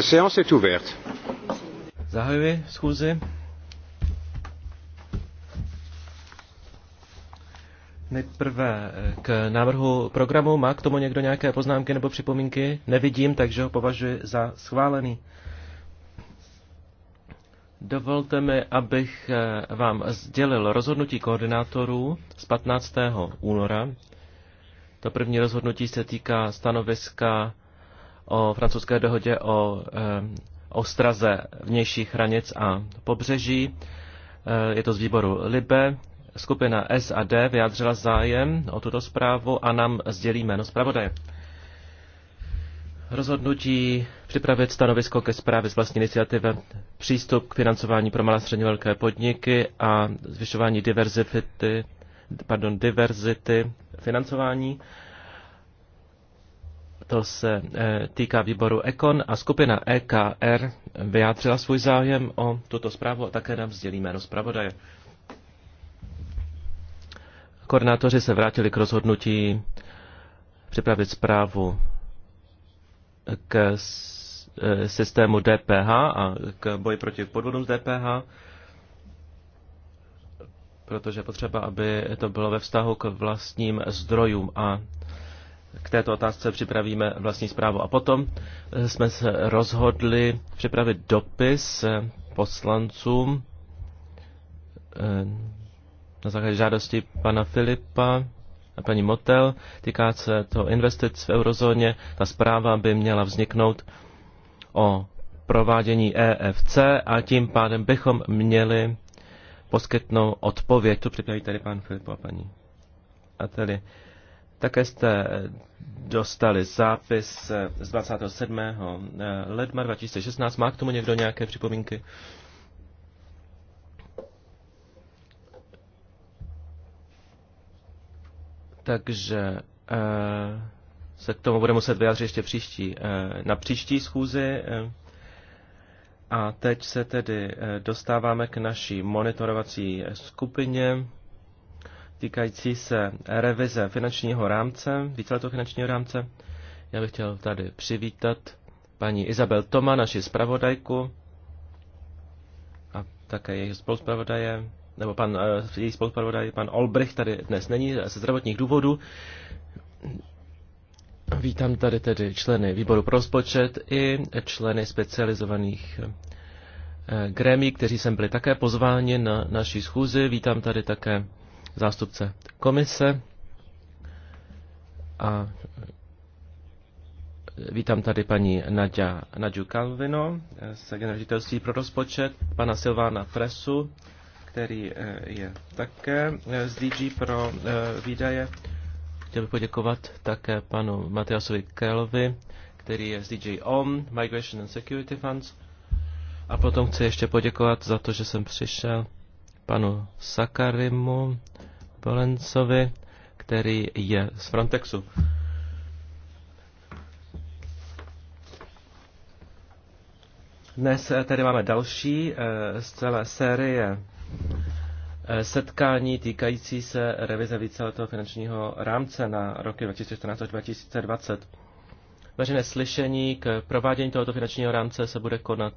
La séance est ouverte. Zahajuji schůzi. Nejprve eh, k návrhu programu. Má k tomu někdo nějaké poznámky nebo připomínky? Nevidím, takže ho považuji za schválený. Dovolte mi, abych eh, vám sdělil rozhodnutí koordinátorů z 15. února. To první rozhodnutí se týká stanoviska o francouzské dohodě o eh, ostraze vnějších hranic a pobřeží. Eh, je to z výboru Libe. Skupina S a D vyjádřila zájem o tuto zprávu a nám sdělí jméno zpravodaje. Rozhodnutí připravit stanovisko ke zprávě z vlastní iniciativy, přístup k financování pro malé středně velké podniky a zvyšování diverzity, pardon, diverzity financování to se eh, týká výboru Ekon a skupina EKR vyjádřila svůj zájem o tuto zprávu a také nám sdělí jméno zpravodaje. Koordinátoři se vrátili k rozhodnutí připravit zprávu k eh, systému DPH a k boji proti podvodům z DPH, protože potřeba, aby to bylo ve vztahu k vlastním zdrojům a k této otázce připravíme vlastní zprávu. A potom eh, jsme se rozhodli připravit dopis eh, poslancům eh, na základě žádosti pana Filipa a paní Motel. Týká se to investic v eurozóně. Ta zpráva by měla vzniknout o provádění EFC a tím pádem bychom měli poskytnout odpověď. To připraví tady pan Filipo a paní Ateli. Uh, také jste dostali zápis z 27. Eh, ledna 2016. Má k tomu někdo nějaké připomínky? Takže eh, se k tomu bude muset vyjádřit ještě příští, eh, na příští schůzi. A teď se tedy dostáváme k naší monitorovací skupině týkající se revize finančního rámce, víceletého finančního rámce. Já bych chtěl tady přivítat paní Izabel Toma, naši zpravodajku, a také jejich spoluzpravodaje, nebo pan, eh, její spoluzpravodaj, pan Olbrich, tady dnes není ze zdravotních důvodů. Vítám tady tedy členy výboru pro rozpočet i členy specializovaných eh, grémí, kteří sem byli také pozváni na naší schůzi. Vítám tady také zástupce komise a e, vítám tady paní Nadia, Nadju Kalvino e, z Generalitelství pro rozpočet, pana Silvána Fresu, který e, je také z DG pro výdaje. Chtěl bych poděkovat také panu Matiasovi Kelovi, který je z DJ OM, Migration and Security Funds. A potom chci ještě poděkovat za to, že jsem přišel panu Sakarimu Polencovi, který je z Frontexu. Dnes eh, tady máme další eh, z celé série eh, setkání týkající se revize víceletého finančního rámce na roky 2014 až 2020. Veřejné slyšení k provádění tohoto finančního rámce se bude konat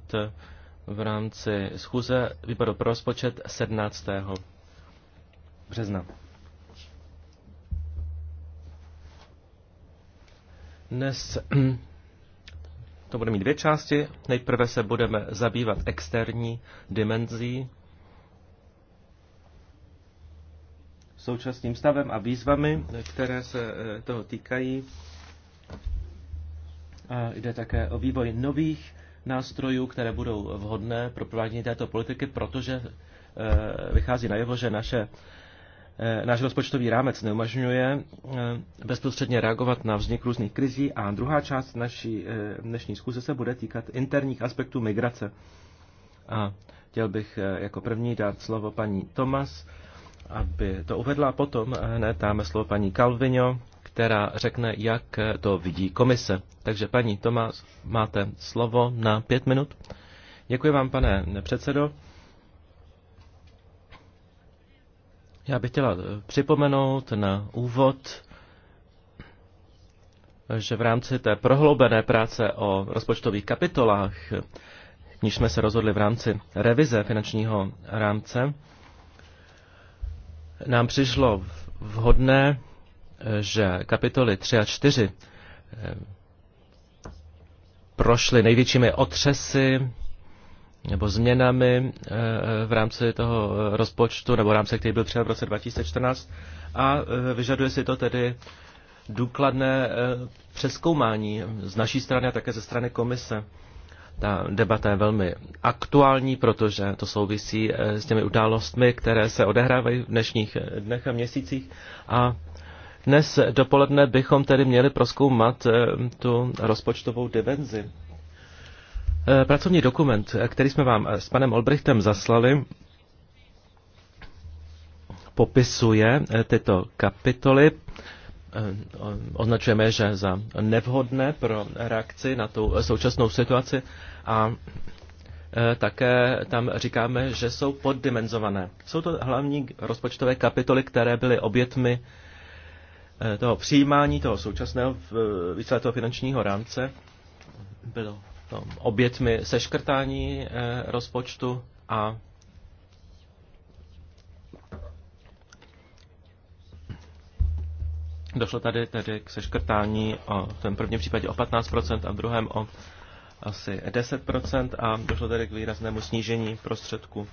v rámci schůze výboru pro rozpočet 17 března. Dnes to bude mít dvě části. Nejprve se budeme zabývat externí dimenzí, současným stavem a výzvami, které se eh, toho týkají. A jde také o vývoj nových nástrojů, které budou vhodné pro provádění této politiky, protože eh, vychází najevo, že naše Eh, náš rozpočtový rámec neumožňuje eh, bezprostředně reagovat na vznik různých krizí a druhá část naší eh, dnešní zkuze se bude týkat interních aspektů migrace. A chtěl bych jako první dát slovo paní Tomas, aby to uvedla a potom hned dáme slovo paní Calvino, která řekne, jak to vidí komise. Takže paní Tomas, máte slovo na pět minut. Děkuji vám, pane předsedo. Já bych chtěla eh, připomenout na úvod, že v rámci té prohloubené práce o rozpočtových kapitolách, níž jsme se rozhodli v rámci revize finančního rámce, nám přišlo vhodné, eh, že kapitoly 3 a 4 eh, prošly největšími otřesy nebo změnami eh, v rámci toho eh, rozpočtu, nebo v rámci, který byl přijat v roce 2014. A eh, vyžaduje si to tedy důkladné přeskoumání z naší strany a také ze strany komise. Ta debata je velmi aktuální, protože to souvisí s těmi událostmi, které se odehrávají v dnešních dnech a měsících. A dnes dopoledne bychom tedy měli proskoumat tu rozpočtovou dimenzi Eh, pracovní dokument, eh, který jsme vám eh, s panem Olbrichtem zaslali, popisuje tyto kapitoly. Označujeme, že za nevhodné pro reakci na tu současnou situaci a také tam říkáme, že jsou poddimenzované. Jsou to hlavní rozpočtové kapitoly, které byly obětmi toho přijímání toho současného víceletého finančního rámce. Bylo Um, obětmi seškrtání eh, rozpočtu a Došlo tady tedy k seškrtání o, v tom prvním případě o 15% a v druhém o asi 10% a došlo tedy k výraznému snížení prostředků.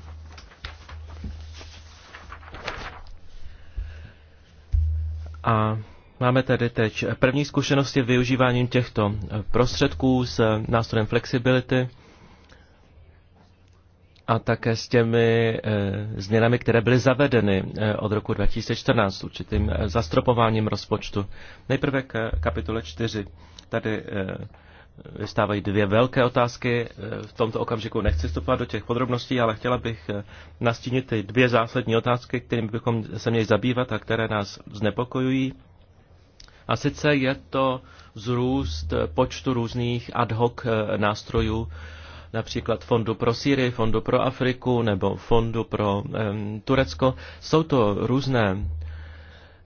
A Máme tedy teď první zkušenosti využíváním těchto prostředků s nástrojem flexibility a také s těmi eh, změnami, které byly zavedeny eh, od roku 2014 určitým eh, zastropováním rozpočtu. Nejprve k kapitole 4. Tady vystávají dvě velké otázky. V tomto okamžiku nechci vstupovat do těch podrobností, ale chtěla bych nastínit ty dvě zásadní otázky, kterými bychom se měli zabývat a které nás znepokojují a sice je to zrůst počtu různých ad hoc eh, nástrojů, například Fondu pro Syrii, Fondu pro Afriku nebo Fondu pro um, Turecko. Jsou to různé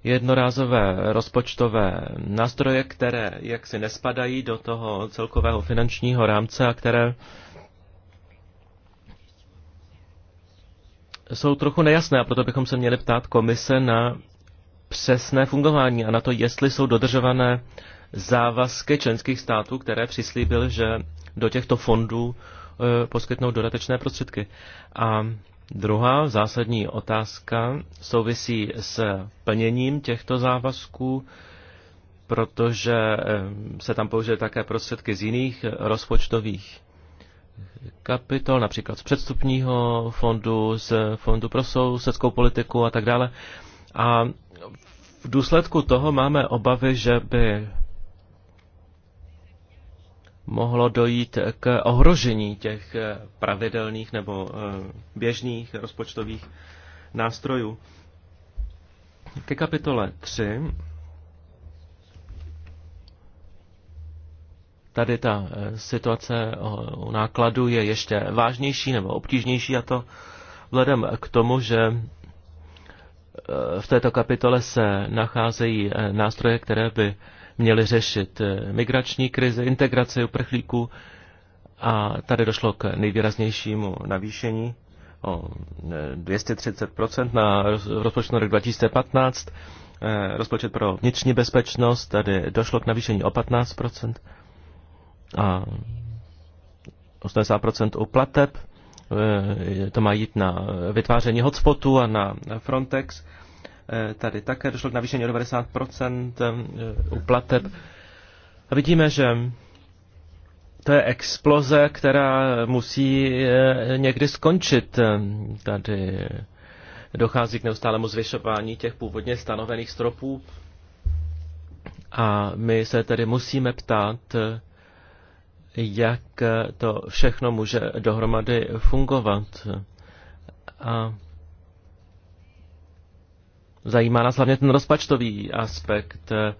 jednorázové rozpočtové nástroje, které jaksi nespadají do toho celkového finančního rámce a které jsou trochu nejasné a proto bychom se měli ptát komise na přesné fungování a na to, jestli jsou dodržované závazky členských států, které přislíbil, že do těchto fondů e, poskytnou dodatečné prostředky. A druhá zásadní otázka souvisí s plněním těchto závazků, protože e, se tam použije také prostředky z jiných rozpočtových kapitol, například z předstupního fondu, z fondu pro sousedskou politiku a tak dále. A v důsledku toho máme obavy, že by mohlo dojít k ohrožení těch eh, pravidelných nebo eh, běžných rozpočtových nástrojů. Ke kapitole 3 tady ta eh, situace u nákladu je ještě vážnější nebo obtížnější a to vzhledem k tomu, že Eh, v této kapitole se nacházejí eh, nástroje, které by měly řešit eh, migrační krizi, integraci uprchlíků a tady došlo k nejvýraznějšímu navýšení o 230% na rozpočtu na rok 2015. Rozpočet pro vnitřní bezpečnost, tady došlo k navýšení o 15% a 80% u plateb Eh, to má jít na vytváření hotspotů a na Frontex. Eh, tady také došlo k navýšení o 90% eh, uplateb. A vidíme, že to je exploze, která musí někdy skončit. Tady dochází k neustálému zvyšování těch původně stanovených stropů. A my se tedy musíme ptát, jak to všechno může dohromady fungovat. A zajímá nás hlavně ten rozpočtový aspekt. Eh,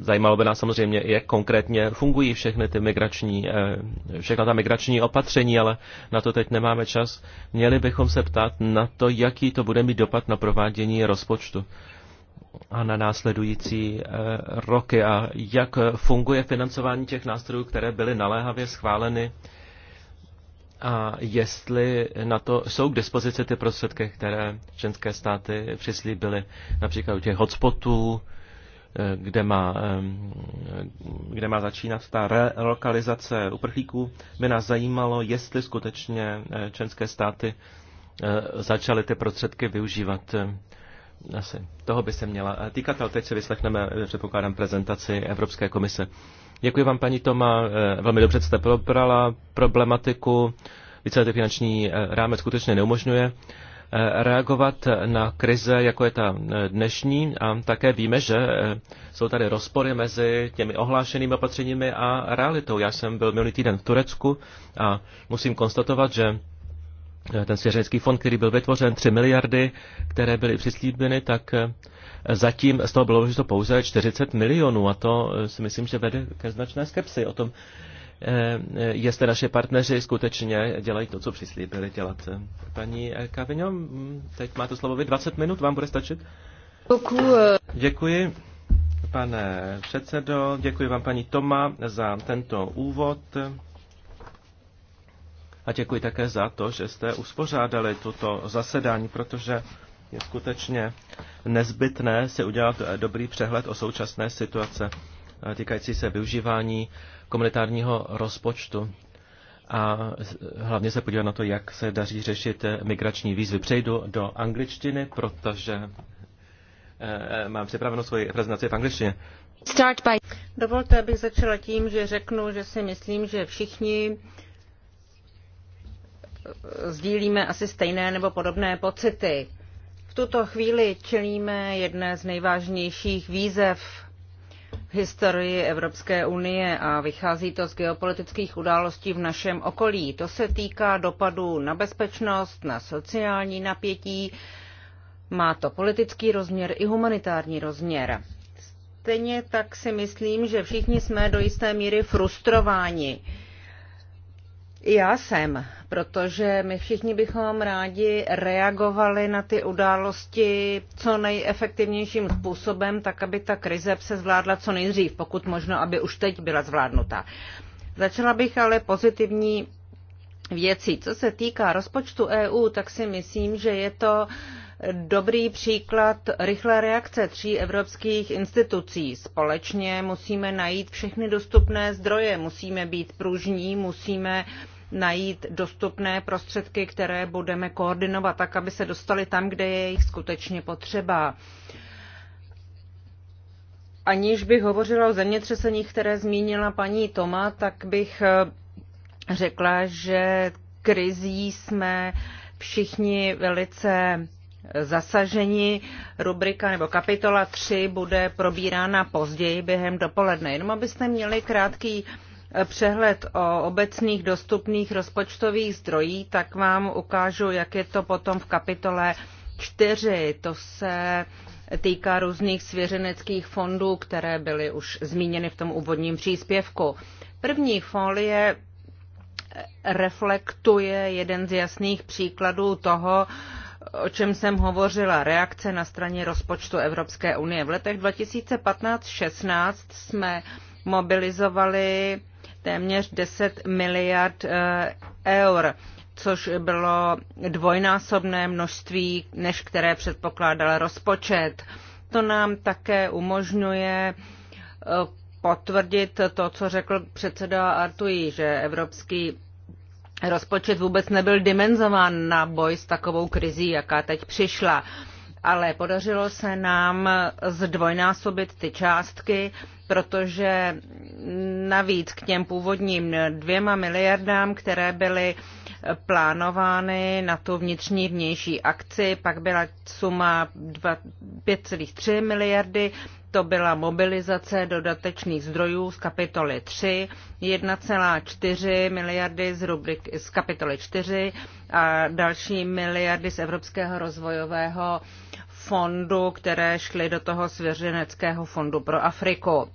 zajímalo by nás samozřejmě, jak konkrétně fungují všechny ty migrační, eh, všechna ta migrační opatření, ale na to teď nemáme čas. Měli bychom se ptát na to, jaký to bude mít dopad na provádění rozpočtu a na následující eh, roky a jak funguje financování těch nástrojů, které byly naléhavě schváleny a jestli na to jsou k dispozici ty prostředky, které členské státy přislíbily, například u těch hotspotů, eh, kde má, eh, kde má začínat ta relokalizace uprchlíků, by nás zajímalo, jestli skutečně členské státy začaly ty prostředky využívat. Asi toho by se měla eh, týkat, ale teď se vyslechneme, eh, předpokládám, prezentaci Evropské komise. Děkuji vám, paní Toma, eh, velmi dobře jste probrala problematiku. Víceletý finanční rámec skutečně neumožňuje reagovat na krize, jako je ta dnešní. A také víme, že jsou tady rozpory mezi těmi ohlášenými opatřeními a realitou. Já jsem byl minulý týden v Turecku a musím konstatovat, že Eh, ten svěřenský fond, který byl vytvořen, 3 miliardy, které byly přislíbeny, tak eh, zatím z toho bylo to pouze 40 milionů a to eh, si myslím, že vede ke značné skepsi o tom, jestli naše partneři skutečně dělají to, co přislíbili dělat. Paní Kavino, mm, teď máte slovo vy, 20 minut vám bude stačit? Děkuji, pane předsedo, děkuji vám paní Toma za tento úvod a děkuji také za to, že jste uspořádali toto zasedání, protože je skutečně nezbytné si udělat dobrý přehled o současné situace eh, týkající se využívání komunitárního rozpočtu a hlavně se podívat na to, jak se daří řešit eh, migrační výzvy. Přejdu do angličtiny, protože eh, mám připravenou svoji prezentaci v angličtině. Start by... Dovolte, abych začala tím, že řeknu, že si myslím, že všichni sdílíme asi stejné nebo podobné pocity. V tuto chvíli čelíme jedné z nejvážnějších výzev v historii Evropské unie a vychází to z geopolitických událostí v našem okolí. To se týká dopadů na bezpečnost, na sociální napětí, má to politický rozměr i humanitární rozměr. Stejně tak si myslím, že všichni jsme do jisté míry frustrováni. Já jsem protože my všichni bychom rádi reagovali na ty události co nejefektivnějším způsobem, tak aby ta krize se zvládla co nejdřív, pokud možno, aby už teď byla zvládnuta. Začala bych ale pozitivní věcí. Co se týká rozpočtu EU, tak si myslím, že je to dobrý příklad rychlé reakce tří evropských institucí. Společně musíme najít všechny dostupné zdroje, musíme být pružní, musíme uh, najít dostupné prostředky, které budeme koordinovat tak, aby se dostali tam, kde je jich skutečně potřeba. Aniž bych hovořila o zemětřeseních, které zmínila paní Toma, tak bych eh, řekla, že krizí jsme všichni velice zasaženi. Rubrika nebo kapitola 3 bude probírána později během dopoledne. Jenom abyste měli krátký přehled o obecných dostupných rozpočtových zdrojích, tak vám ukážu, jak je to potom v kapitole 4. To se týká různých svěřeneckých fondů, které byly už zmíněny v tom úvodním příspěvku. První folie reflektuje jeden z jasných příkladů toho, o čem jsem hovořila, reakce na straně rozpočtu Evropské unie. V letech 2015-16 jsme mobilizovali téměř 10 miliard eh, eur, což bylo dvojnásobné množství, než které předpokládal rozpočet. To nám také umožňuje eh, potvrdit to, co řekl předseda Artují, že evropský rozpočet vůbec nebyl dimenzován na boj s takovou krizí, jaká teď přišla. Ale podařilo se nám zdvojnásobit ty částky protože navíc k těm původním dvěma miliardám, které byly plánovány na tu vnitřní vnější akci, pak byla suma 5,3 miliardy, to byla mobilizace dodatečných zdrojů z kapitoly 3, 1,4 miliardy z, rubrik, z kapitoly 4 a další miliardy z Evropského rozvojového fondu, které šly do toho svěřeneckého fondu pro Afriku.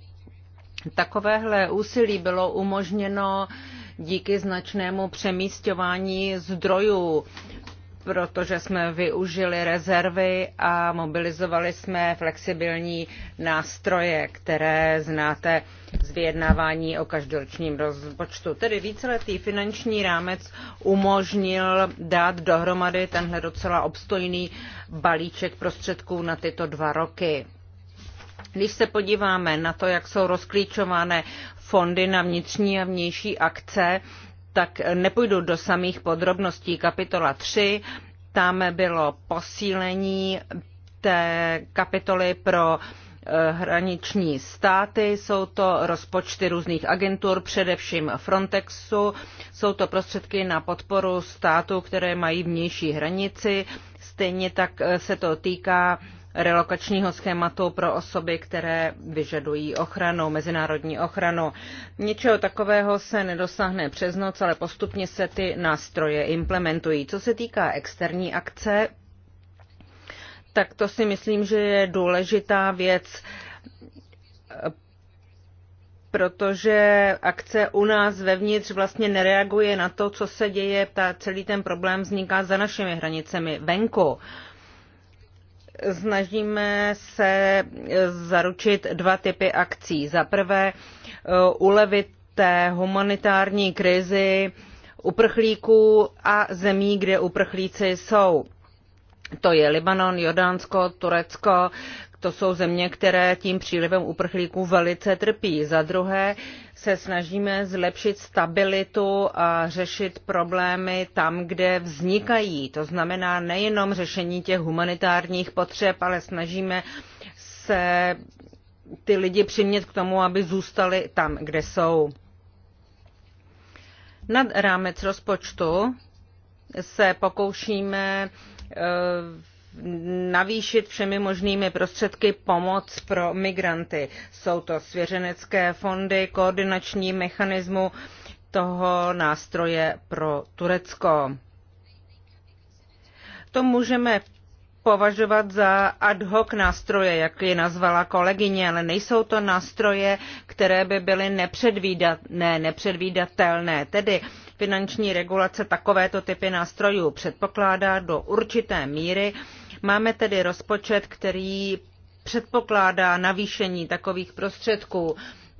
Takovéhle úsilí bylo umožněno díky značnému přemístování zdrojů protože jsme využili rezervy a mobilizovali jsme flexibilní nástroje, které znáte z vyjednávání o každoročním rozpočtu. Tedy víceletý finanční rámec umožnil dát dohromady tenhle docela obstojný balíček prostředků na tyto dva roky. Když se podíváme na to, jak jsou rozklíčované fondy na vnitřní a vnější akce, tak nepůjdu do samých podrobností. Kapitola 3, tam bylo posílení té kapitoly pro eh, hraniční státy, jsou to rozpočty různých agentur, především Frontexu, jsou to prostředky na podporu států, které mají vnější hranici, stejně tak eh, se to týká relokačního schématu pro osoby, které vyžadují ochranu, mezinárodní ochranu. Ničeho takového se nedosáhne přes noc, ale postupně se ty nástroje implementují. Co se týká externí akce, tak to si myslím, že je důležitá věc, protože akce u nás vevnitř vlastně nereaguje na to, co se děje, ta, celý ten problém vzniká za našimi hranicemi venku snažíme se zaručit dva typy akcí. Za prvé eh, ulevit té humanitární krizi uprchlíků a zemí, kde uprchlíci jsou. To je Libanon, Jordánsko, Turecko, to jsou země, které tím přílivem uprchlíků velice trpí. Za druhé se snažíme zlepšit stabilitu a řešit problémy tam, kde vznikají. To znamená nejenom řešení těch humanitárních potřeb, ale snažíme se ty lidi přimět k tomu, aby zůstali tam, kde jsou. Nad rámec rozpočtu se pokoušíme eh, navýšit všemi možnými prostředky pomoc pro migranty. Jsou to svěřenecké fondy, koordinační mechanismu toho nástroje pro Turecko. To můžeme považovat za ad hoc nástroje, jak je nazvala kolegyně, ale nejsou to nástroje, které by byly nepředvídatné, nepředvídatelné. Tedy finanční regulace takovéto typy nástrojů předpokládá do určité míry, Máme tedy rozpočet, který předpokládá navýšení takových prostředků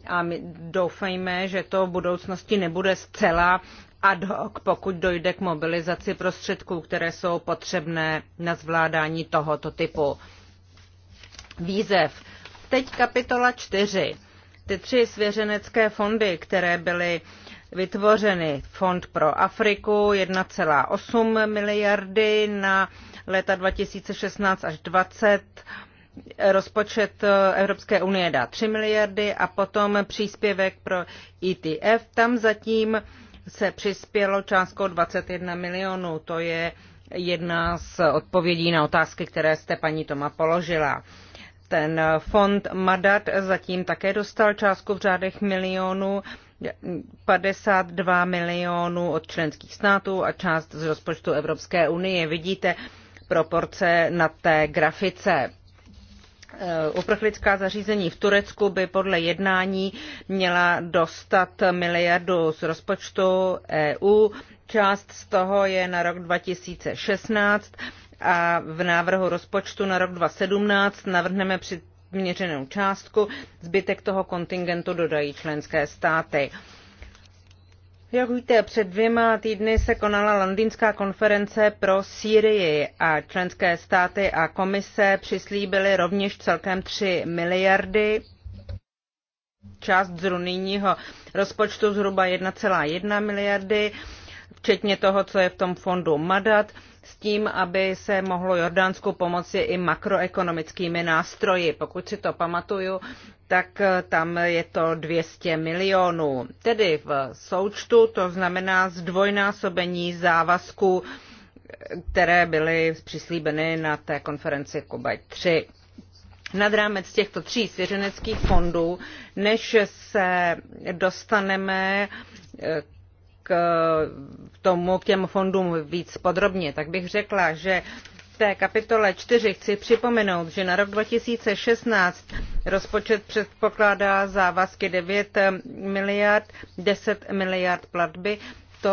a my doufejme, že to v budoucnosti nebude zcela ad hoc, pokud dojde k mobilizaci prostředků, které jsou potřebné na zvládání tohoto typu výzev. Teď kapitola 4. Ty tři svěřenecké fondy, které byly uh, vytvořeny Fond pro Afriku 1,8 miliardy na léta 2016 až 20 rozpočet Evropské unie dá 3 miliardy a potom příspěvek pro ETF. Tam zatím se přispělo částkou 21 milionů. To je jedna z odpovědí na otázky, které jste paní Toma položila. Ten fond Madat zatím také dostal částku v řádech milionů 52 milionů od členských států a část z rozpočtu Evropské unie. Vidíte proporce na té grafice. Eh, uprchlická zařízení v Turecku by podle jednání měla dostat miliardu z rozpočtu EU. Část z toho je na rok 2016 a v návrhu rozpočtu na rok 2017 navrhneme při měřenou částku, zbytek toho kontingentu dodají členské státy. Jak víte, před dvěma týdny se konala londýnská konference pro Sýrii a členské státy a komise přislíbily rovněž celkem 3 miliardy část z runijního rozpočtu zhruba 1,1 miliardy, včetně toho, co je v tom fondu Madat s tím, aby se mohlo Jordánsku pomoci i makroekonomickými nástroji. Pokud si to pamatuju, tak eh, tam je to 200 milionů. Tedy v součtu to znamená zdvojnásobení závazků, eh, které byly přislíbeny na té konferenci Kobaj 3 nad rámec těchto tří svěřeneckých fondů, než se dostaneme eh, k tomu, k těm fondům víc podrobně, tak bych řekla, že v té kapitole 4 chci připomenout, že na rok 2016 rozpočet předpokládá závazky 9 miliard, 10 miliard platby, to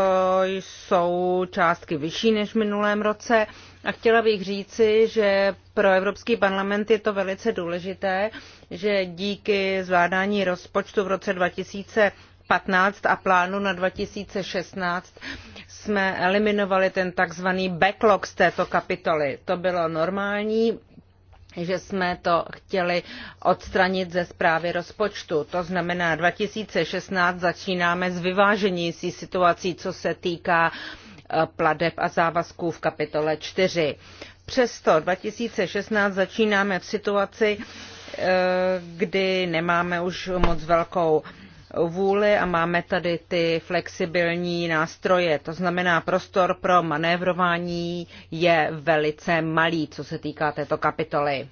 jsou částky vyšší než v minulém roce. A chtěla bych říci, že pro Evropský parlament je to velice důležité, že díky zvládání rozpočtu v roce 2000 fifteen a plánu na 2016 jsme eliminovali ten takzvaný backlog z této kapitoly. To bylo normální, že jsme to chtěli odstranit ze zprávy rozpočtu. To znamená, 2016 začínáme s vyváženější situací, co se týká eh, pladeb a závazků v kapitole 4. Přesto 2016 začínáme v situaci, eh, kdy nemáme už moc velkou vůli a máme tady ty flexibilní nástroje. To znamená, prostor pro manévrování je velice malý, co se týká této kapitoly.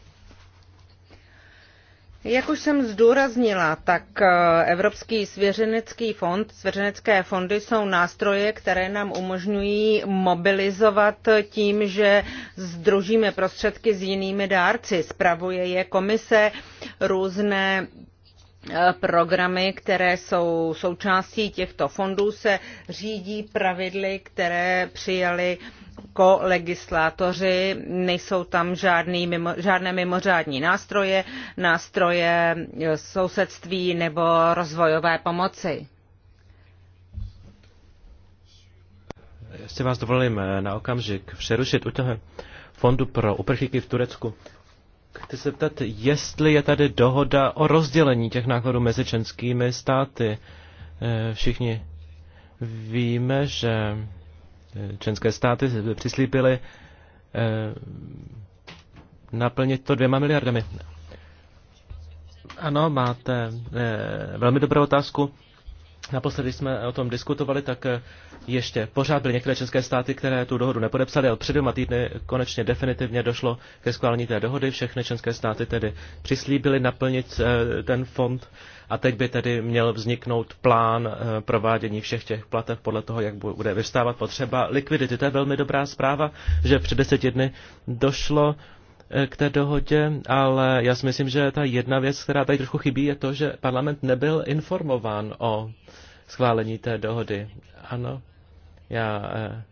Jak už jsem zdůraznila, tak eh, Evropský svěřenecký fond, svěřenecké fondy jsou nástroje, které nám umožňují mobilizovat tím, že združíme prostředky s jinými dárci. Spravuje je komise, různé programy, které jsou součástí těchto fondů, se řídí pravidly, které přijali kolegislátoři. Nejsou tam žádný, mimo, žádné mimořádní nástroje, nástroje sousedství nebo rozvojové pomoci. Já si vás dovolím eh, na okamžik přerušit u toho fondu pro uprchlíky v Turecku chci se ptat, jestli je tady dohoda o rozdělení těch nákladů mezi členskými státy. E, všichni víme, že e, členské státy přislípily e, naplnit to dvěma miliardami. Ano, máte velmi dobrou otázku. Naposledy jsme o tom diskutovali, tak eh, ještě pořád byly některé české státy, které tu dohodu nepodepsaly, ale před dvěma týdny konečně definitivně došlo ke schválení té dohody. Všechny české státy tedy přislíbily naplnit eh, ten fond a teď by tedy měl vzniknout plán eh, provádění všech těch plateb podle toho, jak bude vystávat potřeba likvidity. To je velmi dobrá zpráva, že před deseti dny došlo Eh, k té dohodě, ale já si myslím, že ta jedna věc, která tady trochu chybí, je to, že parlament nebyl informován o schválení té dohody. Ano, já eh,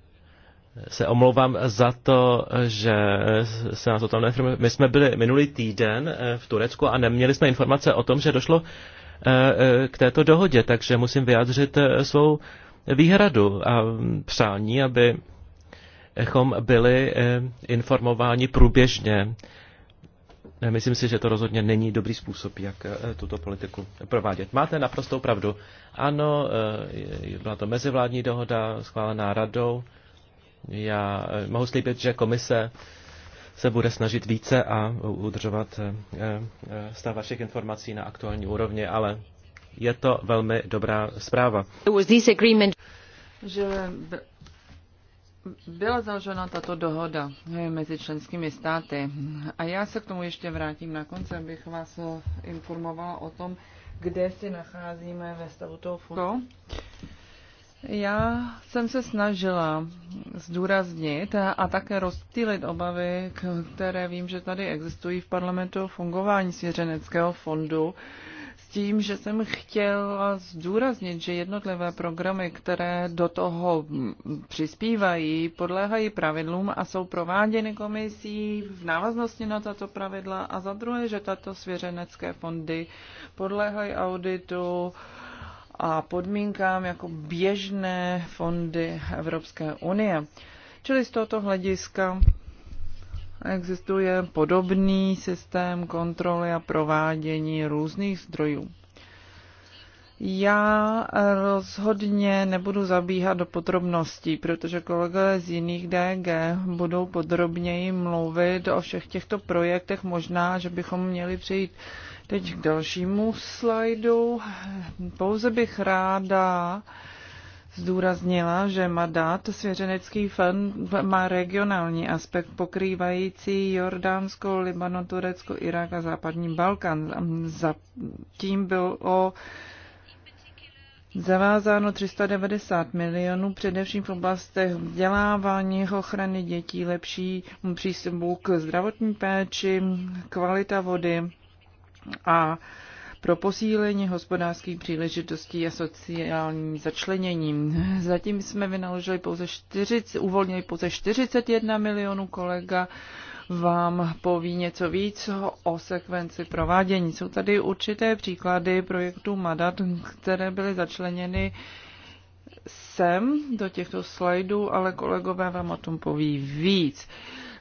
se omlouvám za to, že se nás o tom neinformuje. My jsme byli minulý týden eh, v Turecku a neměli jsme informace o tom, že došlo k této dohodě, takže musím vyjádřit svou výhradu a mm, přání, aby abychom byli eh, informováni průběžně. Myslím si, že to rozhodně není dobrý způsob, jak eh, tuto politiku provádět. Máte naprostou pravdu. Ano, eh, byla to mezivládní dohoda schválená radou. Já mohu slíbit, že komise se bude snažit více a udržovat stav vašich informací na aktuální úrovni, ale je to velmi dobrá zpráva. Že byla založena tato dohoda eh, mezi členskými státy. A já se k tomu ještě vrátím na konci, abych vás eh, informovala o tom, kde si nacházíme ve stavu toho fondu. No. Já jsem se snažila zdůraznit a také rozptýlit obavy, které vím, že tady existují v parlamentu fungování svěřeneckého fondu tím, že jsem chtěla zdůraznit, že jednotlivé programy, které do toho přispívají, podléhají pravidlům a jsou prováděny komisí v návaznosti na tato pravidla a za druhé, že tato svěřenecké fondy podléhají auditu a podmínkám jako běžné fondy Evropské unie. Čili z tohoto hlediska existuje podobný systém kontroly a provádění různých zdrojů. Já rozhodně nebudu zabíhat do podrobností, protože kolegové z jiných DG budou podrobněji mluvit o všech těchto projektech. Možná, že bychom měli přejít teď k dalšímu slajdu. Pouze bych ráda zdůraznila, že Madat svěřenecký fond má regionální aspekt pokrývající Jordánsko, Libanon, Turecko, Irák a západní Balkán. Zatím bylo zavázáno 390 milionů, především v oblastech vzdělávání, ochrany dětí, lepší přístupu k zdravotní péči, kvalita vody a pro posílení hospodářských příležitostí a sociálním začleněním. Zatím jsme vynaložili pouze 40, uvolnili pouze 41 milionů kolega vám poví něco víc o sekvenci provádění. Jsou tady určité příklady projektů MADAT, které byly začleněny sem do těchto slajdů, ale kolegové vám o tom poví víc.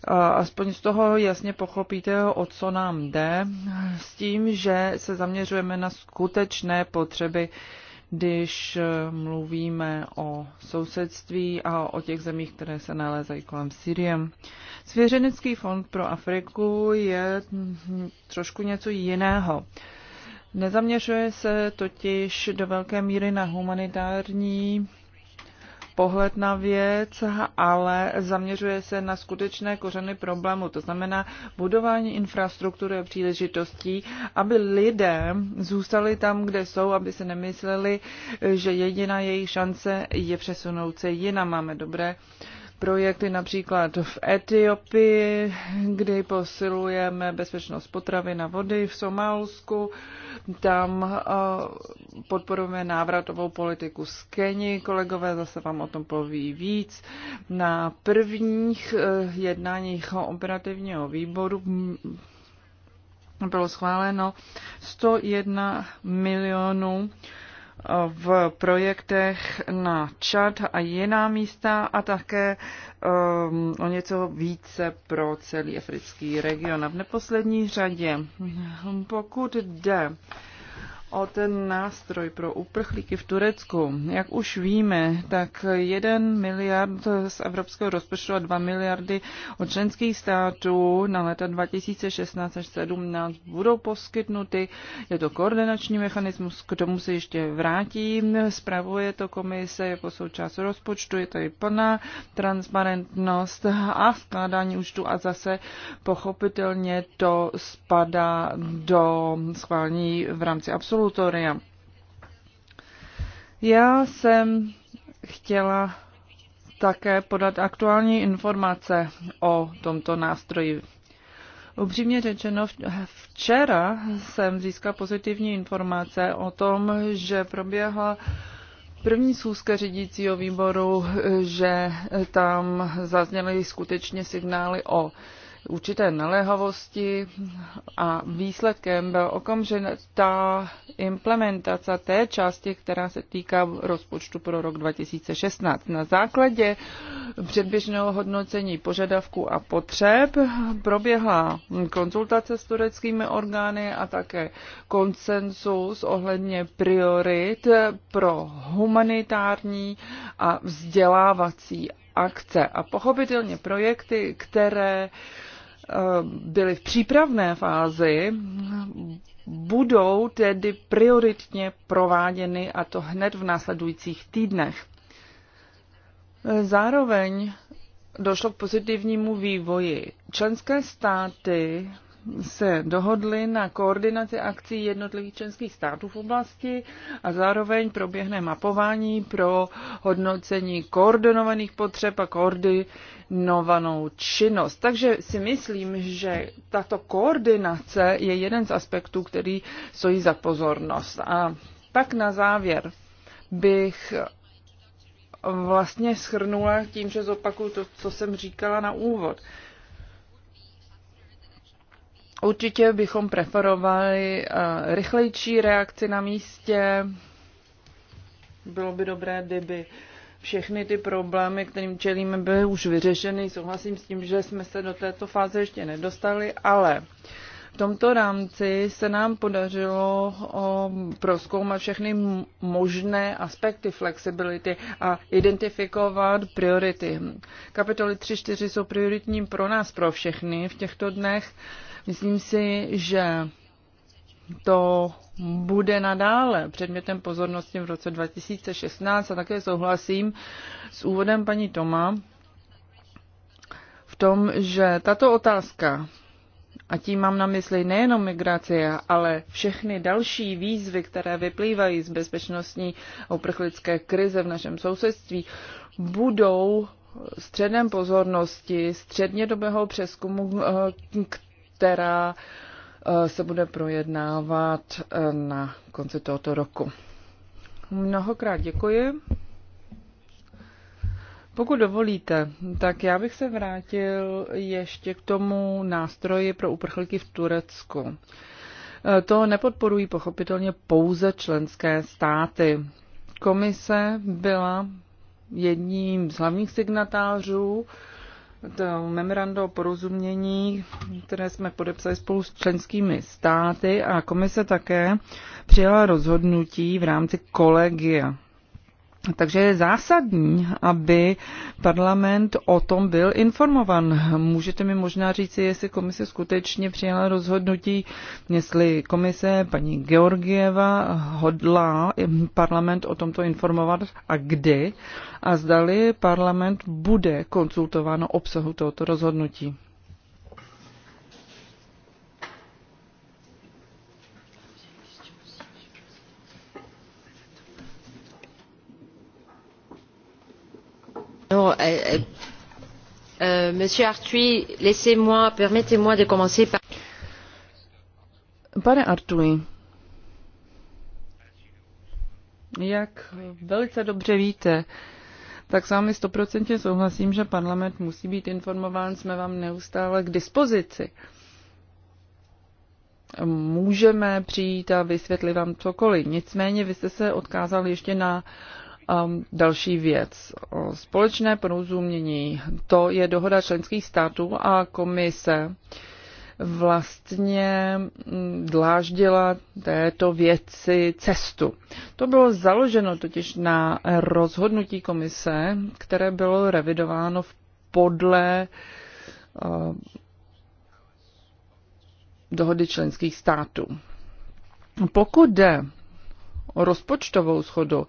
Aspoň z toho jasně pochopíte, o co nám jde, s tím, že se zaměřujeme na skutečné potřeby, když eh, mluvíme o sousedství a o těch zemích, které se nalézají kolem Syrie. Svěřenecký fond pro Afriku je hm, trošku něco jiného. Nezaměřuje se totiž do velké míry na humanitární pohled na věc, ale zaměřuje se na skutečné kořeny problému. To znamená, budování infrastruktury a příležitostí, aby lidé zůstali tam, kde jsou, aby se nemysleli, že jediná jejich šance je přesunout se jinam. Máme dobré uh, projekty například v Etiopii, kdy posilujeme bezpečnost potravy na vody v Somálsku. Tam eh, podporujeme návratovou politiku z Keni. Kolegové zase vám o tom poví víc. Na prvních eh, jednáních operativního výboru bylo schváleno 101 milionů v projektech na Čad a jiná místa a také um, o něco více pro celý africký region. A v neposlední řadě, pokud jde o ten nástroj pro uprchlíky v Turecku. Jak už víme, tak 1 miliard z evropského rozpočtu a 2 miliardy od členských států na leta 2016 až 2017 budou poskytnuty. Je to koordinační mechanismus, k tomu se ještě vrátím. Spravuje to komise jako součást rozpočtu, je tady plná transparentnost a skládání účtu a zase pochopitelně to spadá do schválení v rámci absolutní absolutoria. Já jsem chtěla také podat aktuální informace o tomto nástroji. Upřímně řečeno, včera jsem získal pozitivní informace o tom, že proběhla první schůzka řídícího výboru, že tam zazněly skutečně signály o určité naléhavosti a výsledkem byl okamžitá implementace té části, která se týká rozpočtu pro rok 2016. Na základě předběžného hodnocení požadavků a potřeb proběhla konzultace s tureckými orgány a také konsensus ohledně priorit pro humanitární a vzdělávací akce a pochopitelně projekty, které uh, Eh, byly v přípravné fázi, budou tedy prioritně prováděny a to hned v následujících týdnech. Eh, zároveň došlo k pozitivnímu vývoji. Členské státy se dohodli na koordinaci akcí jednotlivých členských států v oblasti a zároveň proběhne mapování pro hodnocení koordinovaných potřeb a koordinovanou činnost. Takže si myslím, že tato koordinace je jeden z aspektů, který stojí za pozornost. A pak na závěr bych vlastně schrnula tím, že zopakuju to, co jsem říkala na úvod. Určitě bychom preferovali eh, rychlejší reakci na místě. Bylo by dobré, kdyby všechny ty problémy, kterým čelíme, byly už vyřešeny. Souhlasím s tím, že jsme se do této fáze ještě nedostali, ale v tomto rámci se nám podařilo eh, proskoumat všechny možné aspekty flexibility a identifikovat priority. Kapitoly 3-4 jsou prioritní pro nás, pro všechny v těchto dnech. Myslím si, že to bude nadále předmětem pozornosti v roce 2016 a také souhlasím s úvodem paní Toma v tom, že tato otázka, a tím mám na mysli nejenom migrace, ale všechny další výzvy, které vyplývají z bezpečnostní a uprchlické krize v našem sousedství, budou středem pozornosti střednědobého přeskumu, eh, která eh, se bude projednávat eh, na konci tohoto roku. Mnohokrát děkuji. Pokud dovolíte, tak já bych se vrátil ještě k tomu nástroji pro uprchlíky v Turecku. Eh, to nepodporují pochopitelně pouze členské státy. Komise byla jedním z hlavních signatářů to memorando o porozumění, které jsme podepsali spolu s členskými státy a komise také přijala rozhodnutí v rámci kolegia takže je zásadní, aby parlament o tom byl informovan. Můžete mi možná říci, jestli komise skutečně přijala rozhodnutí, jestli komise paní Georgieva hodlá parlament o tomto informovat a kdy a zdali parlament bude konzultován o obsahu tohoto rozhodnutí. Euh, euh, euh, Artui, Pane arthuis jak velice dobře víte, tak s vámi stoprocentně souhlasím, že parlament musí být informován, jsme vám neustále k dispozici. Můžeme přijít a vysvětlit vám cokoliv. Nicméně vy jste se odkázal ještě na Um, další věc. Společné porozumění. To je dohoda členských států a komise vlastně mm, dláždila této věci cestu. To bylo založeno totiž na rozhodnutí komise, které bylo revidováno v podle uh, dohody členských států. Pokud jde o rozpočtovou schodu,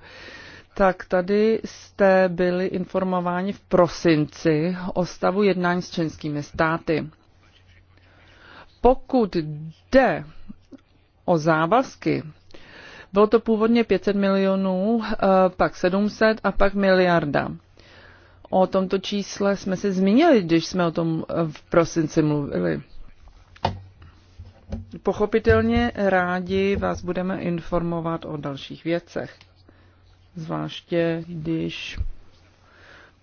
tak tady jste byli informováni v prosinci o stavu jednání s členskými státy. Pokud jde o závazky, bylo to původně 500 milionů, eh, pak 700 a pak miliarda. O tomto čísle jsme se zmínili, když jsme o tom eh, v prosinci mluvili. Pochopitelně rádi vás budeme informovat o dalších věcech zvláště když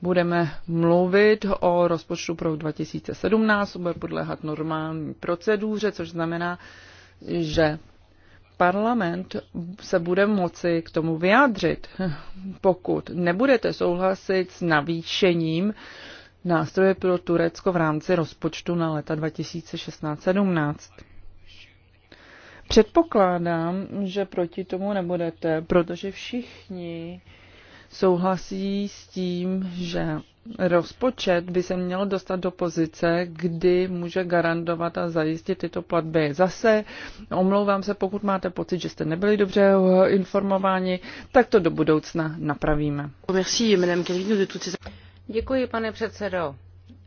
budeme mluvit o rozpočtu pro 2017, bude podléhat normální proceduře, což znamená, že parlament se bude moci k tomu vyjádřit, pokud nebudete souhlasit s navýšením nástroje pro Turecko v rámci rozpočtu na leta 2016-17. Předpokládám, že proti tomu nebudete, protože všichni souhlasí s tím, že rozpočet by se měl dostat do pozice, kdy může garantovat a zajistit tyto platby. Zase omlouvám se, pokud máte pocit, že jste nebyli dobře informováni, tak to do budoucna napravíme. Děkuji, pane předsedo.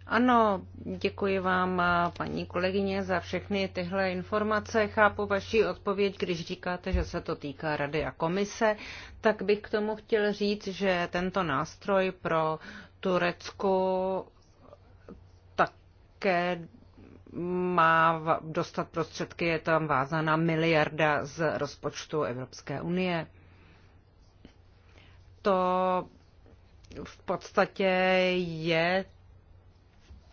Ano, děkuji vám, paní kolegyně, za všechny tyhle informace. Chápu vaši odpověď, když říkáte, že se to týká Rady a komise, tak bych k tomu chtěl říct, že tento nástroj pro Turecko také má dostat prostředky, je tam vázaná miliarda z rozpočtu Evropské unie. To v podstatě je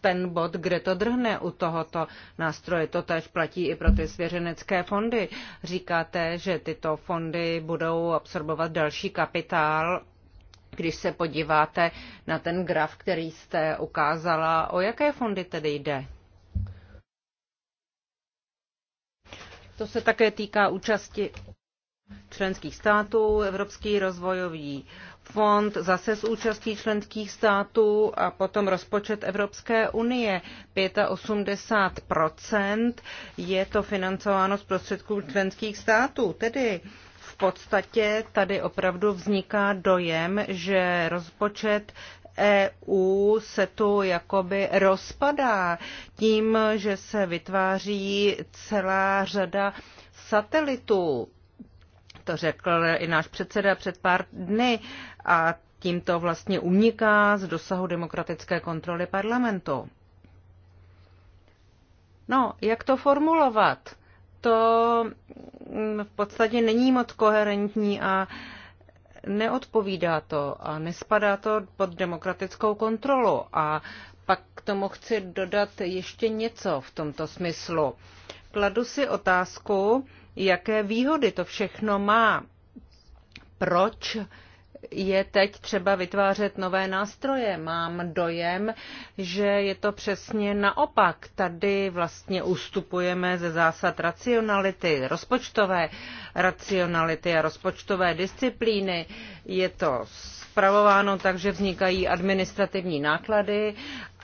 ten bod, kde to drhne u tohoto nástroje. To tež platí i pro ty svěřenecké fondy. Říkáte, že tyto fondy budou absorbovat další kapitál. Když se podíváte na ten graf, který jste ukázala, o jaké fondy tedy jde? To se také týká účasti členských států, Evropský rozvojový fond zase s účastí členských států a potom rozpočet Evropské unie 85 je to financováno z prostředků členských států. Tedy v podstatě tady opravdu vzniká dojem, že rozpočet EU se tu jakoby rozpadá tím, že se vytváří celá řada satelitů to řekl i náš předseda před pár dny a tím to vlastně uniká z dosahu demokratické kontroly parlamentu. No, jak to formulovat? To mm, v podstatě není moc koherentní a neodpovídá to a nespadá to pod demokratickou kontrolu. A pak k tomu chci dodat ještě něco v tomto smyslu. Kladu si otázku, jaké výhody to všechno má. Proč je teď třeba vytvářet nové nástroje. Mám dojem, že je to přesně naopak. Tady vlastně ustupujeme ze zásad racionality, rozpočtové racionality a rozpočtové disciplíny. Je to spravováno tak, že vznikají administrativní náklady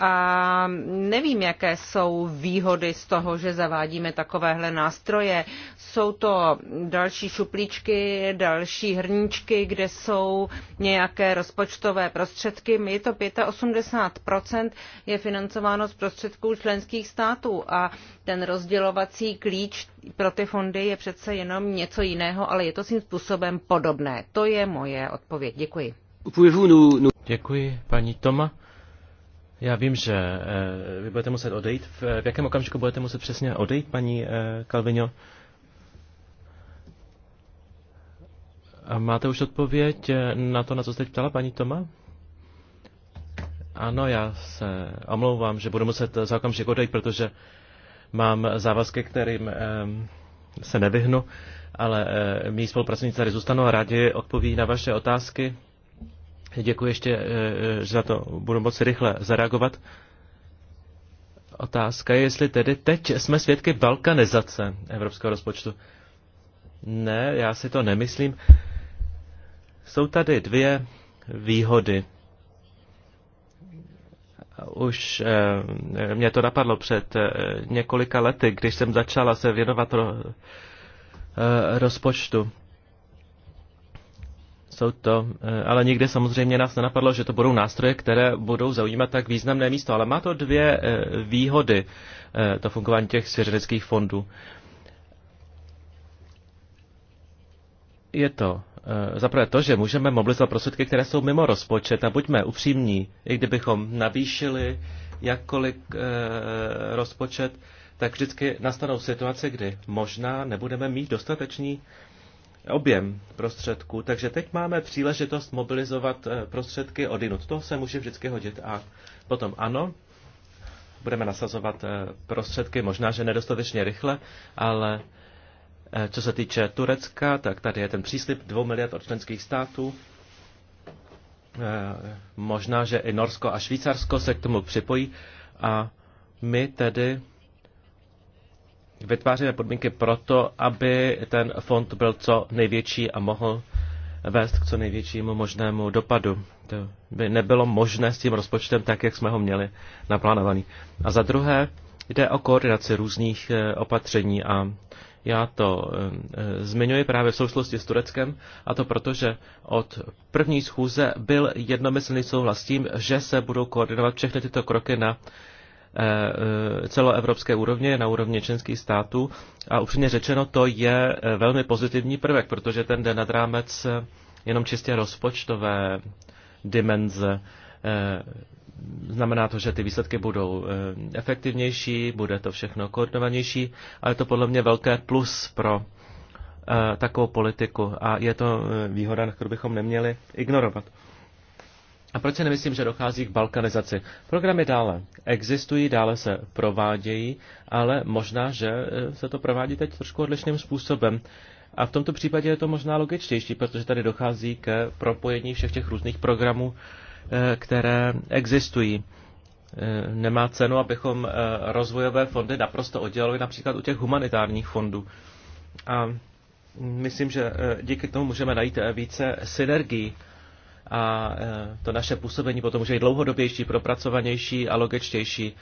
a nevím, jaké jsou výhody z toho, že zavádíme takovéhle nástroje. Jsou to další šuplíčky, další hrníčky, kde jsou nějaké rozpočtové prostředky. Je to 85 je financováno z prostředků členských států a ten rozdělovací klíč pro ty fondy je přece jenom něco jiného, ale je to svým způsobem podobné. To je moje odpověď. Děkuji. Děkuji, paní Toma. Já vím, že eh, vy budete muset odejít. Eh, v jakém okamžiku budete muset přesně odejít, paní Kalvino? Eh, a máte už odpověď na to, na co jste ptala, paní Toma? Ano, já se omlouvám, že budu muset za okamžik odejít, protože mám závazky, kterým se nevyhnu, ale mý spolupracovníci tady zůstanou a rádi odpoví na vaše otázky. Děkuji ještě za eh, eh, to. Budu moc rychle zareagovat. Otázka je, jestli tedy teď jsme svědky balkanizace evropského rozpočtu. Ne, já si to nemyslím. Jsou tady dvě výhody. Už eh, mě to napadlo před několika lety, když jsem začala se věnovat rozpočtu. Jsou to, eh, ale nikdy samozřejmě nás nenapadlo, že to budou nástroje, které budou zaujímat tak významné místo. Ale má to dvě eh, výhody, eh, to fungování těch svěřeneckých fondů. Je to zaprvé to, že můžeme mobilizovat prostředky, které jsou mimo rozpočet a buďme upřímní, i kdybychom navýšili jakkoliv rozpočet, tak vždycky nastanou situace, kdy možná nebudeme mít dostatečný objem prostředků. Takže teď máme příležitost mobilizovat eh, prostředky odinut. To se může vždycky hodit. A potom ano, budeme nasazovat eh, prostředky, možná, že nedostatečně rychle, ale eh, co se týče Turecka, tak tady je ten příslip 2 miliard od členských států. Možná, že i Norsko a Švýcarsko se k tomu připojí. A my tedy vytváříme podmínky pro to, aby ten fond byl co největší a mohl vést k co největšímu možnému dopadu. To by nebylo možné s tím rozpočtem tak, jak jsme ho měli naplánovaný. A za druhé jde o koordinaci různých eh, opatření a já to eh, eh, zmiňuji právě v souvislosti s Tureckem a to proto, že od první schůze byl jednomyslný souhlas tím, že se budou koordinovat všechny tyto kroky na Eh, eh, celoevropské úrovně, na úrovni členských států. A upřímně řečeno, to je eh, velmi pozitivní prvek, protože ten jde nad rámec jenom čistě rozpočtové dimenze. Znamená to, že ty výsledky budou efektivnější, bude to všechno koordinovanější, ale je to podle mě velké plus pro takovou politiku a je to výhoda, na kterou bychom neměli ignorovat. A proč si nemyslím, že dochází k balkanizaci? Programy dále existují, dále se provádějí, ale možná, že eh, se to provádí teď trošku odlišným způsobem. A v tomto případě je to možná logičtější, protože tady dochází k propojení všech těch různých programů, eh, které existují. Eh, nemá cenu, abychom rozvojové fondy naprosto oddělali například u těch humanitárních fondů. A myslím, že díky tomu můžeme najít více synergií a e, to naše působení potom může být dlouhodobější, propracovanější a logičtější.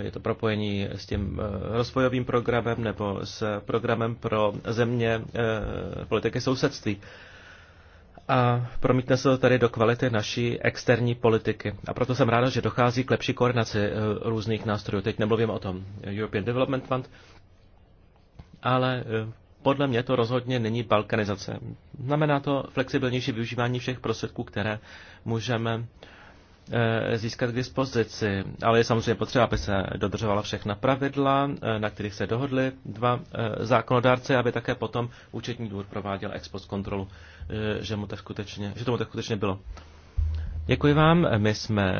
E, je to propojení s tím e, rozvojovým programem nebo s programem pro země politiky sousedství. A promítne se to tady do kvality naší externí politiky. A proto jsem ráda, že dochází k lepší koordinaci různých nástrojů. Teď nemluvím o tom European Development Fund, ale podle mě to rozhodně není balkanizace. Znamená to flexibilnější využívání všech prostředků, které můžeme eh, získat k dispozici. Ale je samozřejmě potřeba, aby se dodržovala všechna pravidla, eh, na kterých se dohodli dva eh, zákonodárce, aby také potom účetní důvod prováděl ex post kontrolu, že, mu tak skutečně, že tomu tak skutečně bylo. Děkuji vám. My jsme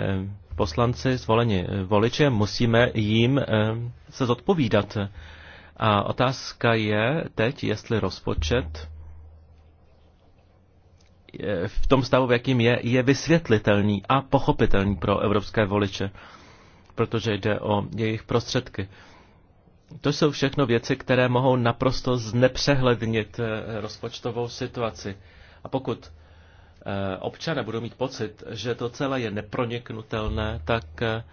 poslanci zvoleni voliče, musíme jim se zodpovídat. A otázka je teď, jestli rozpočet v tom stavu, v jakým je, je vysvětlitelný a pochopitelný pro evropské voliče, protože jde o jejich prostředky. To jsou všechno věci, které mohou naprosto znepřehlednit eh, rozpočtovou situaci. A pokud eh, občané budou mít pocit, že to celé je neproniknutelné, tak eh,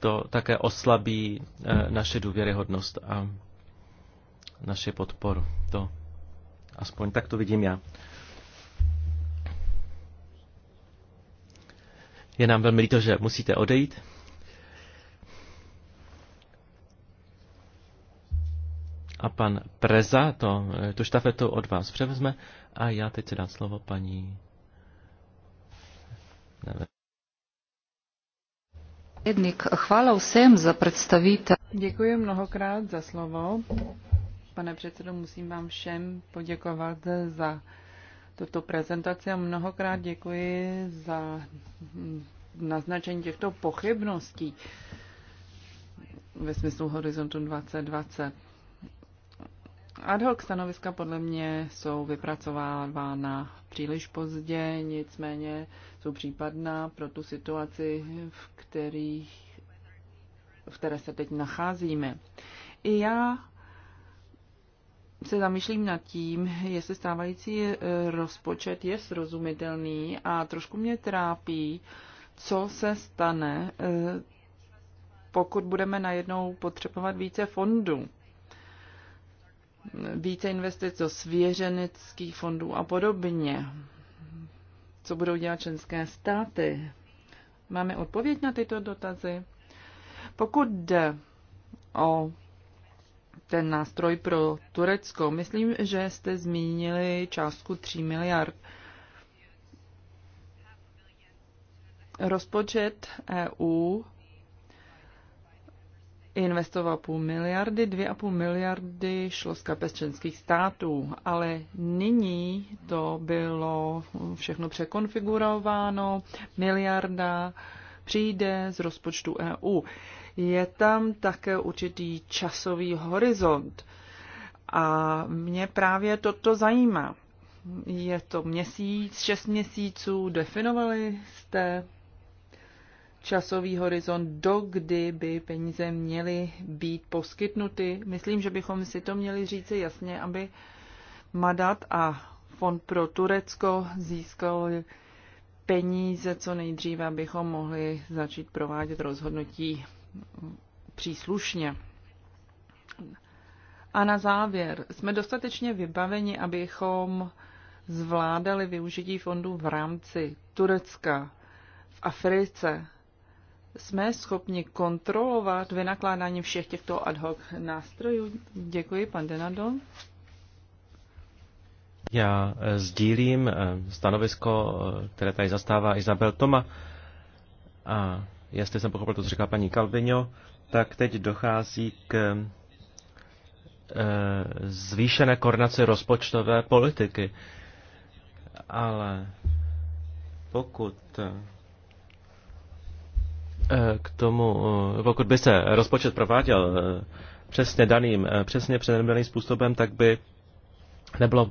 to také oslabí naše důvěryhodnost. A naši podporu. To aspoň tak to vidím já. Je nám velmi líto, že musíte odejít. A pan Preza to, tu štafetu od vás převezme a já teď se dám slovo paní... Jednik, chvála všem za představíte. Děkuji mnohokrát za slovo. Pane předsedo, musím vám všem poděkovat za tuto prezentaci a mnohokrát děkuji za naznačení těchto pochybností ve smyslu horizontu 2020. Ad hoc stanoviska podle mě jsou vypracovávána příliš pozdě, nicméně jsou případná pro tu situaci, v, kterých, v které se teď nacházíme. I já se zamýšlím nad tím, jestli stávající eh, rozpočet je srozumitelný a trošku mě trápí, co se stane, eh, pokud budeme najednou potřebovat více fondů, více investic do svěřeneckých fondů a podobně. Co budou dělat členské státy? Máme odpověď na tyto dotazy? Pokud jde o ten nástroj pro Turecko. Myslím, že jste zmínili částku 3 miliard. Rozpočet EU investoval půl miliardy, dvě a půl miliardy šlo z kapes členských států, ale nyní to bylo všechno překonfigurováno, miliarda přijde z rozpočtu EU je tam také určitý časový horizont. A mě právě toto zajímá. Je to měsíc, šest měsíců, definovali jste časový horizont, do kdy by peníze měly být poskytnuty. Myslím, že bychom si to měli říci jasně, aby Madat a Fond pro Turecko získal peníze co nejdříve, abychom mohli začít provádět rozhodnutí příslušně. A na závěr, jsme dostatečně vybaveni, abychom zvládali využití fondů v rámci Turecka, v Africe. Jsme schopni kontrolovat vynakládání všech těchto ad hoc nástrojů. Děkuji, pan Denado. Já eh, sdílím eh, stanovisko, eh, které tady zastává Izabel Toma. A jestli jsem pochopil to, co říká paní Kalvino, tak teď dochází k eh, zvýšené koordinaci rozpočtové politiky. Ale pokud eh, k tomu, eh, pokud by se rozpočet prováděl přesně daným, přesně předaným způsobem, tak by nebylo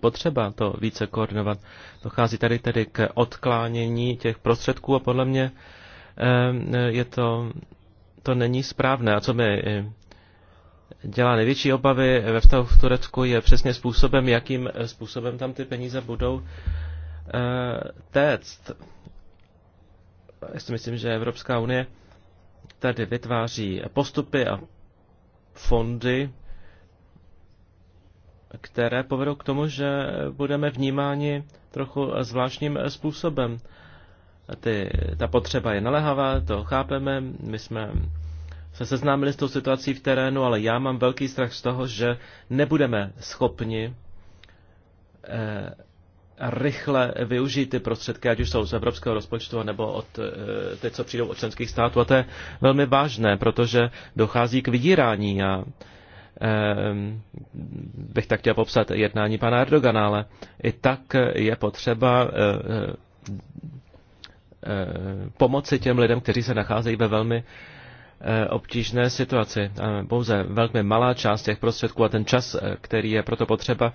potřeba to více koordinovat. Dochází tady tedy k odklánění těch prostředků a podle mě Eh, je to, to není správné. A co mi eh, dělá největší obavy ve vztahu v Turecku je přesně způsobem, jakým eh, způsobem tam ty peníze budou téct. Já si myslím, že Evropská unie tady vytváří postupy a fondy, které povedou k tomu, že budeme vnímáni trochu zvláštním způsobem. Ty, ta potřeba je naléhavá, to chápeme. My jsme se seznámili s tou situací v terénu, ale já mám velký strach z toho, že nebudeme schopni eh, rychle využít ty prostředky, ať už jsou z evropského rozpočtu, nebo od eh, teď, co přijdou od členských států. A to je velmi vážné, protože dochází k vydírání a eh, bych tak chtěl popsat jednání pana Erdogana, ale i tak je potřeba eh, eh Eh, pomoci těm lidem, kteří se nacházejí ve velmi eh, obtížné situaci. Pouze velmi malá část těch prostředků a ten čas, eh, který je proto potřeba,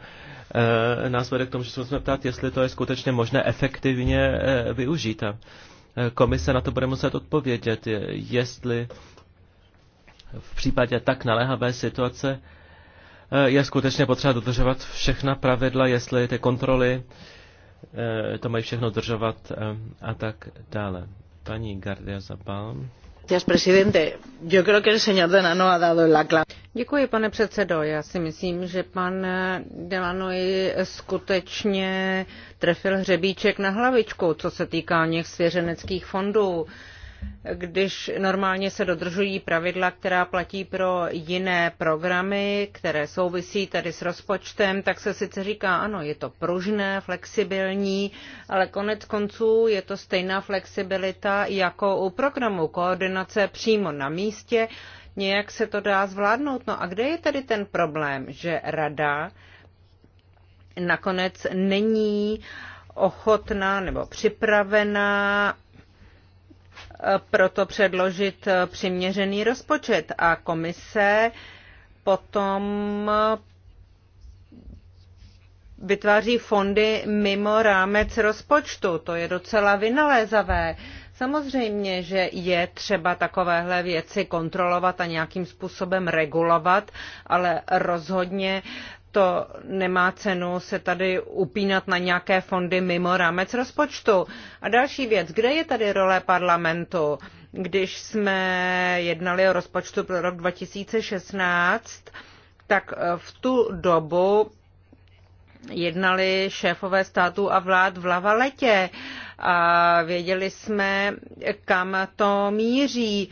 nás vede k tomu, že se musíme ptát, jestli to je skutečně možné efektivně využít. A komise na to bude muset odpovědět, jestli v případě tak naléhavé situace je skutečně potřeba dodržovat všechna pravidla, jestli ty kontroly Eh, to mají všechno držovat eh, a tak dále. Paní Gardia Zabal. Děkuji, pane předsedo. Já si myslím, že pan Delano skutečně trefil hřebíček na hlavičku, co se týká něch svěřeneckých fondů když normálně se dodržují pravidla, která platí pro jiné programy, které souvisí tady s rozpočtem, tak se sice říká, ano, je to pružné, flexibilní, ale konec konců je to stejná flexibilita jako u programu koordinace přímo na místě, nějak se to dá zvládnout. No a kde je tedy ten problém, že rada nakonec není ochotná nebo připravená proto předložit přiměřený rozpočet a komise potom vytváří fondy mimo rámec rozpočtu. To je docela vynalézavé. Samozřejmě, že je třeba takovéhle věci kontrolovat a nějakým způsobem regulovat, ale rozhodně to nemá cenu se tady upínat na nějaké fondy mimo rámec rozpočtu. A další věc, kde je tady role parlamentu? Když jsme jednali o rozpočtu pro rok 2016, tak eh, v tu dobu jednali šéfové států a vlád v lavaletě a věděli jsme, kam to míří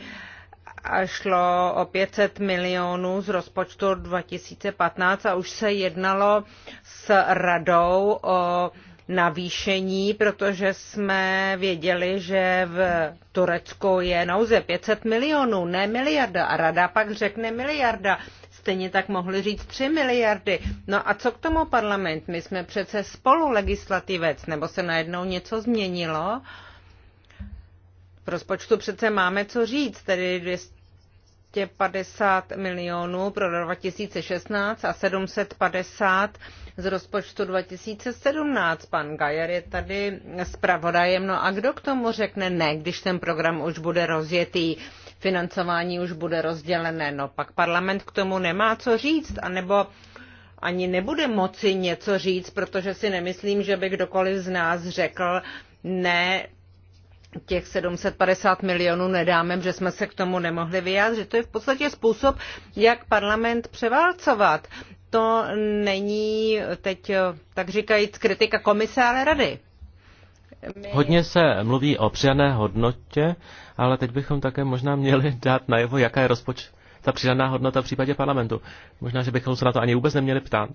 a šlo o 500 milionů z rozpočtu 2015 a už se jednalo s radou o navýšení, protože jsme věděli, že v Turecku je nouze 500 milionů, ne miliarda. A rada pak řekne miliarda. Stejně tak mohli říct 3 miliardy. No a co k tomu parlament? My jsme přece spolu legislativec, nebo se najednou něco změnilo? Uh, v rozpočtu přece máme co říct, tedy 250 milionů pro rok 2016 a 750 z rozpočtu 2017. Pan Gajer je tady zpravodajem. No a kdo k tomu řekne ne, když ten program už bude rozjetý, financování už bude rozdělené? No pak parlament k tomu nemá co říct, anebo ani nebude moci něco říct, protože si nemyslím, že by kdokoliv z nás řekl, ne, těch 750 milionů nedáme, že jsme se k tomu nemohli vyjádřit. To je v podstatě způsob, jak parlament převálcovat. To není teď, tak říkajíc, kritika komise, ale rady. My... Hodně se mluví o přidané hodnotě, ale teď bychom také možná měli dát najevo, jaká je rozpoč ta přidaná hodnota v případě parlamentu. Možná, že bychom se na to ani vůbec neměli ptát.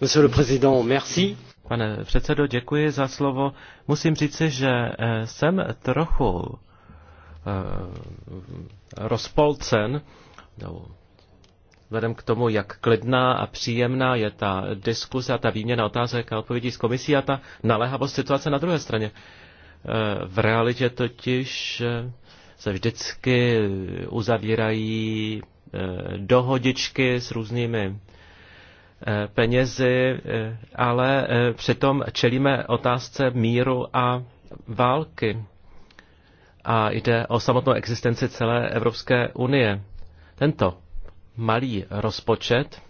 Monsieur le Président, merci. Pane předsedo, děkuji za slovo. Musím říci, že eh, jsem trochu eh, rozpolcen no, vzhledem k tomu, jak klidná a příjemná je ta diskuse a ta výměna otázek a odpovědí z komisí a ta naléhavost situace na druhé straně. Eh, v realitě totiž se vždycky uzavírají dohodičky s různými penězi, ale eh, přitom čelíme otázce míru a války. A jde o samotnou existenci celé Evropské unie. Tento malý rozpočet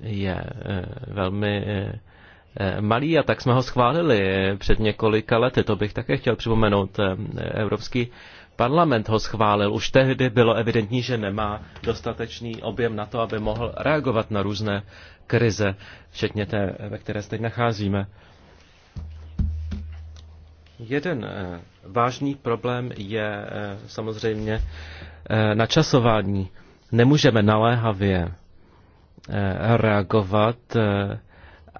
je eh, velmi eh, malý a tak jsme ho schválili před několika lety. To bych také chtěl připomenout. Evropský Parlament ho schválil. Už tehdy bylo evidentní, že nemá dostatečný objem na to, aby mohl reagovat na různé krize, včetně té, ve které se teď nacházíme. Jeden eh, vážný problém je eh, samozřejmě eh, načasování. Nemůžeme naléhavě reagovat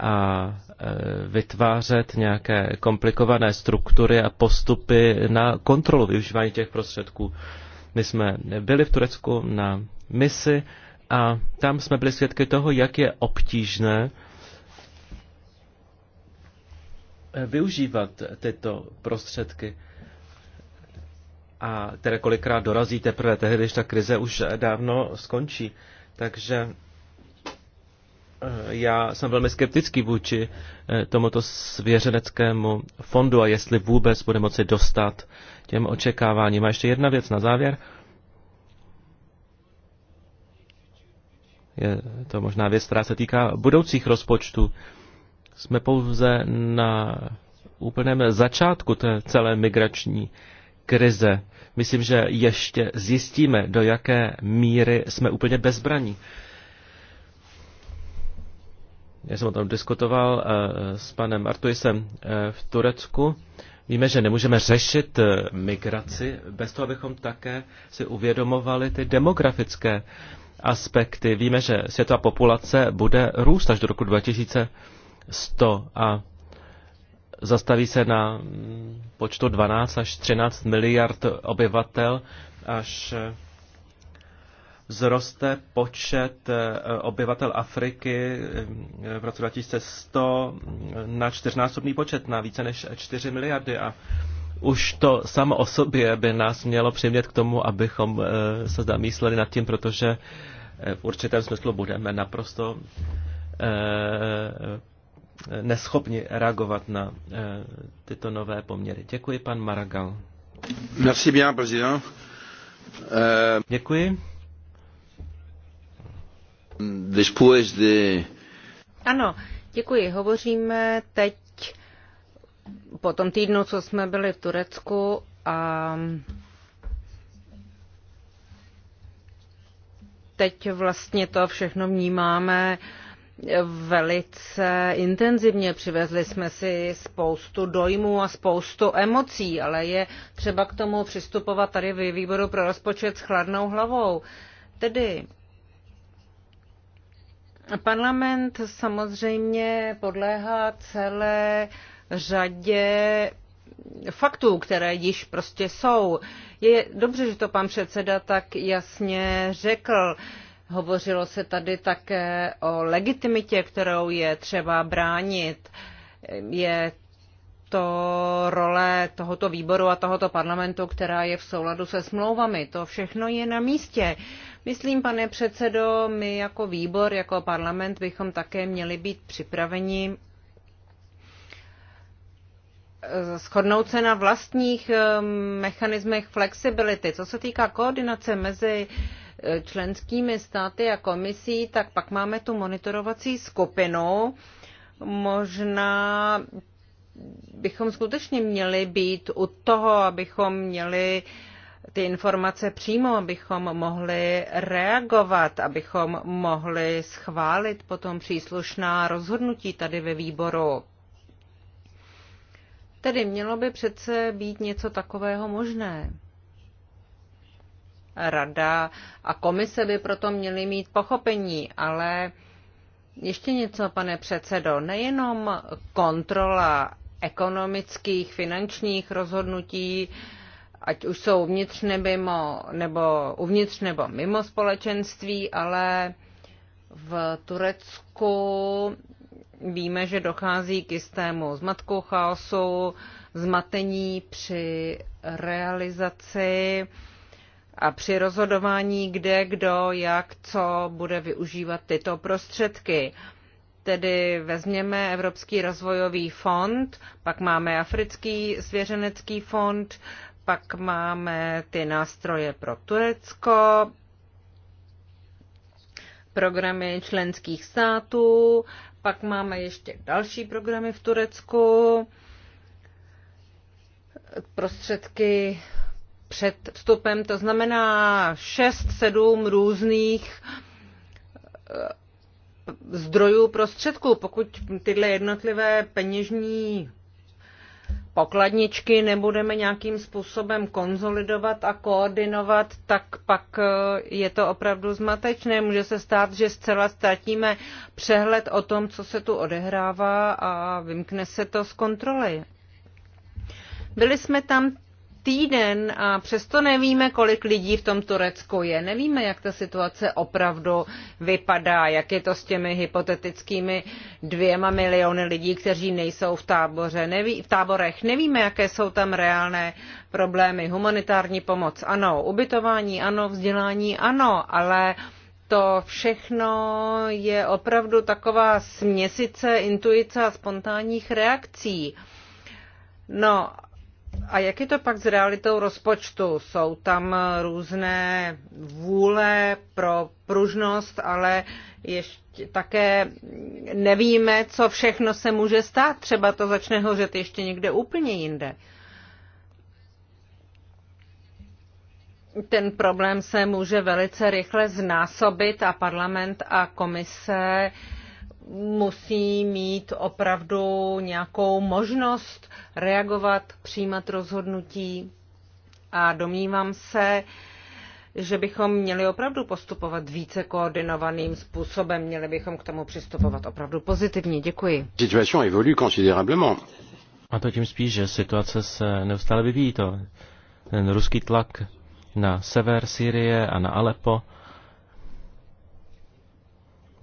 a Eh, vytvářet nějaké komplikované struktury a postupy na kontrolu využívání těch prostředků. My jsme byli v Turecku na misi a tam jsme byli svědky toho, jak je obtížné eh, využívat tyto prostředky a které kolikrát dorazí teprve tehdy, když ta krize už dávno skončí. Takže Eh, já jsem velmi skeptický vůči eh, tomuto svěřeneckému fondu a jestli vůbec bude moci dostat těm očekáváním. A ještě jedna věc na závěr. Je to možná věc, která se týká budoucích rozpočtů. Jsme pouze na úplném začátku té celé migrační krize. Myslím, že ještě zjistíme, do jaké míry jsme úplně bezbraní já jsem o tom diskutoval eh, s panem Artuisem eh, v Turecku. Víme, že nemůžeme řešit eh, migraci bez toho, abychom také si uvědomovali ty demografické aspekty. Víme, že světová populace bude růst až do roku 2100 a zastaví se na mm, počtu 12 až 13 miliard obyvatel, až vzroste počet eh, obyvatel Afriky eh, v roce 2100 mm, na čtyřnásobný počet, na více než 4 miliardy a už to samo o sobě by nás mělo přimět k tomu, abychom eh, se zamýšleli nad tím, protože v určitém smyslu budeme naprosto neschopni reagovat na tyto nové poměry. Děkuji, pan Maragal. Merci bien, président. Euh, Děkuji. Ano, děkuji. Hovoříme teď po tom týdnu, co jsme byli v Turecku a teď vlastně to všechno vnímáme velice intenzivně. Přivezli jsme si spoustu dojmů a spoustu emocí, ale je třeba k tomu přistupovat tady ve výboru pro rozpočet s chladnou hlavou. Tedy Parlament samozřejmě podléhá celé řadě faktů, které již prostě jsou. Je dobře, že to pan předseda tak jasně řekl. Hovořilo se tady také o legitimitě, kterou je třeba bránit. Je to role tohoto výboru a tohoto parlamentu, která je v souladu se smlouvami. To všechno je na místě. Myslím, pane předsedo, my jako výbor, jako parlament bychom také měli být připraveni eh, shodnout se na vlastních eh, mechanismech flexibility. Co se týká koordinace mezi eh, členskými státy a komisí, tak pak máme tu monitorovací skupinu. Možná bychom skutečně měli být u toho, abychom měli uh, ty informace přímo, abychom mohli reagovat, abychom mohli schválit potom příslušná rozhodnutí tady ve výboru. Tedy mělo by přece být něco takového možné. Rada a komise by proto měly mít pochopení, ale ještě něco, pane předsedo, nejenom kontrola ekonomických, finančních rozhodnutí, ať už jsou vnitř nebo, nebo uvnitř nebo mimo společenství, ale v Turecku víme, že dochází k jistému zmatku chaosu, zmatení při realizaci a při rozhodování, kde, kdo, jak, co bude využívat tyto prostředky. Tedy vezměme Evropský rozvojový fond, pak máme Africký svěřenecký fond, pak máme ty nástroje pro Turecko, programy členských států, pak máme ještě další programy v Turecku, prostředky před vstupem, to znamená 6-7 různých eh, zdrojů prostředků. Pokud tyhle jednotlivé peněžní pokladničky nebudeme nějakým způsobem konzolidovat a koordinovat, tak pak eh, je to opravdu zmatečné. Může se stát, že zcela ztratíme přehled o tom, co se tu odehrává a vymkne se to z kontroly. Byli jsme tam týden a přesto nevíme, kolik lidí v tom Turecku je. Nevíme, jak ta situace opravdu vypadá, jak je to s těmi hypotetickými dvěma miliony lidí, kteří nejsou v, táboře, neví, v táborech. Nevíme, jaké jsou tam reálné problémy. Humanitární pomoc, ano. Ubytování, ano. Vzdělání, ano. Ale to všechno je opravdu taková směsice intuice a spontánních reakcí. No a jak je to pak s realitou rozpočtu? Jsou tam různé vůle pro pružnost, ale ještě také nevíme, co všechno se může stát. Třeba to začne hořet ještě někde úplně jinde. Ten problém se může velice rychle znásobit a parlament a komise eh, musí mít opravdu nějakou možnost reagovat, přijímat rozhodnutí a domnívám se, že bychom měli opravdu postupovat více koordinovaným způsobem, měli bychom k tomu přistupovat opravdu pozitivně. Děkuji. Situation évolue considérablement. A to tím spíš, že situace se neustále vyvíjí to. Ten ruský tlak na sever Sýrie a na Alepo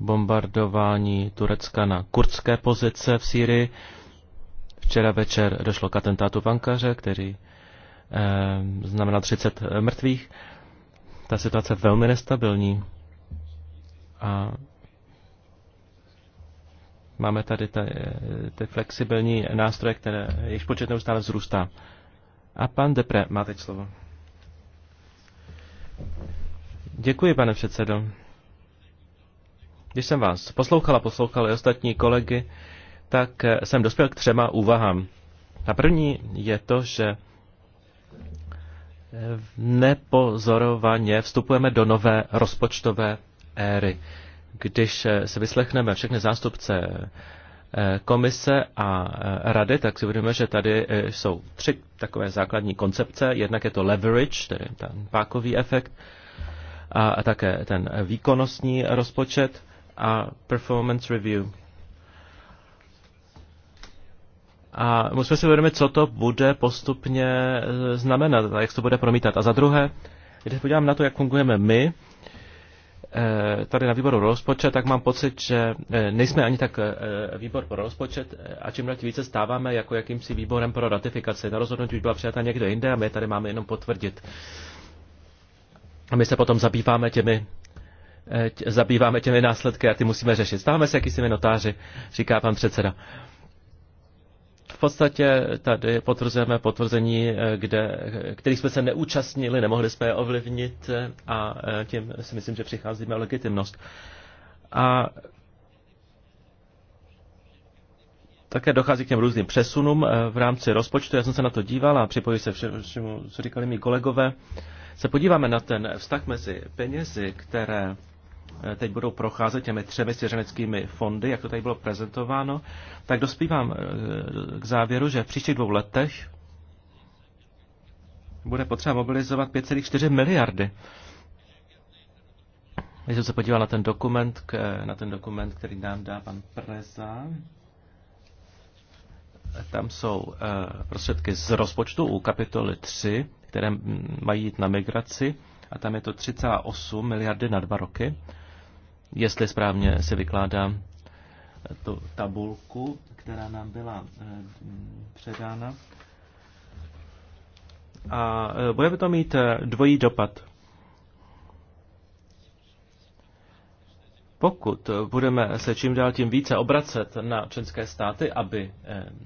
bombardování Turecka na kurdské pozice v Sýrii. Včera večer došlo k atentátu v Ankaře, který eh, znamená 30 mrtvých. Ta situace je velmi nestabilní. A máme tady ty flexibilní nástroje, které jejich počet neustále vzrůstá. A pan Depre má teď slovo. Děkuji, pane předsedo. Když jsem vás poslouchala, poslouchal i ostatní kolegy, tak eh, jsem dospěl k třema úvahám. A první je to, že eh, nepozorovaně vstupujeme do nové rozpočtové éry. Když eh, se vyslechneme všechny zástupce komise a rady, tak si uvědomíme, že tady jsou tři takové základní koncepce. Jednak je to leverage, tedy ten pákový efekt, a také ten výkonnostní rozpočet a performance review. A musíme si uvědomit, co to bude postupně eh, znamenat a jak se to bude promítat. A za druhé, když podívám na to, jak fungujeme my, eh, tady na výboru rozpočet, tak mám pocit, že eh, nejsme ani tak výbor pro rozpočet a čím dál více stáváme jako jakýmsi výborem pro ratifikaci. Na rozhodnutí už byla přijata někde jinde a my tady máme jenom potvrdit. A my se potom zabýváme těmi Eh, zabýváme těmi následky a ty musíme řešit. Stáváme se jakýsi notáři, říká pan předseda. V podstatě tady potvrzujeme potvrzení, eh, kde, eh, kterých jsme se neúčastnili, nemohli jsme je ovlivnit a tím si myslím, že přicházíme o legitimnost. A také dochází k těm různým přesunům v rámci rozpočtu. Já jsem se na to díval a připojí se všemu, co říkali mý kolegové. Se podíváme na ten vztah mezi penězi, které Eh, teď budou procházet těmi třemi svěřeneckými fondy, jak to tady bylo prezentováno, tak dospívám eh, k závěru, že v příštích dvou letech bude potřeba mobilizovat 5,4 miliardy. Když jsem se podíval na ten dokument, na ten dokument, který nám dá pan Preza, tam jsou eh, prostředky z rozpočtu u kapitoly 3, které mají jít na migraci, a tam je to 3,8 miliardy na dva roky jestli správně si vykládám eh, tu tabulku, která nám byla eh, mm, předána. A eh, bude to mít dvojí dopad. Pokud budeme se čím dál tím více obracet na členské státy, aby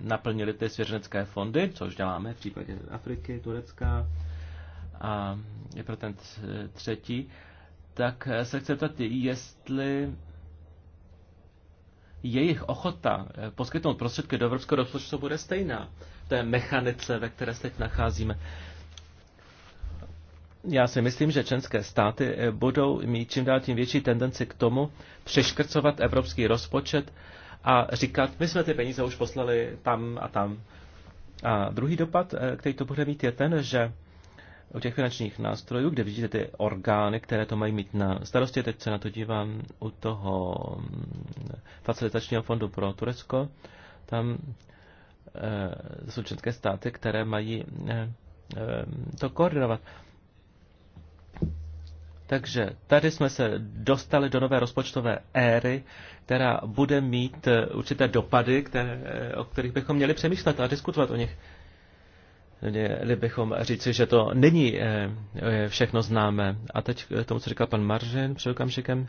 naplnili ty svěřenecké fondy, což děláme v případě Afriky, Turecka a je pro ten třetí, tak eh, se chce ptat, jestli jejich ochota eh, poskytnout prostředky do evropského rozpočtu bude stejná v té mechanice, ve které se teď nacházíme. Já si myslím, že členské státy eh, budou mít čím dál tím větší tendenci k tomu přeškrcovat evropský rozpočet a říkat, my jsme ty peníze už poslali tam a tam. A druhý dopad, který to bude mít, je ten, že o těch finančních nástrojů, kde vidíte ty orgány, které to mají mít na starosti. Teď se na to dívám u toho mm, facilitačního fondu pro Turecko. Tam e, jsou české státy, které mají e, e, to koordinovat. Takže tady jsme se dostali do nové rozpočtové éry, která bude mít určité dopady, které, o kterých bychom měli přemýšlet a diskutovat o nich. Měli bychom říci, že to není eh, eh, všechno známé. A teď k tomu, co říkal pan Maržin před okamžikem.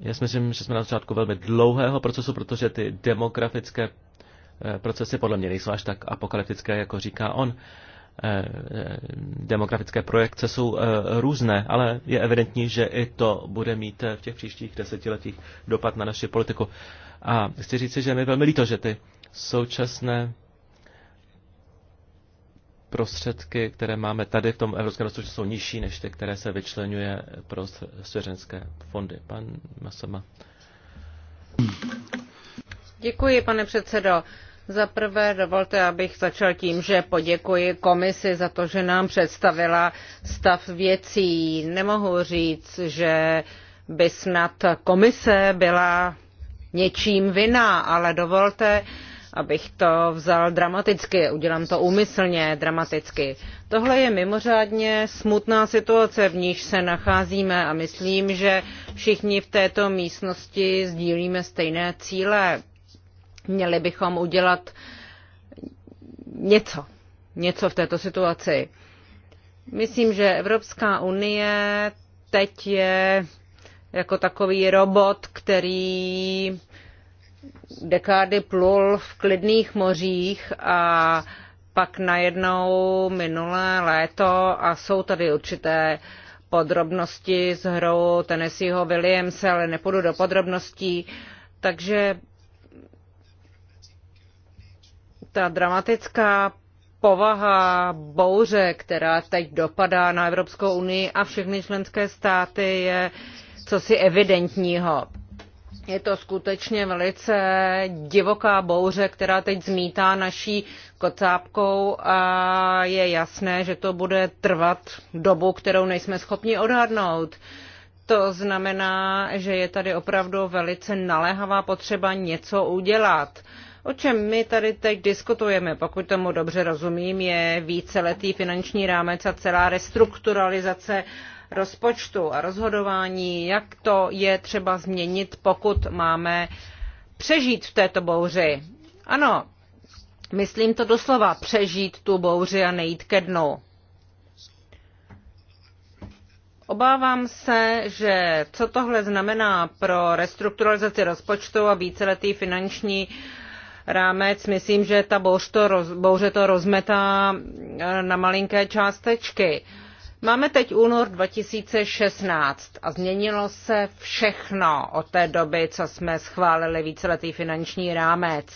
Já si myslím, že jsme na začátku velmi dlouhého procesu, protože ty demografické eh, procesy podle mě nejsou až tak apokalyptické, jako říká on. Demografické projekce jsou různé, ale je evidentní, že i to bude mít v těch příštích desetiletích dopad na naši politiku. A chci říci, že mi velmi líto, že ty současné prostředky, které máme tady v tom evropském rozpočtu, jsou nižší než ty, které se vyčlenuje pro svěřenské fondy. Pan Masama. Děkuji, pane předsedo. Za prvé dovolte, abych začal tím, že poděkuji komisi za to, že nám představila stav věcí. Nemohu říct, že by snad komise byla něčím vina, ale dovolte, abych to vzal dramaticky, udělám to úmyslně dramaticky. Tohle je mimořádně smutná situace, v níž se nacházíme a myslím, že všichni v této místnosti sdílíme stejné cíle. Měli bychom udělat něco, něco v této situaci. Myslím, že Evropská unie teď je jako takový robot, který dekády plul v klidných mořích a pak najednou minulé léto a jsou tady určité podrobnosti s hrou Tennesseeho Williamse, ale nepůjdu do podrobností. Takže ta dramatická povaha bouře, která teď dopadá na Evropskou unii a všechny členské státy, je cosi evidentního je to skutečně velice divoká bouře, která teď zmítá naší kocápkou a je jasné, že to bude trvat dobu, kterou nejsme schopni odhadnout. To znamená, že je tady opravdu velice naléhavá potřeba něco udělat. O čem my tady teď diskutujeme, pokud tomu dobře rozumím, je víceletý finanční rámec a celá restrukturalizace rozpočtu a rozhodování, jak to je třeba změnit, pokud máme přežít v této bouři. Ano, myslím to doslova, přežít tu bouři a nejít ke dnu. Obávám se, že co tohle znamená pro restrukturalizaci rozpočtu a víceletý finanční rámec, myslím, že ta bouř to roz, bouře to rozmetá na malinké částečky. Uh, Máme teď únor 2016 a změnilo se všechno od té doby, co jsme schválili víceletý finanční rámec.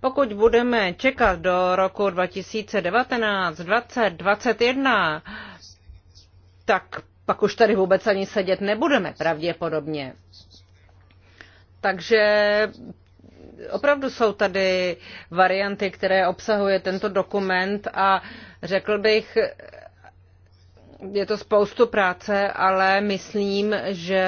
Pokud budeme čekat do roku 2019, 20, 21, tak pak už tady vůbec ani sedět nebudeme pravděpodobně. Takže opravdu jsou tady varianty, které obsahuje tento dokument a řekl bych, je to spoustu práce, ale myslím, že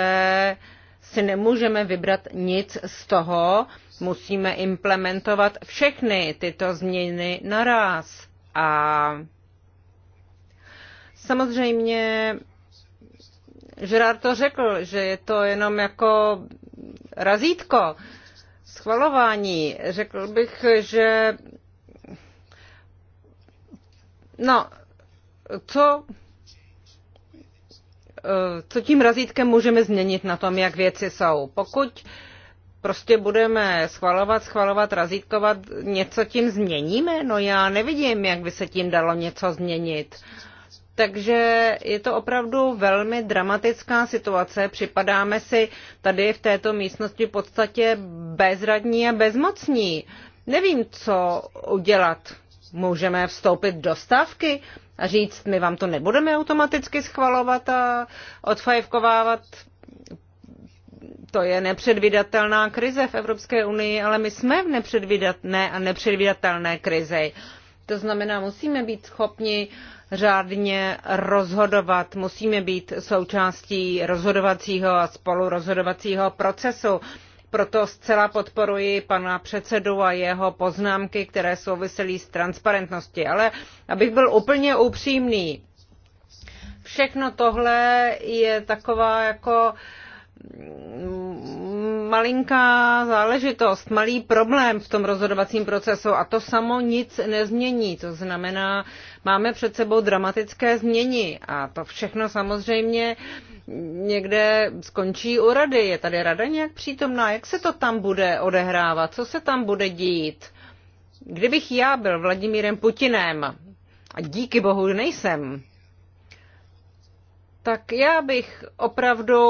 si nemůžeme vybrat nic z toho, musíme implementovat všechny tyto změny naraz. A samozřejmě Žerár to řekl, že je to jenom jako razítko schvalování. Řekl bych, že no, co Eh, co tím razítkem můžeme změnit na tom, jak věci jsou. Pokud prostě budeme schvalovat, schvalovat, razítkovat, něco tím změníme? No já nevidím, jak by se tím dalo něco změnit. Takže je to opravdu velmi dramatická situace. Připadáme si tady v této místnosti v podstatě bezradní a bezmocní. Nevím, co udělat. Můžeme vstoupit do stávky? a říct, my vám to nebudeme automaticky schvalovat a odfajfkovávat. To je nepředvídatelná krize v Evropské unii, ale my jsme v nepředvídatné a nepředvídatelné krizi. To znamená, musíme být schopni řádně rozhodovat, musíme být součástí rozhodovacího a spolurozhodovacího procesu proto zcela podporuji pana předsedu a jeho poznámky, které souvisely s transparentností. Ale abych byl úplně upřímný, všechno tohle je taková jako mm, malinká záležitost, malý problém v tom rozhodovacím procesu a to samo nic nezmění. To znamená, máme před sebou dramatické změny a to všechno samozřejmě uh, někde skončí u rady. Je tady rada nějak přítomná? Jak se to tam bude odehrávat? Co se tam bude dít? Kdybych já byl Vladimírem Putinem, a díky bohu nejsem, tak já bych opravdu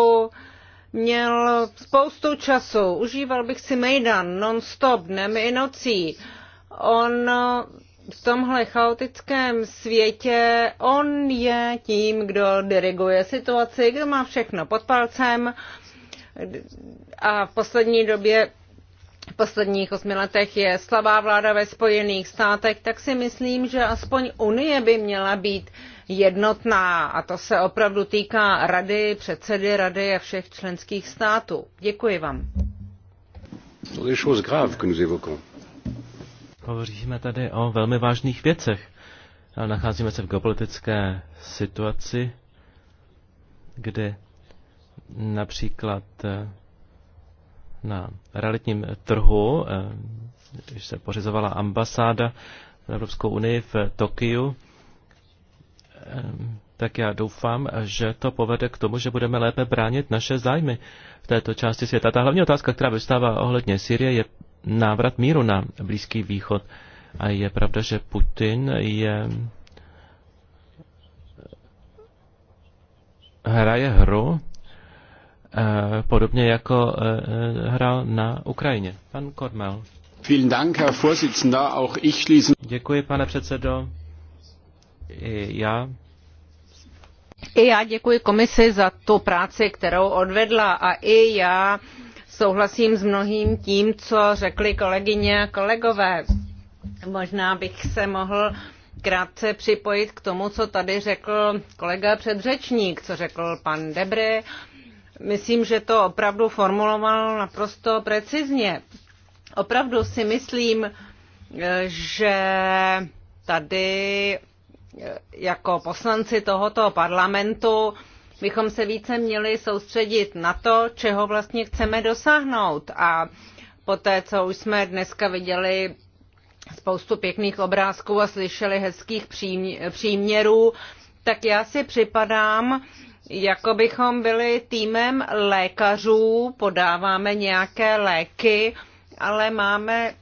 měl spoustu času. Užíval bych si Mejdan non-stop, dnem i nocí. On v tomhle chaotickém světě on je tím, kdo diriguje situaci, kdo má všechno pod palcem a v poslední době v posledních osmi letech je slabá vláda ve Spojených státech, tak si myslím, že aspoň Unie by měla být jednotná a to se opravdu týká rady, předsedy rady a všech členských států. Děkuji vám. To grave, que nous évoquons. Hovoříme tady o velmi vážných věcech. Ale nacházíme se v geopolitické situaci, kdy například eh, na realitním trhu, eh, když se pořizovala ambasáda v Evropskou unii v Tokiu, eh, tak já doufám, že to povede k tomu, že budeme lépe bránit naše zájmy v této části světa. Ta hlavní otázka, která vystává ohledně Syrie, je návrat míru na Blízký východ. A je pravda, že Putin je hraje hru eh, podobně jako eh, hrál na Ukrajině. Pan Kormel. Děkuji, pane předsedo. I já i já děkuji komisi za tu práci, kterou odvedla a i já souhlasím s mnohým tím, co řekli kolegyně a kolegové. Možná bych se mohl krátce připojit k tomu, co tady řekl kolega předřečník, co řekl pan Debre. Myslím, že to opravdu formuloval naprosto precizně. Opravdu si myslím, že tady jako poslanci tohoto parlamentu bychom se více měli soustředit na to, čeho vlastně chceme dosáhnout. A poté, co už jsme dneska viděli spoustu pěkných obrázků a slyšeli hezkých příměrů, tak já si připadám, jako bychom byli týmem lékařů, podáváme nějaké léky, ale máme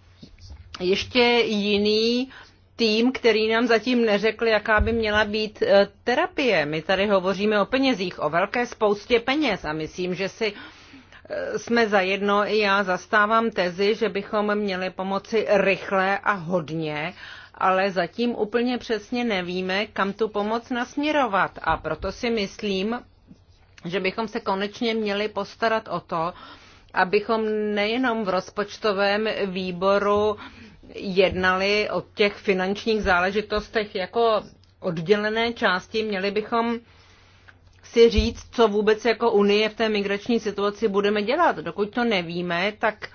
ještě jiný uh, tým, který nám zatím neřekl, jaká by měla být eh, terapie. My tady hovoříme o penězích, o velké spoustě peněz a myslím, že si eh, jsme zajedno i já zastávám tezi, že bychom měli pomoci rychle a hodně, ale zatím úplně přesně nevíme, kam tu pomoc nasměrovat. A proto si myslím, že bychom se konečně měli postarat o to, abychom nejenom v rozpočtovém výboru jednali o těch finančních záležitostech jako oddělené části, měli bychom si říct, co vůbec jako Unie v té migrační situaci budeme dělat. Dokud to nevíme, tak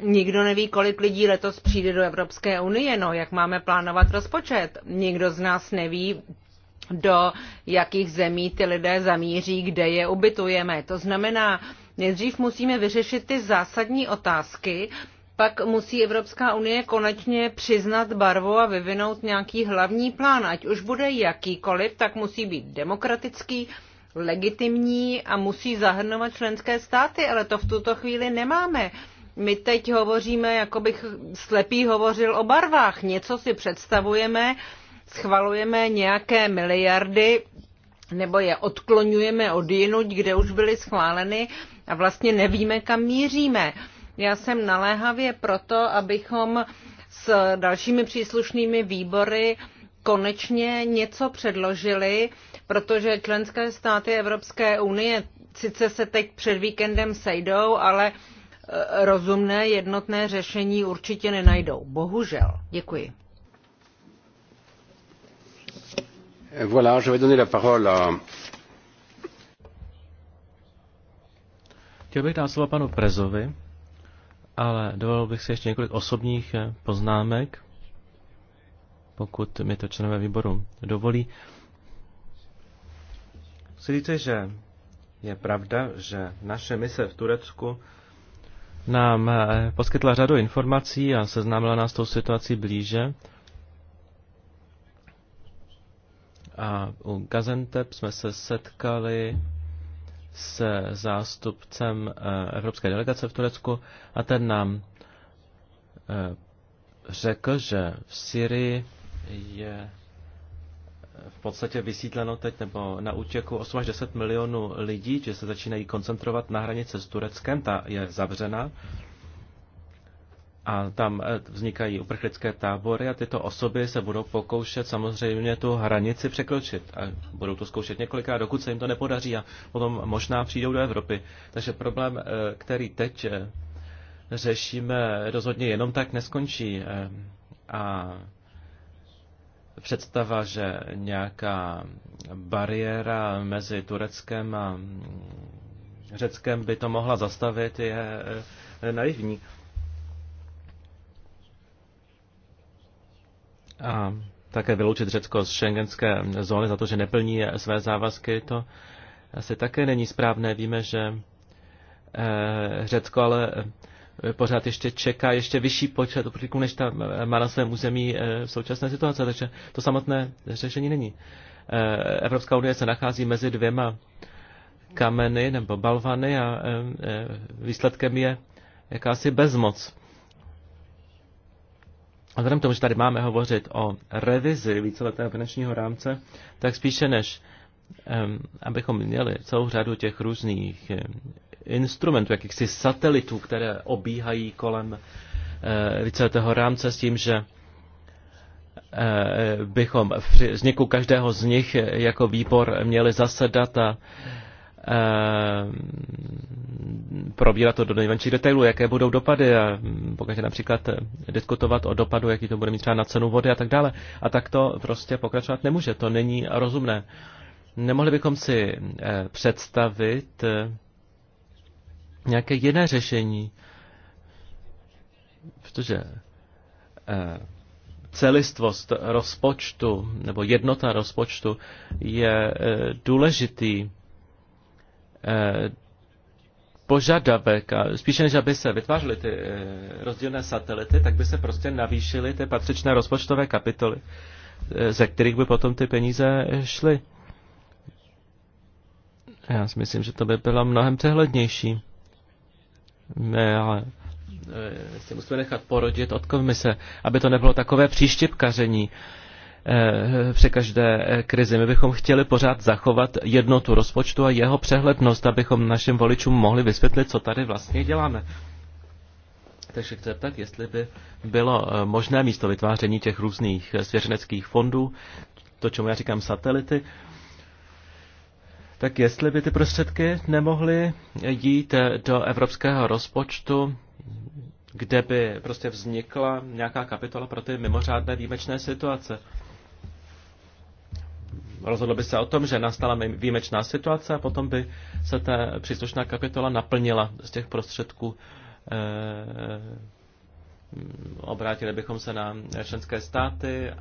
nikdo neví, kolik lidí letos přijde do Evropské unie, no jak máme plánovat rozpočet. Nikdo z nás neví, do jakých zemí ty lidé zamíří, kde je ubytujeme. To znamená, nejdřív musíme vyřešit ty zásadní otázky pak musí Evropská unie konečně přiznat barvu a vyvinout nějaký hlavní plán. Ať už bude jakýkoliv, tak musí být demokratický, legitimní a musí zahrnovat členské státy, ale to v tuto chvíli nemáme. My teď hovoříme, jako bych slepý hovořil o barvách. Něco si představujeme, schvalujeme nějaké miliardy nebo je odklonujeme od jinuť, kde už byly schváleny a vlastně nevíme, kam míříme. Já jsem naléhavě proto, abychom s dalšími příslušnými výbory konečně něco předložili, protože členské státy Evropské unie sice se teď před víkendem sejdou, ale eh, rozumné jednotné řešení určitě nenajdou. Bohužel. Děkuji. Voilà, je vais donner la parole à... Chtěl bych dát slovo panu Prezovi ale dovolil bych si ještě několik osobních eh, poznámek, pokud mi to členové výboru dovolí. Myslíte, že je pravda, že naše mise v Turecku nám eh, poskytla řadu informací a seznámila nás s tou situací blíže. A u Gazentep jsme se setkali s zástupcem eh, Evropské delegace v Turecku a ten nám eh, řekl, že v Syrii je eh, v podstatě vysídleno teď nebo na útěku 8 až 10 milionů lidí, že se začínají koncentrovat na hranice s Tureckem, ta je zavřena a tam eh, vznikají uprchlické tábory a tyto osoby se budou pokoušet samozřejmě tu hranici překročit. A budou to zkoušet několikrát, dokud se jim to nepodaří a potom možná přijdou do Evropy. Takže problém, eh, který teď eh, řešíme, rozhodně jenom tak neskončí. A představa, že nějaká bariéra mezi Tureckem a Řeckem by to mohla zastavit, je naivní. a také vyloučit Řecko z šengenské zóny za to, že neplní své závazky, to asi také není správné. Víme, že eh, Řecko ale eh, pořád ještě čeká ještě vyšší počet uprchlíků, než ta eh, má na svém území v současné situace, takže to samotné řešení není. Evropská unie se nachází mezi dvěma kameny nebo balvany a výsledkem je jakási bezmoc. A vzhledem k tomu, že tady máme hovořit o revizi víceletého finančního rámce, tak spíše než um, abychom měli celou řadu těch různých instrumentů, jakýchsi satelitů, které obíhají kolem uh, víceletého rámce s tím, že eh, bychom při vzniku každého z nich jako výbor měli zasedat a Eh, probírat to do nejmenších detailů, jaké budou dopady, a pokud například diskutovat o dopadu, jaký to bude mít třeba na cenu vody a tak dále. A tak to prostě pokračovat nemůže, to není rozumné. Nemohli bychom si eh, představit eh, nějaké jiné řešení, protože celistvost rozpočtu nebo jednota rozpočtu je důležitý Eh, požadavek, a spíše než aby se vytvářely ty eh, rozdílné satelity, tak by se prostě navýšily ty patřičné rozpočtové kapitoly, eh, ze kterých by potom ty peníze šly. Já si myslím, že to by bylo mnohem přehlednější. Ne, ale si musíme nechat porodit od komise, aby to nebylo takové příštěpkaření. Eh, při každé eh, krizi. My bychom chtěli pořád zachovat jednotu rozpočtu a jeho přehlednost, abychom našim voličům mohli vysvětlit, co tady vlastně děláme. Takže chci zeptat, jestli by bylo eh, možné místo vytváření těch různých svěřeneckých fondů, to, čemu já říkám satelity, tak jestli by ty prostředky nemohly jít do evropského rozpočtu, kde by prostě vznikla nějaká kapitola pro ty mimořádné výjimečné situace rozhodlo by se o tom, že nastala výjimečná situace a potom by se ta příslušná kapitola naplnila z těch prostředků. Eh, eh, obrátili bychom se na členské státy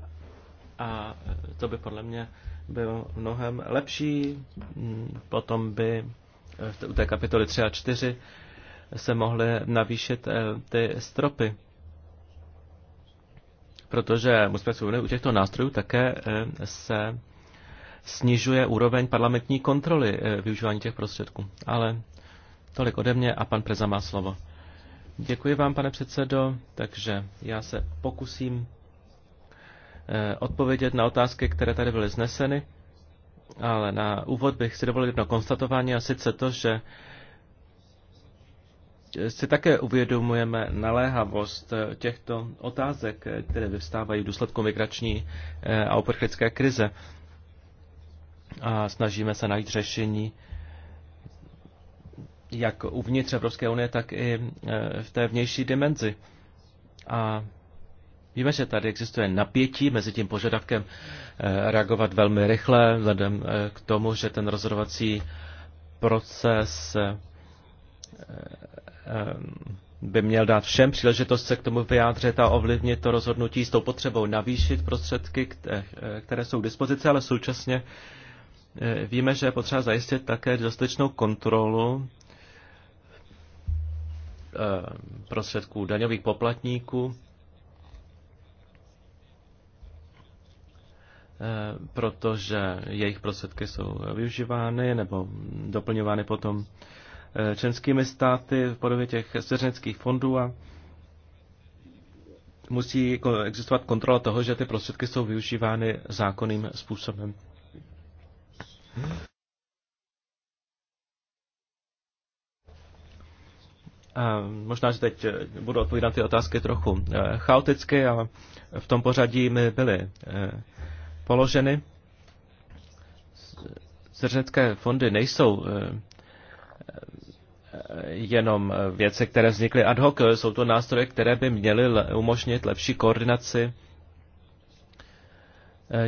a to by podle mě bylo mnohem lepší. Potom by eh, u té kapitoly 3 a 4 se mohly navýšit ty stropy protože musíme si u těchto nástrojů také se snižuje úroveň parlamentní kontroly eh, využívání těch prostředků. Ale tolik ode mě a pan Preza má slovo. Děkuji vám, pane předsedo, takže já se pokusím eh, odpovědět na otázky, které tady byly zneseny, ale na úvod bych si dovolil jedno konstatování a sice to, že si také uvědomujeme naléhavost eh, těchto otázek, které vyvstávají v důsledku migrační a uprchlické krize a snažíme se najít řešení jak uvnitř Evropské unie, tak i e, v té vnější dimenzi. A víme, že tady existuje napětí mezi tím požadavkem e, reagovat velmi rychle, vzhledem e, k tomu, že ten rozhodovací proces by měl dát všem příležitost se k tomu vyjádřit a ovlivnit to rozhodnutí s tou potřebou navýšit prostředky, které jsou k dispozici, ale současně Eh, víme, že je potřeba zajistit také dostatečnou kontrolu eh, prostředků daňových poplatníků, eh, protože jejich prostředky jsou využívány nebo doplňovány potom členskými státy v podobě těch svěřenských fondů a musí existovat kontrola toho, že ty prostředky jsou využívány zákonným způsobem. A možná, že teď eh, budu odpovídat ty otázky trochu eh, chaoticky a v tom pořadí mi byly eh, položeny. Zřecké fondy nejsou jenom věci, které vznikly ad hoc, jsou to nástroje, které by měly umožnit lepší koordinaci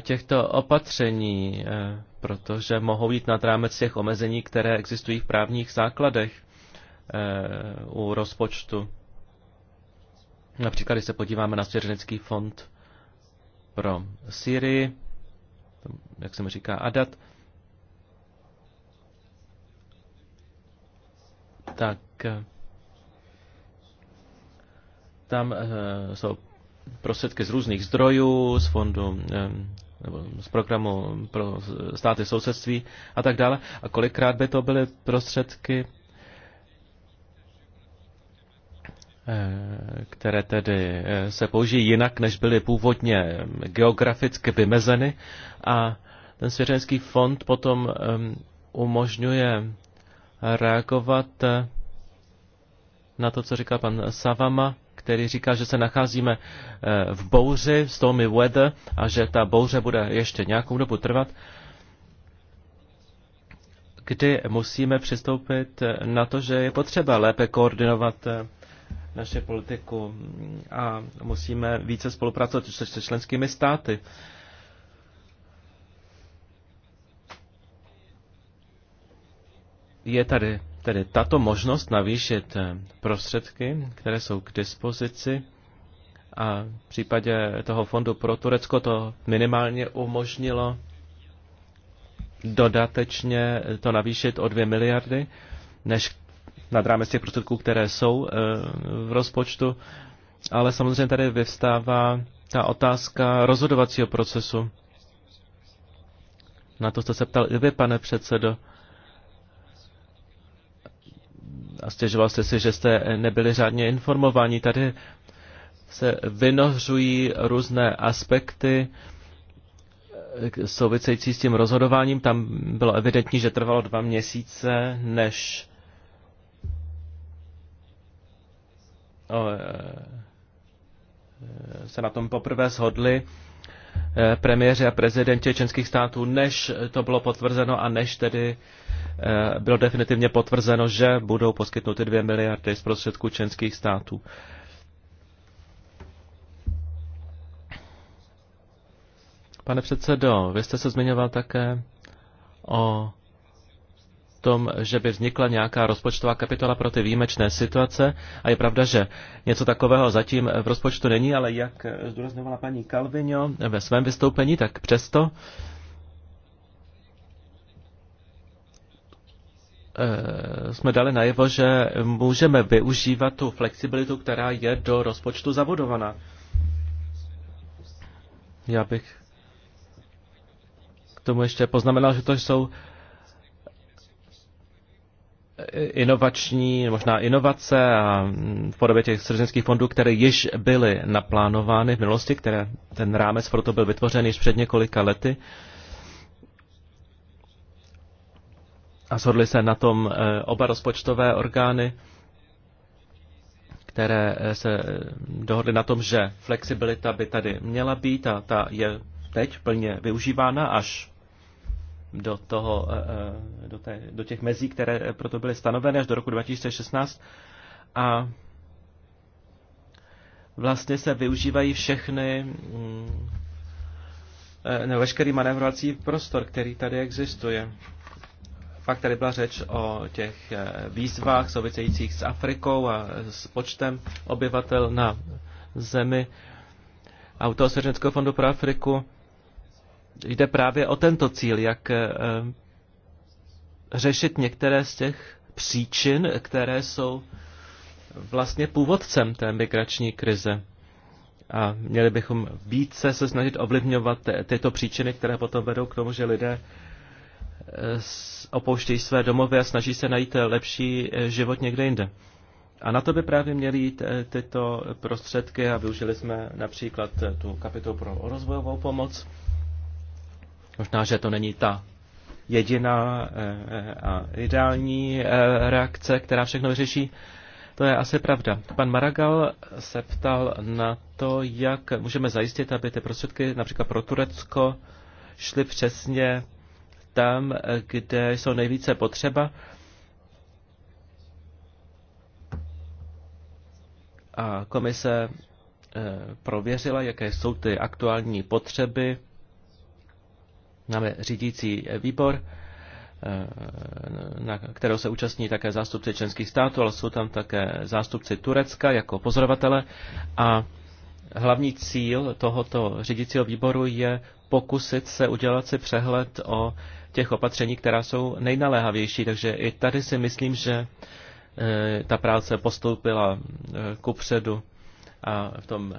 těchto opatření protože mohou jít nad rámec těch omezení, které existují v právních základech eh, u rozpočtu. Například, když se podíváme na Svěřenecký fond pro Syrii, jak se mi říká ADAT, tak eh, tam eh, jsou prostředky z různých zdrojů, z fondu nebo z programu pro státy sousedství a tak dále. A kolikrát by to byly prostředky, eh, které tedy eh, se použijí jinak, než byly původně geograficky vymezeny. A ten svěřenský fond potom eh, umožňuje reagovat na to, co říká pan Savama, který říká, že se nacházíme eh, v bouři, stormy weather, a že ta bouře bude ještě nějakou dobu trvat, kdy musíme přistoupit eh, na to, že je potřeba lépe koordinovat eh, naše politiku a musíme více spolupracovat se členskými státy. Je tady Tedy tato možnost navýšit eh, prostředky, které jsou k dispozici, a v případě toho fondu pro Turecko to minimálně umožnilo dodatečně to navýšit o 2 miliardy, než nad rámec těch prostředků, které jsou eh, v rozpočtu. Ale samozřejmě tady vyvstává ta otázka rozhodovacího procesu. Na to jste se ptal i vy, pane předsedo a stěžoval jste si, že jste nebyli řádně informováni. Tady se vynořují různé aspekty eh, související s tím rozhodováním. Tam bylo evidentní, že trvalo dva měsíce, než eh, eh, se na tom poprvé shodli Eh, premiéři a prezidenti členských států, než to bylo potvrzeno a než tedy eh, bylo definitivně potvrzeno, že budou poskytnuty 2 miliardy z prostředků členských států. Pane předsedo, vy jste se zmiňoval také o tom, že by vznikla nějaká rozpočtová kapitola pro ty výjimečné situace a je pravda, že něco takového zatím v rozpočtu není, ale jak zdůrazňovala paní Kalvino ve svém vystoupení, tak přesto eh, jsme dali najevo, že můžeme využívat tu flexibilitu, která je do rozpočtu zabudovaná. Já bych k tomu ještě poznamenal, že to jsou inovační, možná inovace a v podobě těch srdzenských fondů, které již byly naplánovány v minulosti, které ten rámec proto byl vytvořen již před několika lety. A shodly se na tom eh, oba rozpočtové orgány, které eh, se dohodly na tom, že flexibilita by tady měla být a ta je teď plně využívána, až do, toho, eh, eh, do, té, do těch mezí, které eh, proto byly stanoveny až do roku 2016. A vlastně se využívají všechny mm, ne, veškerý manévrovací prostor, který tady existuje. Pak tady byla řeč o těch výzvách souvisejících s Afrikou a s počtem obyvatel na zemi. A u toho fondu pro Afriku jde právě o tento cíl, jak eh, řešit některé z těch příčin, které jsou vlastně původcem té migrační krize. A měli bychom více se snažit ovlivňovat tyto příčiny, které potom vedou k tomu, že lidé eh, opouštějí své domovy a snaží se najít lepší eh, život někde jinde. A na to by právě měly jít tyto prostředky a využili jsme například tu kapitolu pro rozvojovou pomoc Možná, že to není ta jediná eh, eh, a ideální eh, reakce, která všechno vyřeší. To je asi pravda. Pan Maragal se ptal na to, jak můžeme zajistit, aby ty prostředky například pro Turecko šly přesně tam, kde jsou nejvíce potřeba. A komise prověřila, jaké jsou ty aktuální potřeby Máme řídící výbor, eh, na kterého se účastní také zástupci členských států, ale jsou tam také zástupci Turecka jako pozorovatele. A hlavní cíl tohoto řídícího výboru je pokusit se udělat si přehled o těch opatření, která jsou nejnaléhavější. Takže i tady si myslím, že eh, ta práce postoupila eh, ku předu a v tom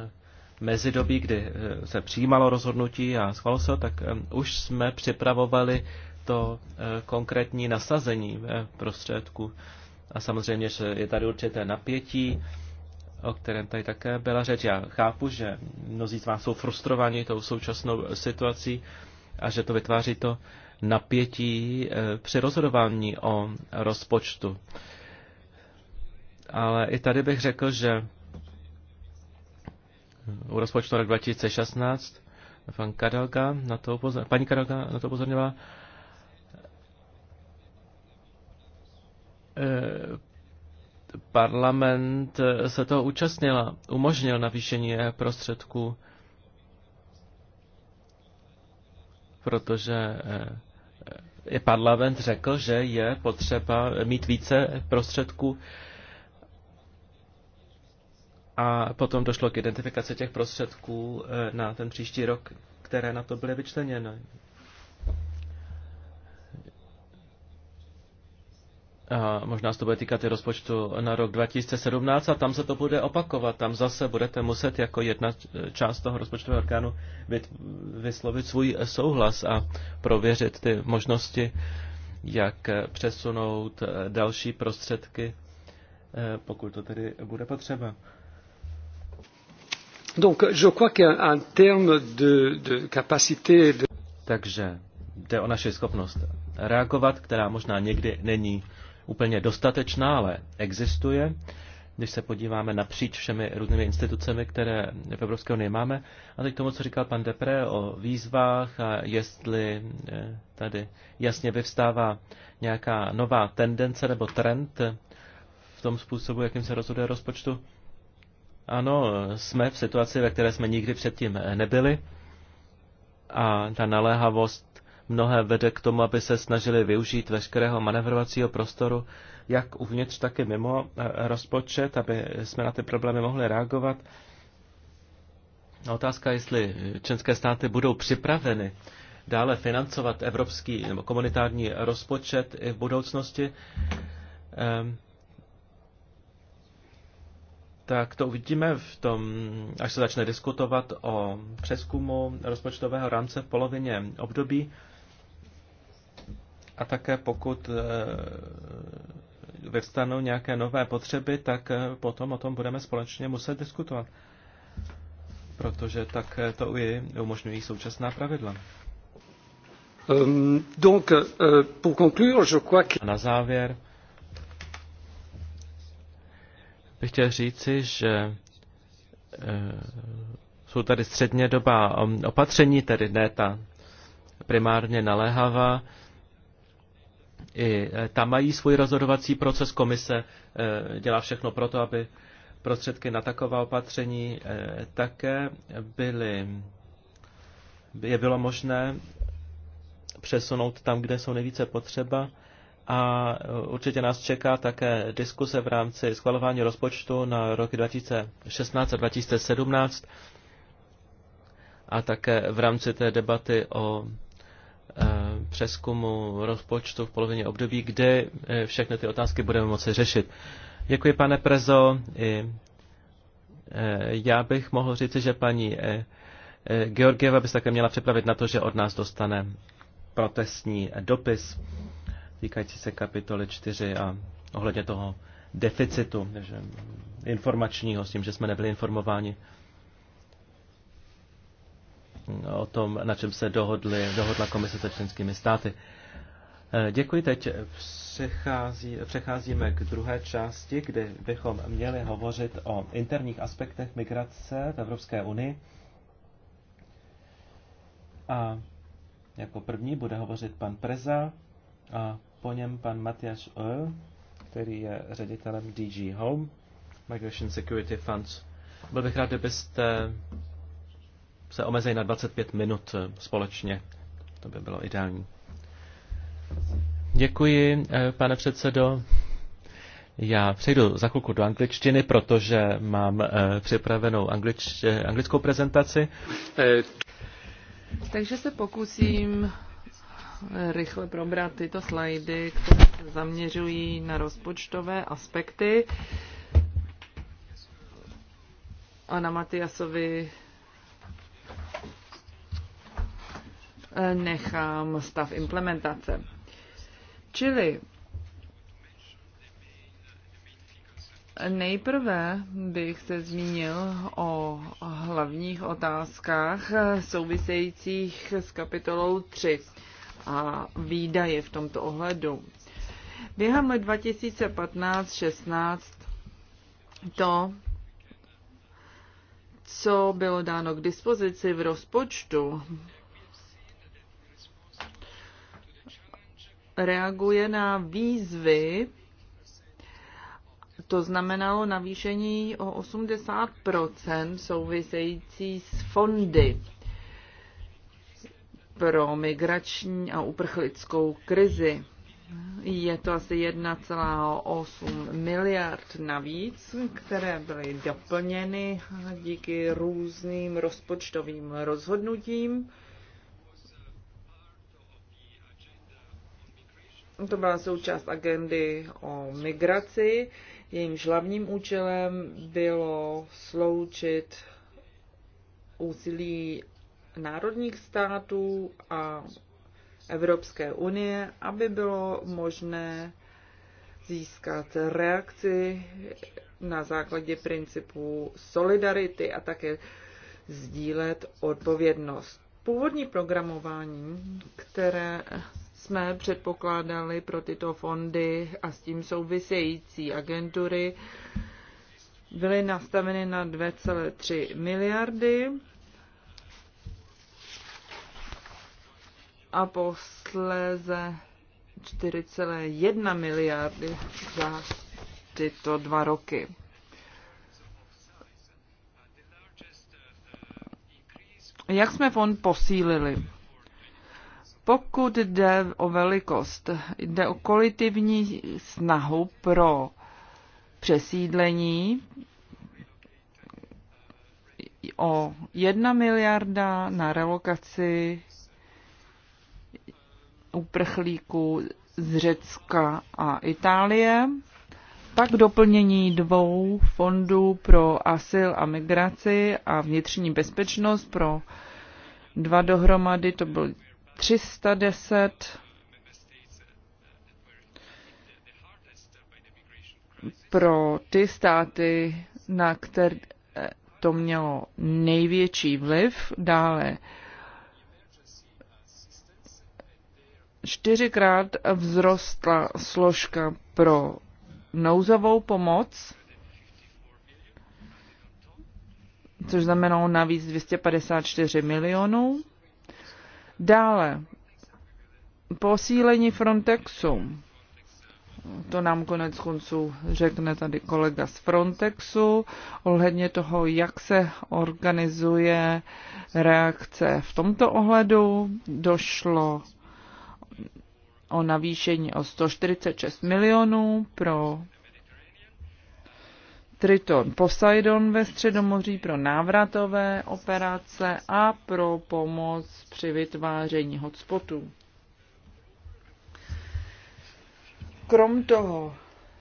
mezidobí, kdy eh, se přijímalo rozhodnutí a schvalo se, tak eh, už jsme připravovali to eh, konkrétní nasazení prostředku. A samozřejmě, že je tady určité napětí, o kterém tady také byla řeč. Já chápu, že mnozí z vás jsou frustrovaní tou současnou situací a že to vytváří to napětí při rozhodování o rozpočtu. Ale i tady bych řekl, že u rozpočtu rok 2016. Pan Karelka na to upozor... Paní Karelka na to upozorňovala. E, parlament se toho účastnila, umožnil navýšení prostředků, protože e, e, parlament řekl, že je potřeba mít více prostředků a potom došlo k identifikaci těch prostředků e, na ten příští rok, které na to byly vyčleněny. A možná se to bude týkat i rozpočtu na rok 2017 a tam se to bude opakovat. Tam zase budete muset jako jedna část toho rozpočtového orgánu vyslovit svůj souhlas a prověřit ty možnosti, jak přesunout e, další prostředky, e, pokud to tedy bude potřeba. Donc, je crois qu'en termes de, de capacité... De... Takže jde o naši schopnost reagovat, která možná někdy není úplně dostatečná, ale existuje. Když se podíváme napříč všemi různými institucemi, které v Evropské unii máme. A teď tomu, co říkal pan Depre o výzvách a jestli eh, tady jasně vyvstává nějaká nová tendence nebo trend v tom způsobu, jakým se rozhoduje rozpočtu. Ano, jsme v situaci, ve které jsme nikdy předtím nebyli a ta naléhavost mnohé vede k tomu, aby se snažili využít veškerého manevrovacího prostoru, jak uvnitř, tak i mimo eh, rozpočet, aby jsme na ty problémy mohli reagovat. Otázka, jestli členské státy budou připraveny dále financovat evropský nebo komunitární rozpočet i v budoucnosti. Ehm tak to uvidíme v tom, až se začne diskutovat o přeskumu rozpočtového rámce v polovině období. A také pokud eh, vyvstanou nějaké nové potřeby, tak eh, potom o tom budeme společně muset diskutovat. Protože tak eh, to i umožňují současná pravidla. Um, donc, uh, pour conclure, je crois que... A na závěr, bych chtěl říci, že eh, jsou tady středně doba um, opatření, tedy ne ta primárně naléhavá. I eh, tam mají svůj rozhodovací proces. Komise eh, dělá všechno pro to, aby prostředky na taková opatření také byly, je bylo možné přesunout tam, kde jsou nejvíce potřeba a e, určitě nás čeká také diskuse v rámci schvalování rozpočtu na roky 2016 a 2017 a také v rámci té debaty o e, přeskumu rozpočtu v polovině období, kde e, všechny ty otázky budeme moci řešit. Děkuji, pane Prezo. Já bych mohl říct, že paní Georgieva by se také měla připravit na to, že od nás dostane protestní dopis týkající se kapitoly 4 a ohledně toho deficitu že informačního, s tím, že jsme nebyli informováni o tom, na čem se dohodli, dohodla komise se členskými státy. Eh, děkuji, teď přechází, přecházíme k druhé části, kdy bychom měli hovořit o interních aspektech migrace v Evropské unii. A jako první bude hovořit pan Preza a po něm pan Matias Oel, který je ředitelem DG Home, Migration Security Funds. Byl bych rád, kdybyste se omezili na 25 minut společně. To by bylo ideální. Děkuji, eh, pane předsedo. Já přejdu za chvilku do angličtiny, protože mám eh, připravenou anglič, eh, anglickou prezentaci. Takže se pokusím rychle probrat tyto slajdy, které se zaměřují na rozpočtové aspekty. A na Matiasovi nechám stav implementace. Čili Nejprve bych se zmínil o hlavních otázkách souvisejících s kapitolou 3 a výdaje v tomto ohledu. Během 2015-16 to, co bylo dáno k dispozici v rozpočtu, reaguje na výzvy, to znamenalo navýšení o 80 související s fondy pro migrační a uprchlickou krizi. Je to asi 1,8 miliard navíc, které byly doplněny díky různým rozpočtovým rozhodnutím. To byla součást agendy o migraci. Jejímž hlavním účelem bylo sloučit úsilí národních států a Evropské unie, aby bylo možné získat reakci na základě principů solidarity a také sdílet odpovědnost. Původní programování, které jsme předpokládali pro tyto fondy a s tím související agentury, byly nastaveny na 2,3 miliardy a posléze 4,1 miliardy za tyto dva roky. Jak jsme fond posílili? Pokud jde o velikost, jde o kolitivní snahu pro přesídlení o 1 miliarda na relokaci uprchlíků z Řecka a Itálie, pak doplnění dvou fondů pro asyl a migraci a vnitřní bezpečnost pro dva dohromady, to byl 310 pro ty státy, na které to mělo největší vliv, dále čtyřikrát vzrostla složka pro nouzovou pomoc, což znamenalo navíc 254 milionů. Dále posílení Frontexu. To nám konec konců řekne tady kolega z Frontexu ohledně toho, jak se organizuje reakce. V tomto ohledu došlo o navýšení o 146 milionů pro Triton Poseidon ve Středomoří pro návratové operace a pro pomoc při vytváření hotspotů. Krom toho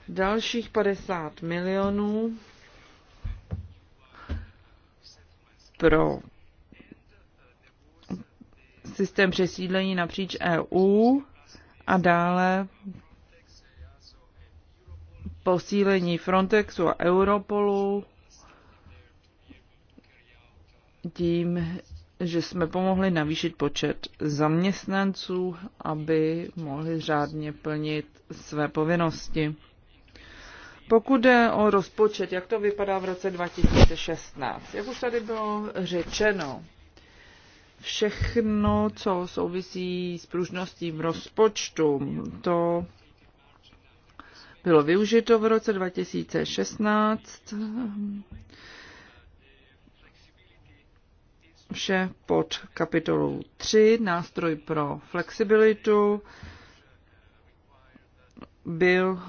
dalších 50 milionů pro systém přesídlení napříč EU a dále posílení Frontexu a Europolu tím, že jsme pomohli navýšit počet zaměstnanců, aby mohli řádně plnit své povinnosti. Pokud jde o rozpočet, jak to vypadá v roce 2016? Jak už tady bylo řečeno, všechno, co souvisí s pružností v rozpočtu. To bylo využito v roce 2016. Vše pod kapitolou 3, nástroj pro flexibilitu, byl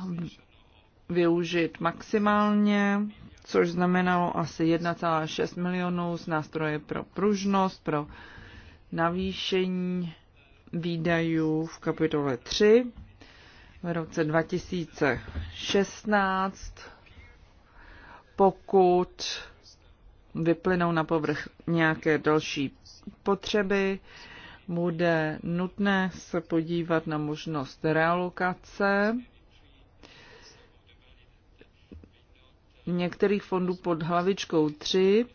využit maximálně, což znamenalo asi 1,6 milionů z nástroje pro pružnost, pro uh, navýšení výdajů v kapitole 3 v roce 2016, pokud vyplynou na povrch nějaké další potřeby, bude nutné se podívat na možnost realokace některých fondů pod hlavičkou 3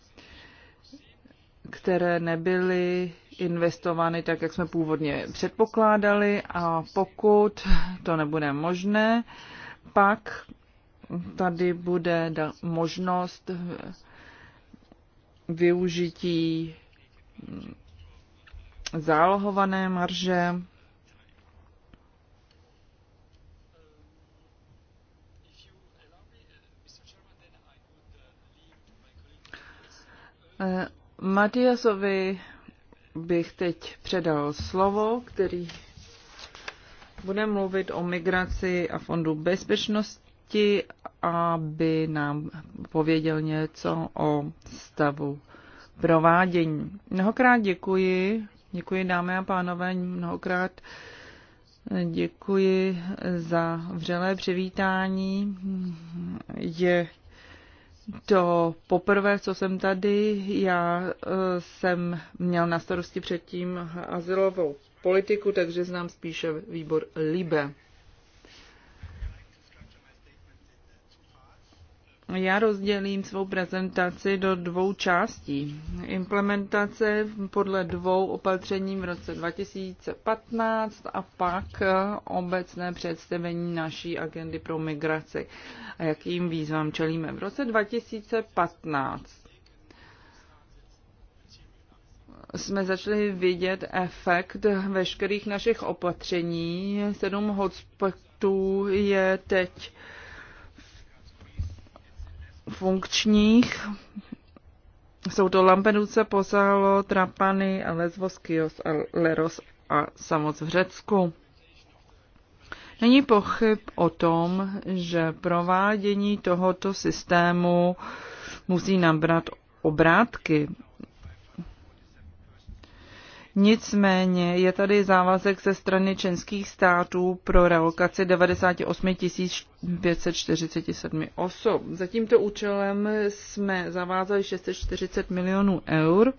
které nebyly investovány tak, jak jsme původně předpokládali a pokud to nebude možné, pak tady bude možnost využití zálohované marže. Matiasovi bych teď předal slovo, který bude mluvit o migraci a fondu bezpečnosti, aby nám pověděl něco o stavu provádění. Mnohokrát děkuji, děkuji dámy a pánové, mnohokrát děkuji za vřelé přivítání. Je to poprvé, co jsem tady, já e, jsem měl na starosti předtím azylovou politiku, takže znám spíše výbor LIBE. Já rozdělím svou prezentaci do dvou částí. Implementace podle dvou opatření v roce 2015 a pak eh, obecné představení naší agendy pro migraci a jakým výzvám čelíme. V roce 2015 jsme začali vidět efekt veškerých našich opatření. Sedm hotspotů je teď uh, funkčních. Jsou to Lampedusa, Posalo, Trapany, Lesvos, Kios, Leros a Samos v Řecku. Není pochyb o tom, že provádění tohoto systému musí nabrat obrátky. Nicméně je tady závazek ze strany českých států pro relokaci 98 547 osob. Za tímto účelem jsme zavázali 640 milionů eur.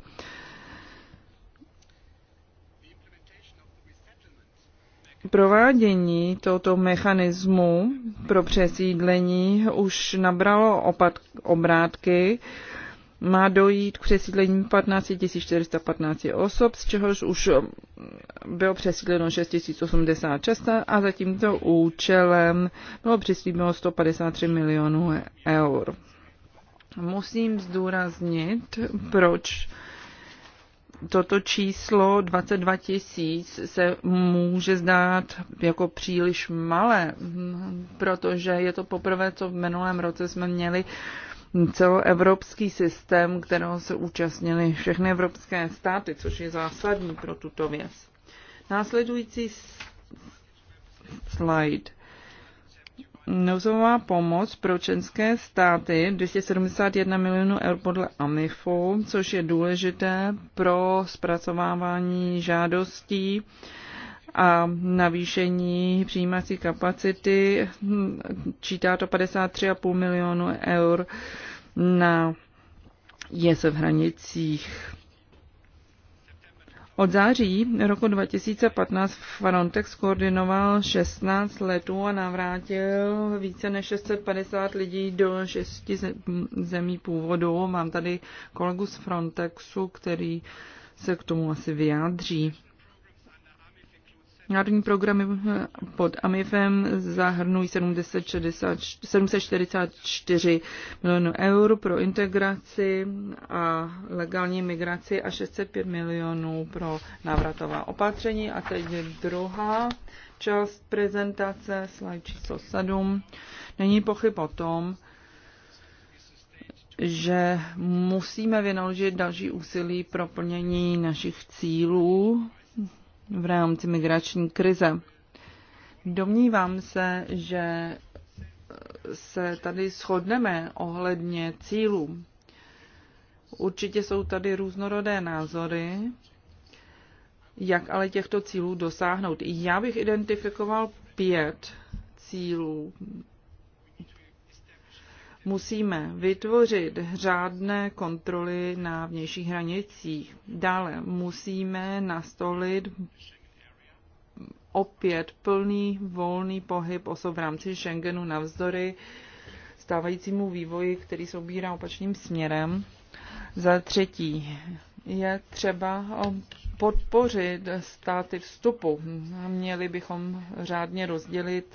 Provádění tohoto mechanismu pro přesídlení už nabralo opat- obrátky má dojít k přesídlení 15 415 osob, z čehož už mm, bylo přesídleno 6 a za tímto účelem bylo přislíbeno 153 milionů eur. Musím zdůraznit, proč toto číslo 22 tisíc se může zdát jako příliš malé, mm, protože je to poprvé, co v minulém roce jsme měli celoevropský systém, kterého se účastnili všechny evropské státy, což je zásadní pro tuto věc. Následující slide. Nouzová pomoc pro členské státy 271 milionů eur podle AMIFu, což je důležité pro zpracovávání žádostí a navýšení přijímací kapacity. Hm, čítá to 53,5 milionů eur na jez v hranicích. Od září roku 2015 Frontex koordinoval 16 letů a navrátil více než 650 lidí do 6 zemí původu. Mám tady kolegu z Frontexu, který se k tomu asi vyjádří. Národní programy eh, pod AMIFem zahrnují 744 milionů eur pro integraci a legální migraci a 605 milionů pro návratová opatření. A teď je druhá část prezentace, slide číslo 7. Není pochyb o tom, že musíme vynaložit další úsilí pro plnění našich cílů v rámci migrační krize. Domnívám se, že se tady shodneme ohledně cílů. Určitě jsou tady různorodé názory, jak ale těchto cílů dosáhnout. Já bych identifikoval pět cílů, Musíme vytvořit řádné kontroly na vnějších hranicích. Dále musíme nastolit opět plný volný pohyb osob v rámci Schengenu navzdory stávajícímu vývoji, který se ubírá opačným směrem. Za třetí je třeba podpořit státy vstupu. Měli bychom řádně rozdělit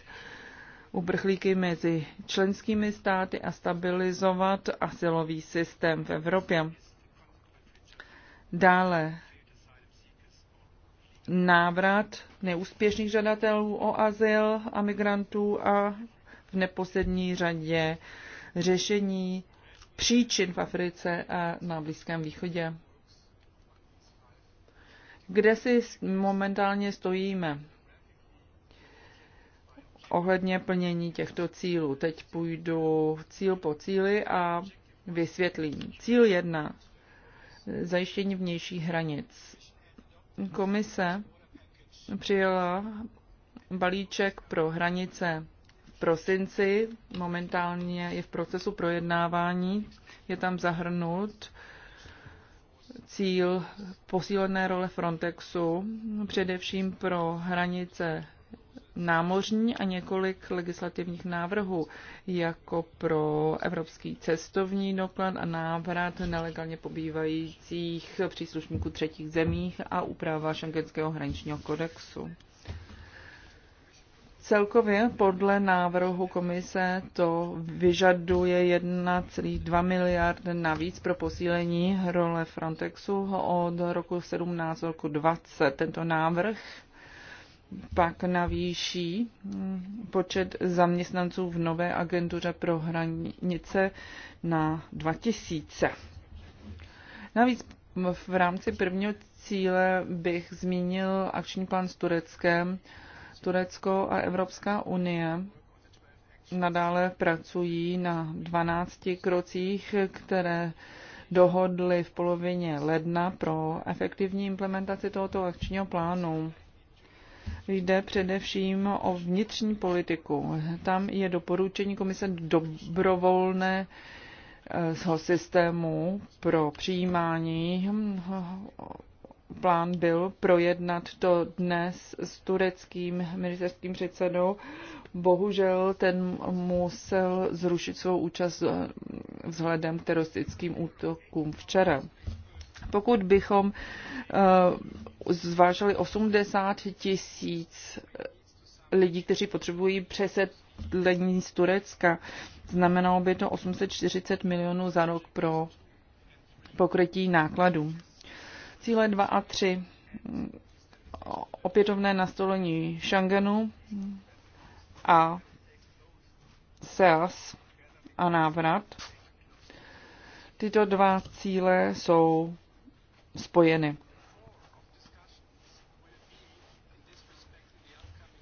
uprchlíky mezi členskými státy a stabilizovat asilový systém v Evropě. Dále návrat neúspěšných žadatelů o azyl a migrantů a v neposlední řadě řešení příčin v Africe a na Blízkém východě. Kde si momentálně stojíme? ohledně plnění těchto cílů. Teď půjdu cíl po cíli a vysvětlím. Cíl jedna. Zajištění vnějších hranic. Komise přijela balíček pro hranice v prosinci. Momentálně je v procesu projednávání. Je tam zahrnut cíl posílené role Frontexu, především pro hranice námořní a několik legislativních návrhů, jako pro evropský cestovní doklad a návrat nelegálně pobývajících příslušníků třetích zemích a úprava šengenského hraničního kodexu. Celkově podle návrhu komise to vyžaduje 1,2 miliard navíc pro posílení role Frontexu od roku 17 roku 20. Tento návrh pak navýší mm, počet zaměstnanců v nové agentuře pro hranice na 2000. Navíc v rámci prvního cíle bych zmínil akční plán s Tureckem. Turecko a Evropská unie nadále pracují na 12 krocích, které dohodly v polovině ledna pro efektivní implementaci tohoto akčního plánu jde především o vnitřní politiku. Tam je doporučení komise dobrovolné eh, systému pro přijímání. Plán byl projednat to dnes s tureckým ministerským předsedou. Bohužel ten musel zrušit svou účast eh, vzhledem k teroristickým útokům včera. Pokud bychom eh, zvážili 80 tisíc lidí, kteří potřebují přesedlení z Turecka, znamenalo by to 840 milionů za rok pro pokrytí nákladů. Cíle 2 a 3. Opětovné nastolení Schengenu a SEAS a návrat. Tyto dva cíle jsou spojeny.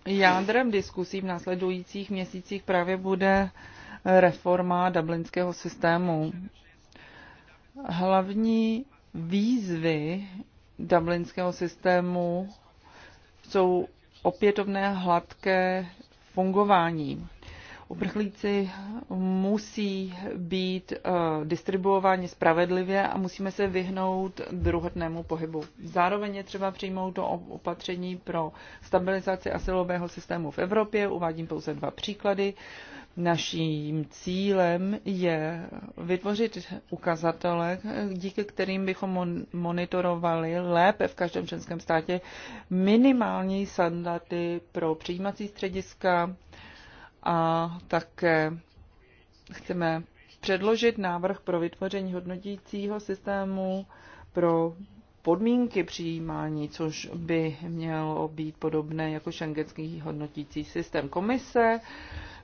Jádrem diskusí v následujících měsících právě bude reforma dublinského systému. Hlavní výzvy dublinského systému jsou opětovné hladké fungování uprchlíci musí být eh, distribuováni spravedlivě a musíme se vyhnout druhotnému pohybu. Zároveň je třeba přijmout to opatření pro stabilizaci asilového systému v Evropě. Uvádím pouze dva příklady. Naším cílem je vytvořit ukazatele, díky kterým bychom monitorovali lépe v každém členském státě minimální standardy pro přijímací střediska, a také chceme předložit návrh pro vytvoření hodnotícího systému pro podmínky přijímání, což by mělo být podobné jako šengenský hodnotící systém. Komise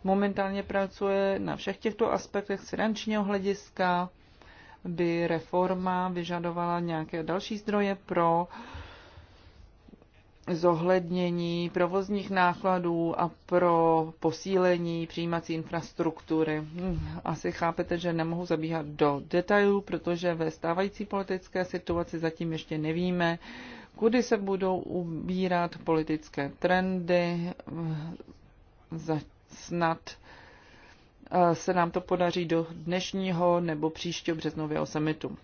momentálně pracuje na všech těchto aspektech z finančního hlediska, by reforma vyžadovala nějaké další zdroje pro uh, zohlednění provozních nákladů a pro posílení přijímací infrastruktury. Hm, asi chápete, že nemohu zabíhat do detailů, protože ve stávající politické situaci zatím ještě nevíme, kudy se budou ubírat politické trendy. Snad eh, se nám to podaří do dnešního nebo příštího březnového summitu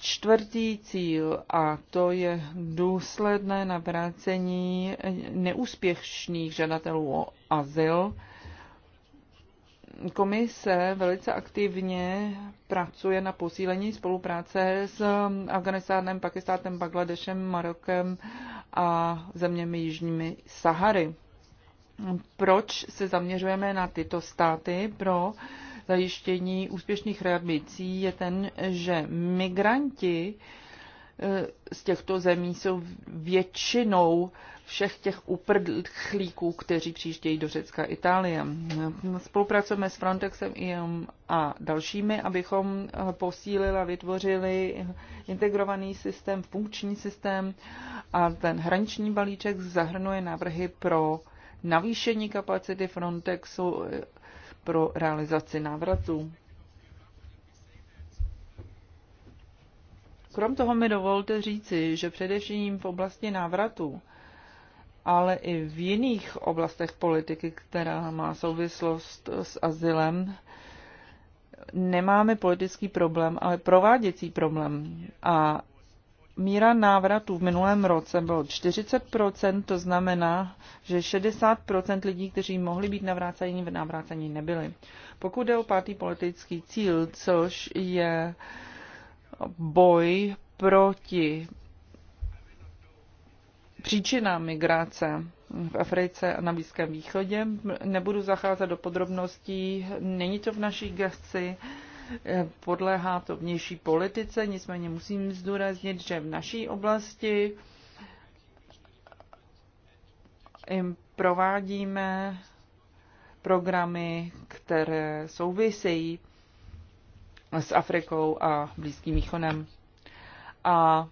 čtvrtý cíl, a to je důsledné navrácení neúspěšných žadatelů o azyl, komise velice aktivně pracuje na posílení spolupráce s Afganistánem, Pakistánem, Bangladešem, Marokem a zeměmi Jižními Sahary. Proč se zaměřujeme na tyto státy? Pro uh, zajištění úspěšných reabicí je ten, že migranti eh, z těchto zemí jsou většinou všech těch uprchlíků, kteří přijíždějí do Řecka a Itálie. Spolupracujeme s Frontexem a dalšími, abychom eh, posílili a vytvořili integrovaný systém, funkční systém a ten hraniční balíček zahrnuje návrhy pro navýšení kapacity Frontexu pro realizaci návratů. Krom toho mi dovolte říci, že především v oblasti návratů, ale i v jiných oblastech politiky, která má souvislost s azylem, nemáme politický problém, ale prováděcí problém. A míra návratů v minulém roce bylo 40%, to znamená, že 60% lidí, kteří mohli být navráceni, v navrácení nebyli. Pokud jde o pátý politický cíl, což je boj proti příčinám migrace v Africe a na Blízkém východě, nebudu zacházet do podrobností, není to v naší gesci, podléhá to vnější politice, nicméně musím zdůraznit, že v naší oblasti jim provádíme programy, které souvisejí s Afrikou a Blízkým východem. A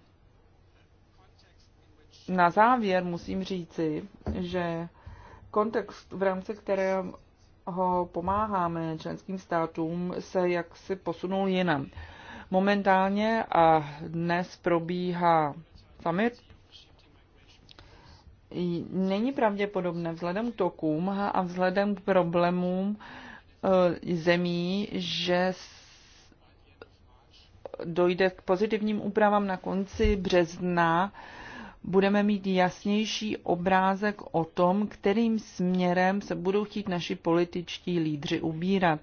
na závěr musím říci, že kontext, v rámci kterého ho pomáháme členským státům se jaksi posunul jinam. Momentálně a dnes probíhá summit. Není pravděpodobné vzhledem k tokům a vzhledem k problémům eh, zemí, že dojde k pozitivním úpravám na konci března budeme mít jasnější obrázek o tom, kterým směrem se budou chtít naši političtí lídři ubírat.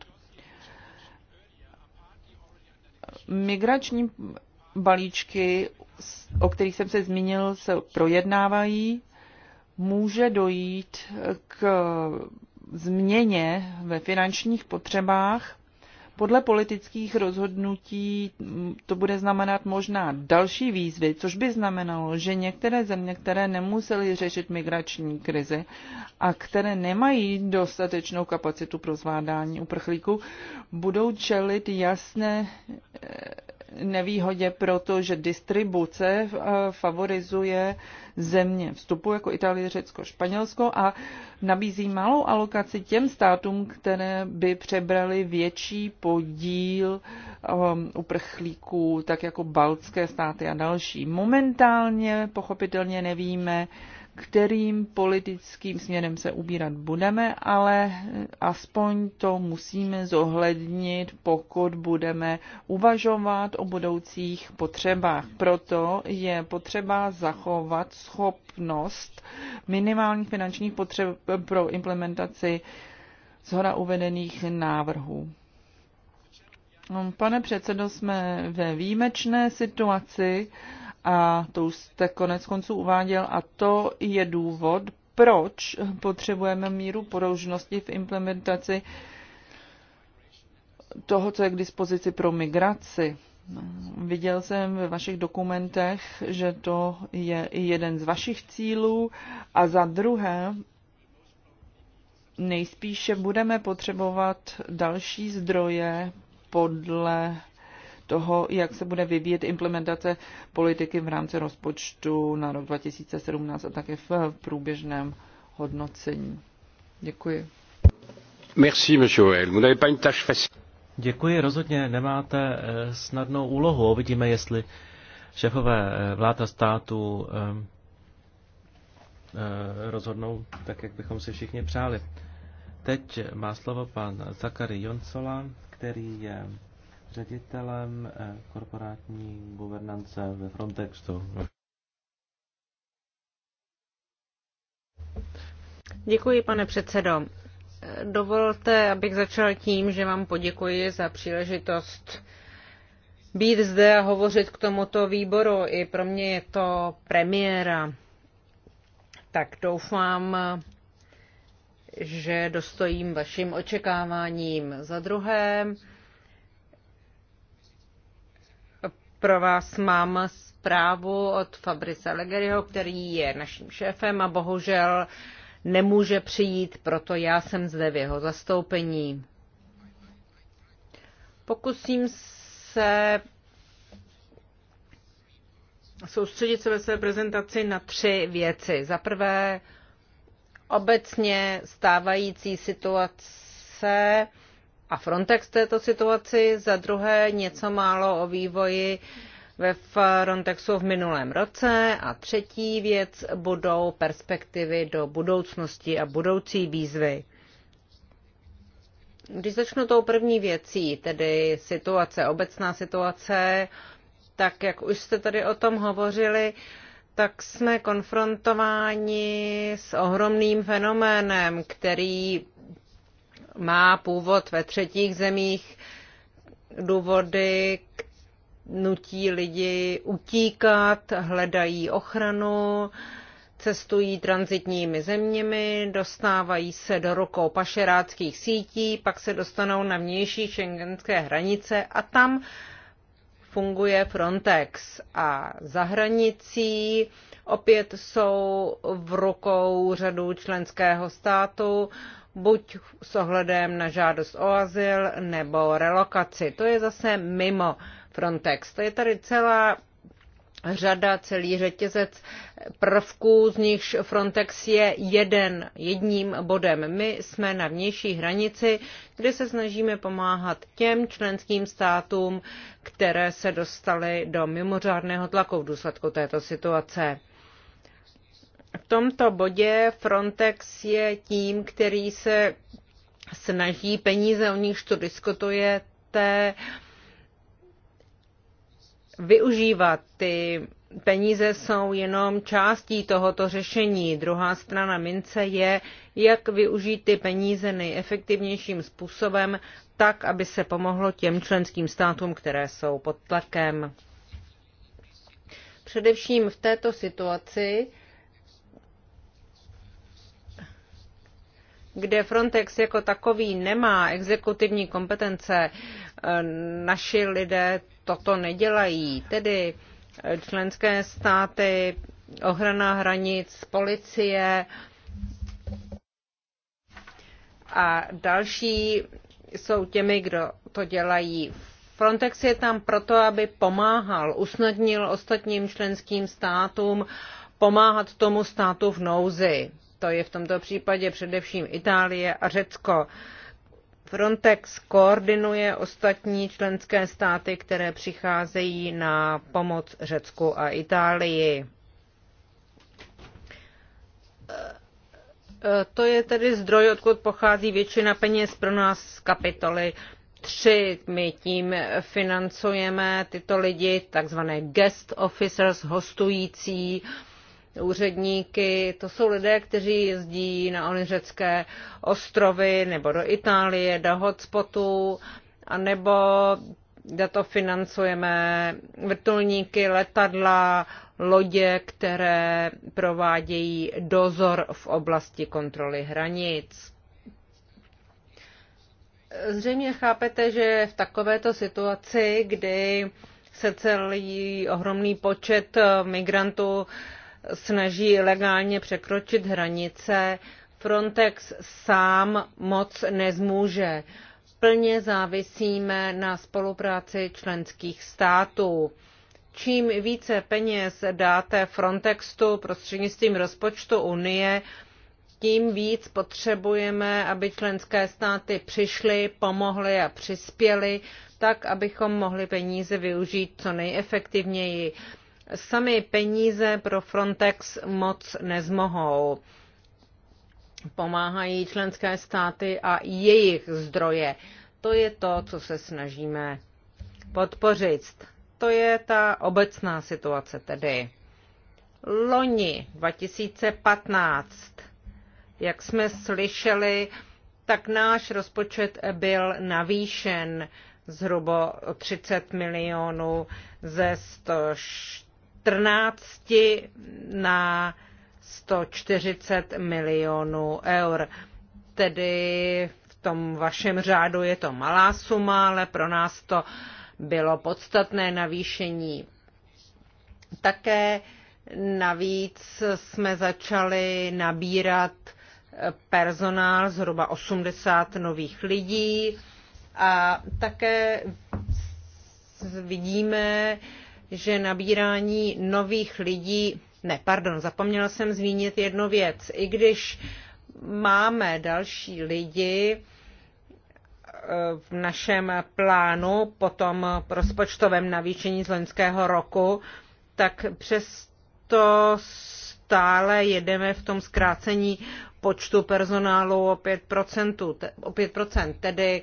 Migrační balíčky, o kterých jsem se zmínil, se projednávají. Může dojít k změně ve finančních potřebách podle politických rozhodnutí to bude znamenat možná další výzvy, což by znamenalo, že některé země, které nemusely řešit migrační krizi a které nemají dostatečnou kapacitu pro zvládání uprchlíků, budou čelit jasné nevýhodě, protože distribuce eh, favorizuje země vstupu jako Itálie, Řecko, Španělsko a nabízí malou alokaci těm státům, které by přebrali větší podíl ehm, uprchlíků, tak jako baltské státy a další. Momentálně pochopitelně nevíme, kterým politickým směrem se ubírat budeme, ale aspoň to musíme zohlednit, pokud budeme uvažovat o budoucích potřebách. Proto je potřeba zachovat schopnost minimálních finančních potřeb pro implementaci zhora uvedených návrhů. Pane předsedo, jsme ve výjimečné situaci, a to už jste konec konců uváděl a to je důvod, proč potřebujeme míru podoužnosti v implementaci toho, co je k dispozici pro migraci. Viděl jsem ve vašich dokumentech, že to je i jeden z vašich cílů a za druhé nejspíše budeme potřebovat další zdroje podle toho, jak se bude vyvíjet implementace politiky v rámci rozpočtu na rok 2017 a také v průběžném hodnocení. Děkuji. Merci, monsieur Well. Vous n'avez pas une tâche facile. Děkuji, rozhodně nemáte eh, snadnou úlohu. Uvidíme, jestli šéfové eh, vláda státu eh, rozhodnou tak, jak bychom si všichni přáli. Teď má slovo pan Zakary Joncola, který je ředitelem eh, korporátní governance ve Frontextu. Děkuji, pane předsedo. Dovolte, abych začal tím, že vám poděkuji za příležitost být zde a hovořit k tomuto výboru. I pro mě je to premiéra. Tak doufám, že dostojím vašim očekáváním. Za druhé, pro vás mám zprávu od Fabrice Legeryho, který je naším šéfem a bohužel nemůže přijít, proto já jsem zde v jeho zastoupení. Pokusím se soustředit se ve své prezentaci na tři věci. Za prvé, obecně stávající situace a Frontex této situaci, za druhé něco málo o vývoji ve Frontexu v minulém roce a třetí věc budou perspektivy do budoucnosti a budoucí výzvy. Když začnu tou první věcí, tedy situace, obecná situace, tak jak už jste tady o tom hovořili, tak jsme konfrontováni s ohromným fenoménem, který má původ ve třetích zemích, důvody nutí lidi utíkat, hledají ochranu, cestují transitními zeměmi, dostávají se do rukou pašeráckých sítí, pak se dostanou na vnější šengenské hranice a tam funguje Frontex. A za hranicí opět jsou v rukou řadu členského státu, buď s ohledem na žádost o azyl nebo relokaci. To je zase mimo Frontex. To je tady celá řada, celý řetězec prvků, z nichž Frontex je jeden, jedním bodem. My jsme na vnější hranici, kde se snažíme pomáhat těm členským státům, které se dostaly do mimořádného tlaku v důsledku této situace. V tomto bodě Frontex je tím, který se snaží peníze, o nichž tu diskutujete, využívat. Ty peníze jsou jenom částí tohoto řešení. Druhá strana mince je, jak využít ty peníze nejefektivnějším způsobem, tak, aby se pomohlo těm členským státům, které jsou pod tlakem. Především v této situaci kde Frontex jako takový nemá exekutivní kompetence, eh, naši lidé toto nedělají. Tedy eh, členské státy, ochrana hranic, policie a další jsou těmi, kdo to dělají. Frontex je tam proto, aby pomáhal, usnadnil ostatním členským státům pomáhat tomu státu v nouzi. To je v tomto případě především Itálie a Řecko. Frontex koordinuje ostatní členské státy, které přicházejí na pomoc Řecku a Itálii. To je tedy zdroj, odkud pochází většina peněz pro nás z kapitoly 3. My tím financujeme tyto lidi, takzvané guest officers, hostující, uh, úředníky. To jsou lidé, kteří jezdí na ony řecké ostrovy nebo do Itálie, do hotspotů, anebo kde to financujeme vrtulníky, letadla, lodě, které provádějí dozor v oblasti kontroly hranic. Zřejmě chápete, že v takovéto situaci, kdy se celý ohromný počet migrantů snaží legálně překročit hranice, Frontex sám moc nezmůže. Plně závisíme na spolupráci členských států. Čím více peněz dáte Frontextu prostřednictvím rozpočtu Unie, tím víc potřebujeme, aby členské státy přišly, pomohly a přispěly, tak abychom mohli peníze využít co nejefektivněji. Sami peníze pro Frontex moc nezmohou. Pomáhají členské státy a jejich zdroje. To je to, co se snažíme podpořit. To je ta obecná situace tedy. Loni 2015, jak jsme slyšeli, tak náš rozpočet byl navýšen zhruba o 30 milionů ze 100. 14 na 140 milionů eur. Tedy v tom vašem řádu je to malá suma, ale pro nás to bylo podstatné navýšení. Také navíc jsme začali nabírat personál, zhruba 80 nových lidí a také vidíme, že nabírání nových lidí, ne, pardon, zapomněla jsem zmínit jednu věc. I když máme další lidi eh, v našem plánu po tom rozpočtovém navýšení z loňského roku, tak přesto stále jedeme v tom zkrácení počtu personálu o 5%, o 5% tedy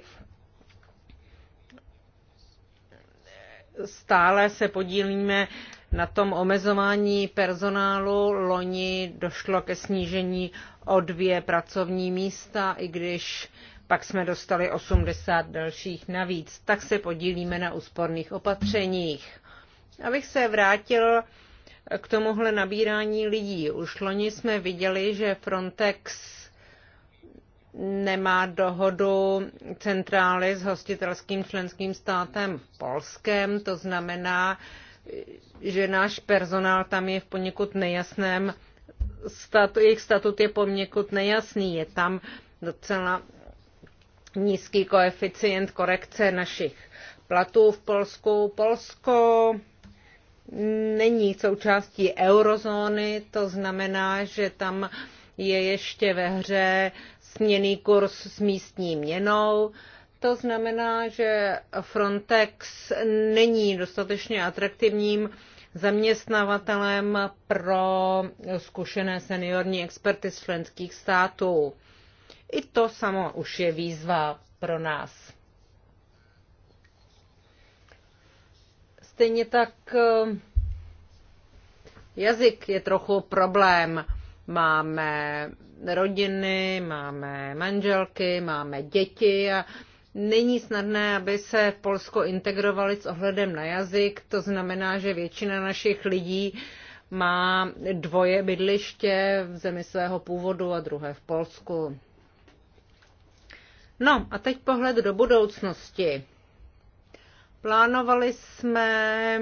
stále se podílíme na tom omezování personálu. Loni došlo ke snížení o dvě pracovní místa, i když pak jsme dostali 80 dalších navíc. Tak se podílíme na úsporných opatřeních. Abych se vrátil k tomuhle nabírání lidí. Už loni jsme viděli, že Frontex nemá dohodu centrály s hostitelským členským státem Polskem. To znamená, že náš personál tam je v poněkud nejasném statu, jejich statut je poněkud nejasný. Je tam docela nízký koeficient korekce našich platů v Polsku. Polsko není součástí eurozóny, to znamená, že tam je ještě ve hře směný kurz s místní měnou. To znamená, že Frontex není dostatečně atraktivním zaměstnavatelem pro zkušené seniorní experty z členských států. I to samo už je výzva pro nás. Stejně tak eh, jazyk je trochu problém. Máme rodiny, máme manželky, máme děti a není snadné, aby se v Polsko integrovali s ohledem na jazyk. To znamená, že většina našich lidí má dvoje bydliště v zemi svého původu a druhé v Polsku. No a teď pohled do budoucnosti. Plánovali jsme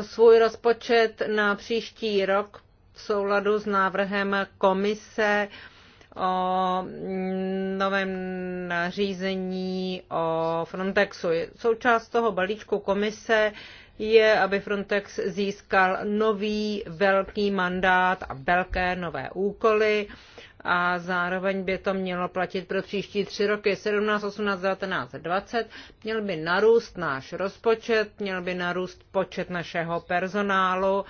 svůj rozpočet na příští rok v souladu s návrhem komise o novém nařízení o Frontexu. Součást toho balíčku komise je, aby Frontex získal nový velký mandát a velké nové úkoly a zároveň by to mělo platit pro příští tři roky 17, 18, 19, 20. Měl by narůst náš rozpočet, měl by narůst počet našeho personálu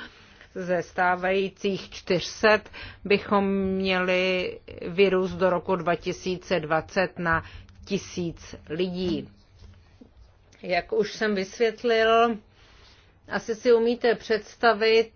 ze stávajících 400 bychom měli vyrůst do roku 2020 na tisíc lidí. Jak už jsem vysvětlil, asi si umíte představit,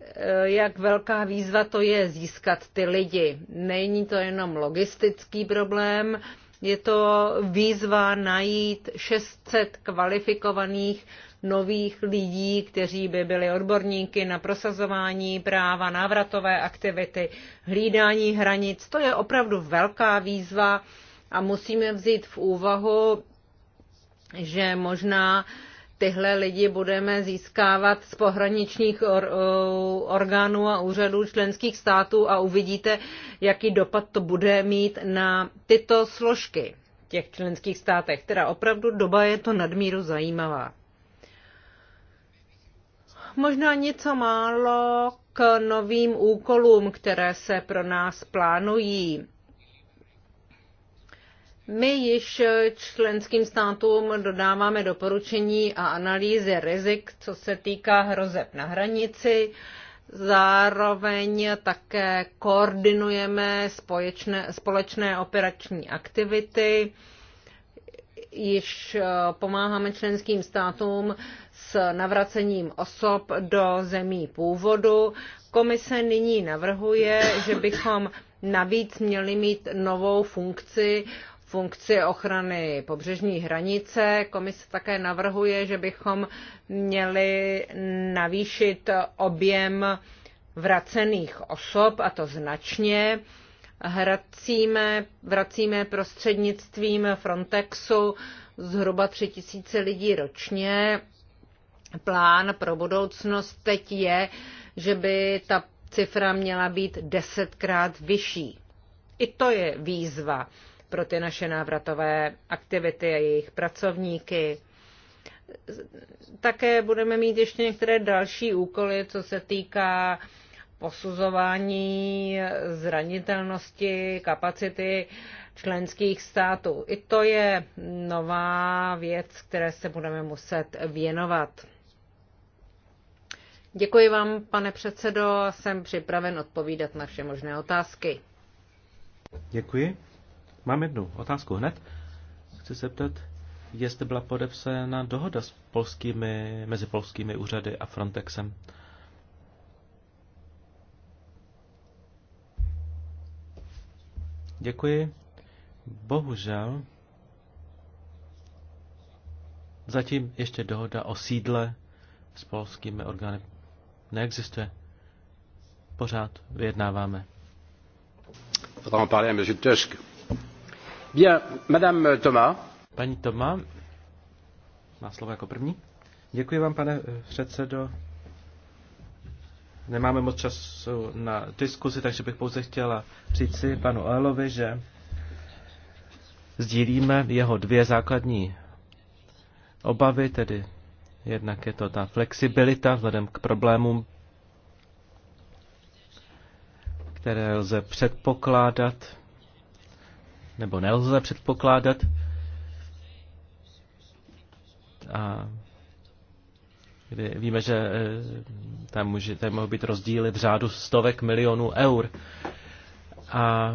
eh, jak velká výzva to je získat ty lidi. Není to jenom logistický problém, je to výzva najít 600 kvalifikovaných nových lidí, kteří by byli odborníky na prosazování práva, návratové aktivity, hlídání hranic. To je opravdu velká výzva a musíme vzít v úvahu, že možná tyhle lidi budeme získávat z pohraničních or, orgánů a úřadů členských států a uvidíte, jaký dopad to bude mít na tyto složky těch členských státech. Teda opravdu doba je to nadmíru zajímavá. Možná něco málo k novým úkolům, které se pro nás plánují. My již členským státům dodáváme doporučení a analýzy rizik, co se týká hrozeb na hranici. Zároveň také koordinujeme společné, společné operační aktivity již eh, pomáháme členským státům s navracením osob do zemí původu. Komise nyní navrhuje, že bychom navíc měli mít novou funkci funkci ochrany pobřežní hranice. Komise také navrhuje, že bychom měli navýšit objem vracených osob, a to značně hracíme, vracíme prostřednictvím Frontexu zhruba tři tisíce lidí ročně. Plán pro budoucnost teď je, že by ta cifra měla být desetkrát vyšší. I to je výzva pro ty naše návratové aktivity a jejich pracovníky. Také budeme mít ještě některé další úkoly, co se týká uh, posuzování zranitelnosti, kapacity členských států. I to je nová věc, které se budeme muset věnovat. Děkuji vám, pane předsedo, jsem připraven odpovídat na vše možné otázky. Děkuji. Mám jednu otázku hned. Chci se ptat, jestli byla podepsána dohoda s polskými, mezi polskými úřady a Frontexem. Děkuji. Bohužel zatím ještě dohoda o sídle s polskými orgány neexistuje. Pořád vyjednáváme. Bien, Madame Thomas. Paní Toma, má slovo jako první. Děkuji vám, pane eh, předsedo. Nemáme moc času na diskuzi, takže bych pouze chtěla říci panu Oelovi, že sdílíme jeho dvě základní obavy, tedy jednak je to ta flexibilita vzhledem k problémům, které lze předpokládat, nebo nelze předpokládat. A kdy víme, že eh, tam, může, tam mohou být rozdíly v řádu stovek milionů eur. A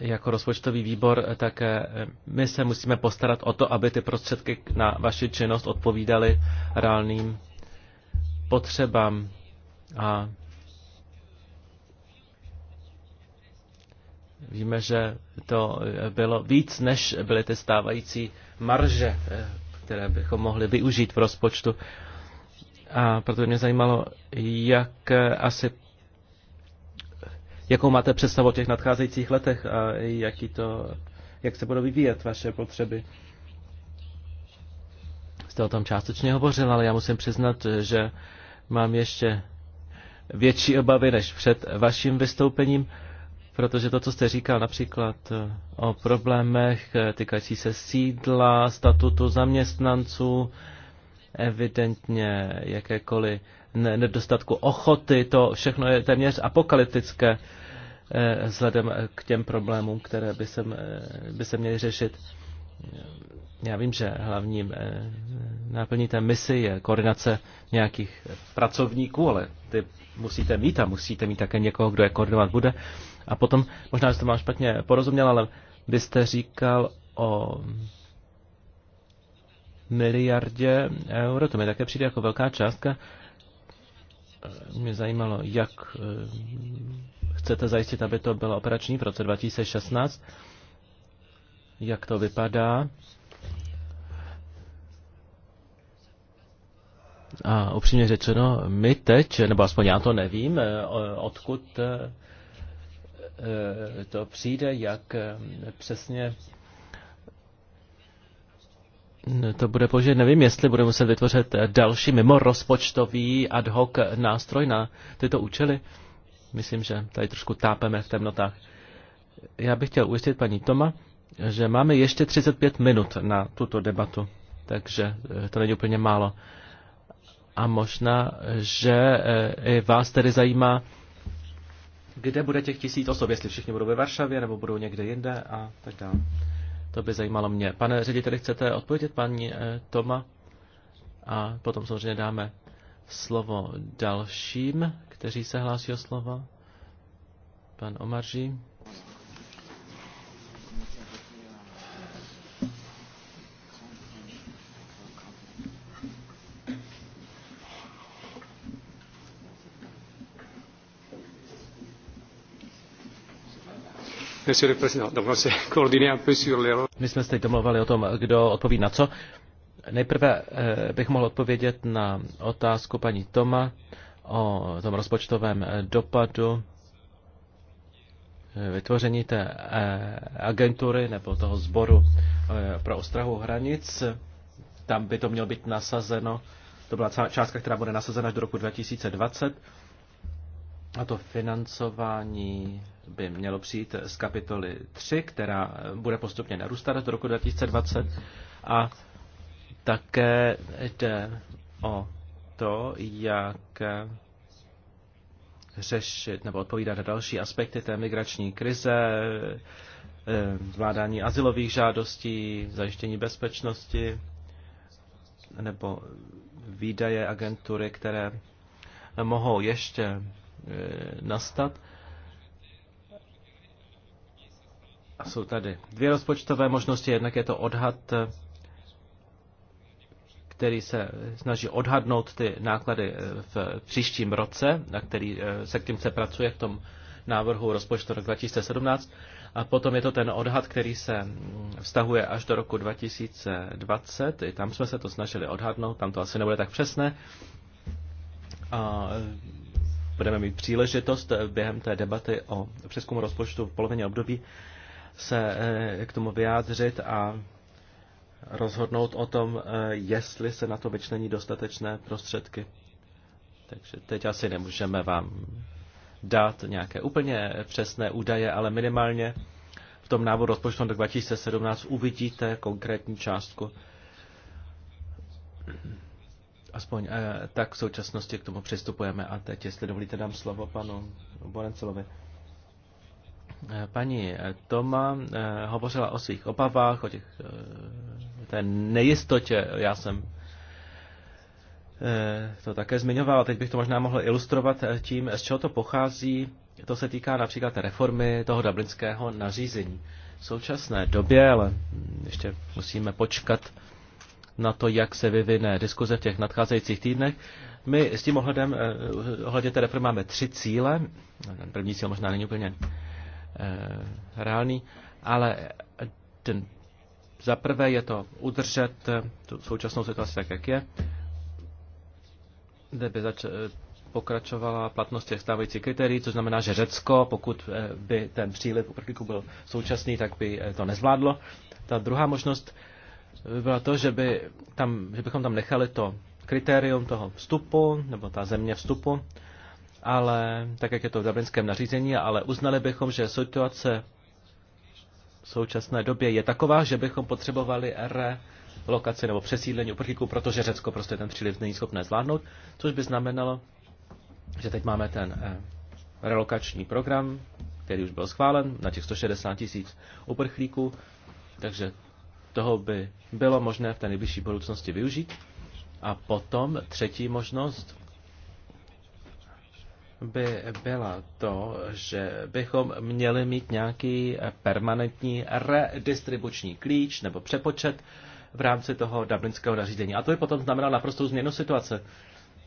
jako rozpočtový výbor, eh, tak eh, my se musíme postarat o to, aby ty prostředky na vaši činnost odpovídaly reálným potřebám. A víme, že to bylo víc, než byly ty stávající marže které bychom mohli využít v rozpočtu. A proto mě zajímalo, jak eh, asi jakou máte představu o těch nadcházejících letech a jaký to, jak se budou vyvíjet vaše potřeby. Jste o tom částečně hovořil, ale já musím přiznat, že mám ještě větší obavy než před vaším vystoupením. Protože to, co jste říkal například eh, o problémech eh, týkající se sídla, statutu zaměstnanců, evidentně jakékoliv nedostatku ochoty, to všechno je téměř apokalyptické eh, vzhledem k těm problémům, které by se, by se měly řešit. Já vím, že hlavním náplní té misi je koordinace nějakých pracovníků, ale ty musíte mít a musíte mít také někoho, kdo je koordinovat bude. A potom, možná, že jsem vám špatně porozuměl, ale vy jste říkal o miliardě euro, to mi také přijde jako velká částka. Mě zajímalo, jak eh, chcete zajistit, aby to bylo operační v roce 2016, jak to vypadá. A upřímně řečeno, my teď, nebo aspoň já to nevím, eh, odkud eh, Eh, to přijde, jak eh, přesně eh, to bude použít, nevím, jestli bude muset vytvořit další mimo rozpočtový ad hoc nástroj na tyto účely. Myslím, že tady trošku tápeme v temnotách. Já bych chtěl ujistit paní Toma, že máme ještě 35 minut na tuto debatu, takže to není úplně málo. A možná, že i vás tedy zajímá, kde bude těch tisíc osob, jestli všichni budou ve Varšavě nebo budou někde jinde a tak dále. To by zajímalo mě. Pane řediteli, chcete odpovědět paní eh, Toma? A potom samozřejmě dáme slovo dalším, kteří se hlásí o slovo. Pan Omarží. My jsme se teď domluvali o tom, kdo odpoví na co. Nejprve eh, bych mohl odpovědět na otázku paní Toma o tom rozpočtovém eh, dopadu eh, vytvoření té agentury nebo toho sboru pro ostrahu hranic. Tam by to mělo být nasazeno, to byla částka, která bude nasazena až do roku 2020, a to financování by mělo přijít z kapitoly 3, která eh, bude postupně narůstat do roku 2020 a také jde o to, jak eh, řešit nebo odpovídat na další aspekty té migrační krize, eh, zvládání asilových žádostí, zajištění bezpečnosti nebo výdaje agentury, které mohou ještě nastat. A jsou tady dvě rozpočtové možnosti. Jednak je to odhad, který se snaží odhadnout ty náklady v příštím roce, na který se k tím se pracuje v tom návrhu rozpočtu rok 2017. A potom je to ten odhad, který se vztahuje až do roku 2020. I tam jsme se to snažili odhadnout, tam to asi nebude tak přesné. A budeme mít příležitost během té debaty o přeskumu rozpočtu v polovině období se eh, k tomu vyjádřit a rozhodnout o tom, eh, jestli se na to vyčlení dostatečné prostředky. Takže teď asi nemůžeme vám dát nějaké úplně přesné údaje, ale minimálně v tom návodu rozpočtu do 2017 uvidíte konkrétní částku. Aspoň eh, tak v současnosti k tomu přistupujeme. A teď, jestli dovolíte, dám slovo panu Borencelovi. Paní Toma eh, hovořila o svých obavách, o těch, eh, té nejistotě. Já jsem eh, to také zmiňoval, teď bych to možná mohl ilustrovat tím, z čeho to pochází. To se týká například reformy toho dublinského nařízení. V současné době, ale ještě musíme počkat na to, jak se vyvine diskuze v těch nadcházejících týdnech. My s tím ohledem, ohledně té reformy máme tři cíle. Ten první cíl možná není úplně Eh, reálný, ale ten, za prvé je to udržet eh, tu současnou situaci tak, jak je, kde by zač- eh, pokračovala platnost těch stávajících kritérií, což znamená, že Řecko, pokud by ten příliv uprchlíků byl současný, tak by to nezvládlo. Ta druhá možnost by byla to, že, by tam, že bychom tam nechali to kritérium toho vstupu, nebo ta země vstupu, ale tak, jak je to v dublinském nařízení, ale uznali bychom, že situace v současné době je taková, že bychom potřebovali lokaci nebo přesídlení uprchlíků, protože Řecko prostě ten příliv není schopné zvládnout, což by znamenalo, že teď máme ten eh, relokační program, který už byl schválen na těch 160 tisíc uprchlíků, takže toho by bylo možné v té nejbližší budoucnosti využít. A potom třetí možnost, by byla to, že bychom měli mít nějaký permanentní redistribuční klíč nebo přepočet v rámci toho dublinského nařízení. A to by potom znamenalo naprostou změnu situace.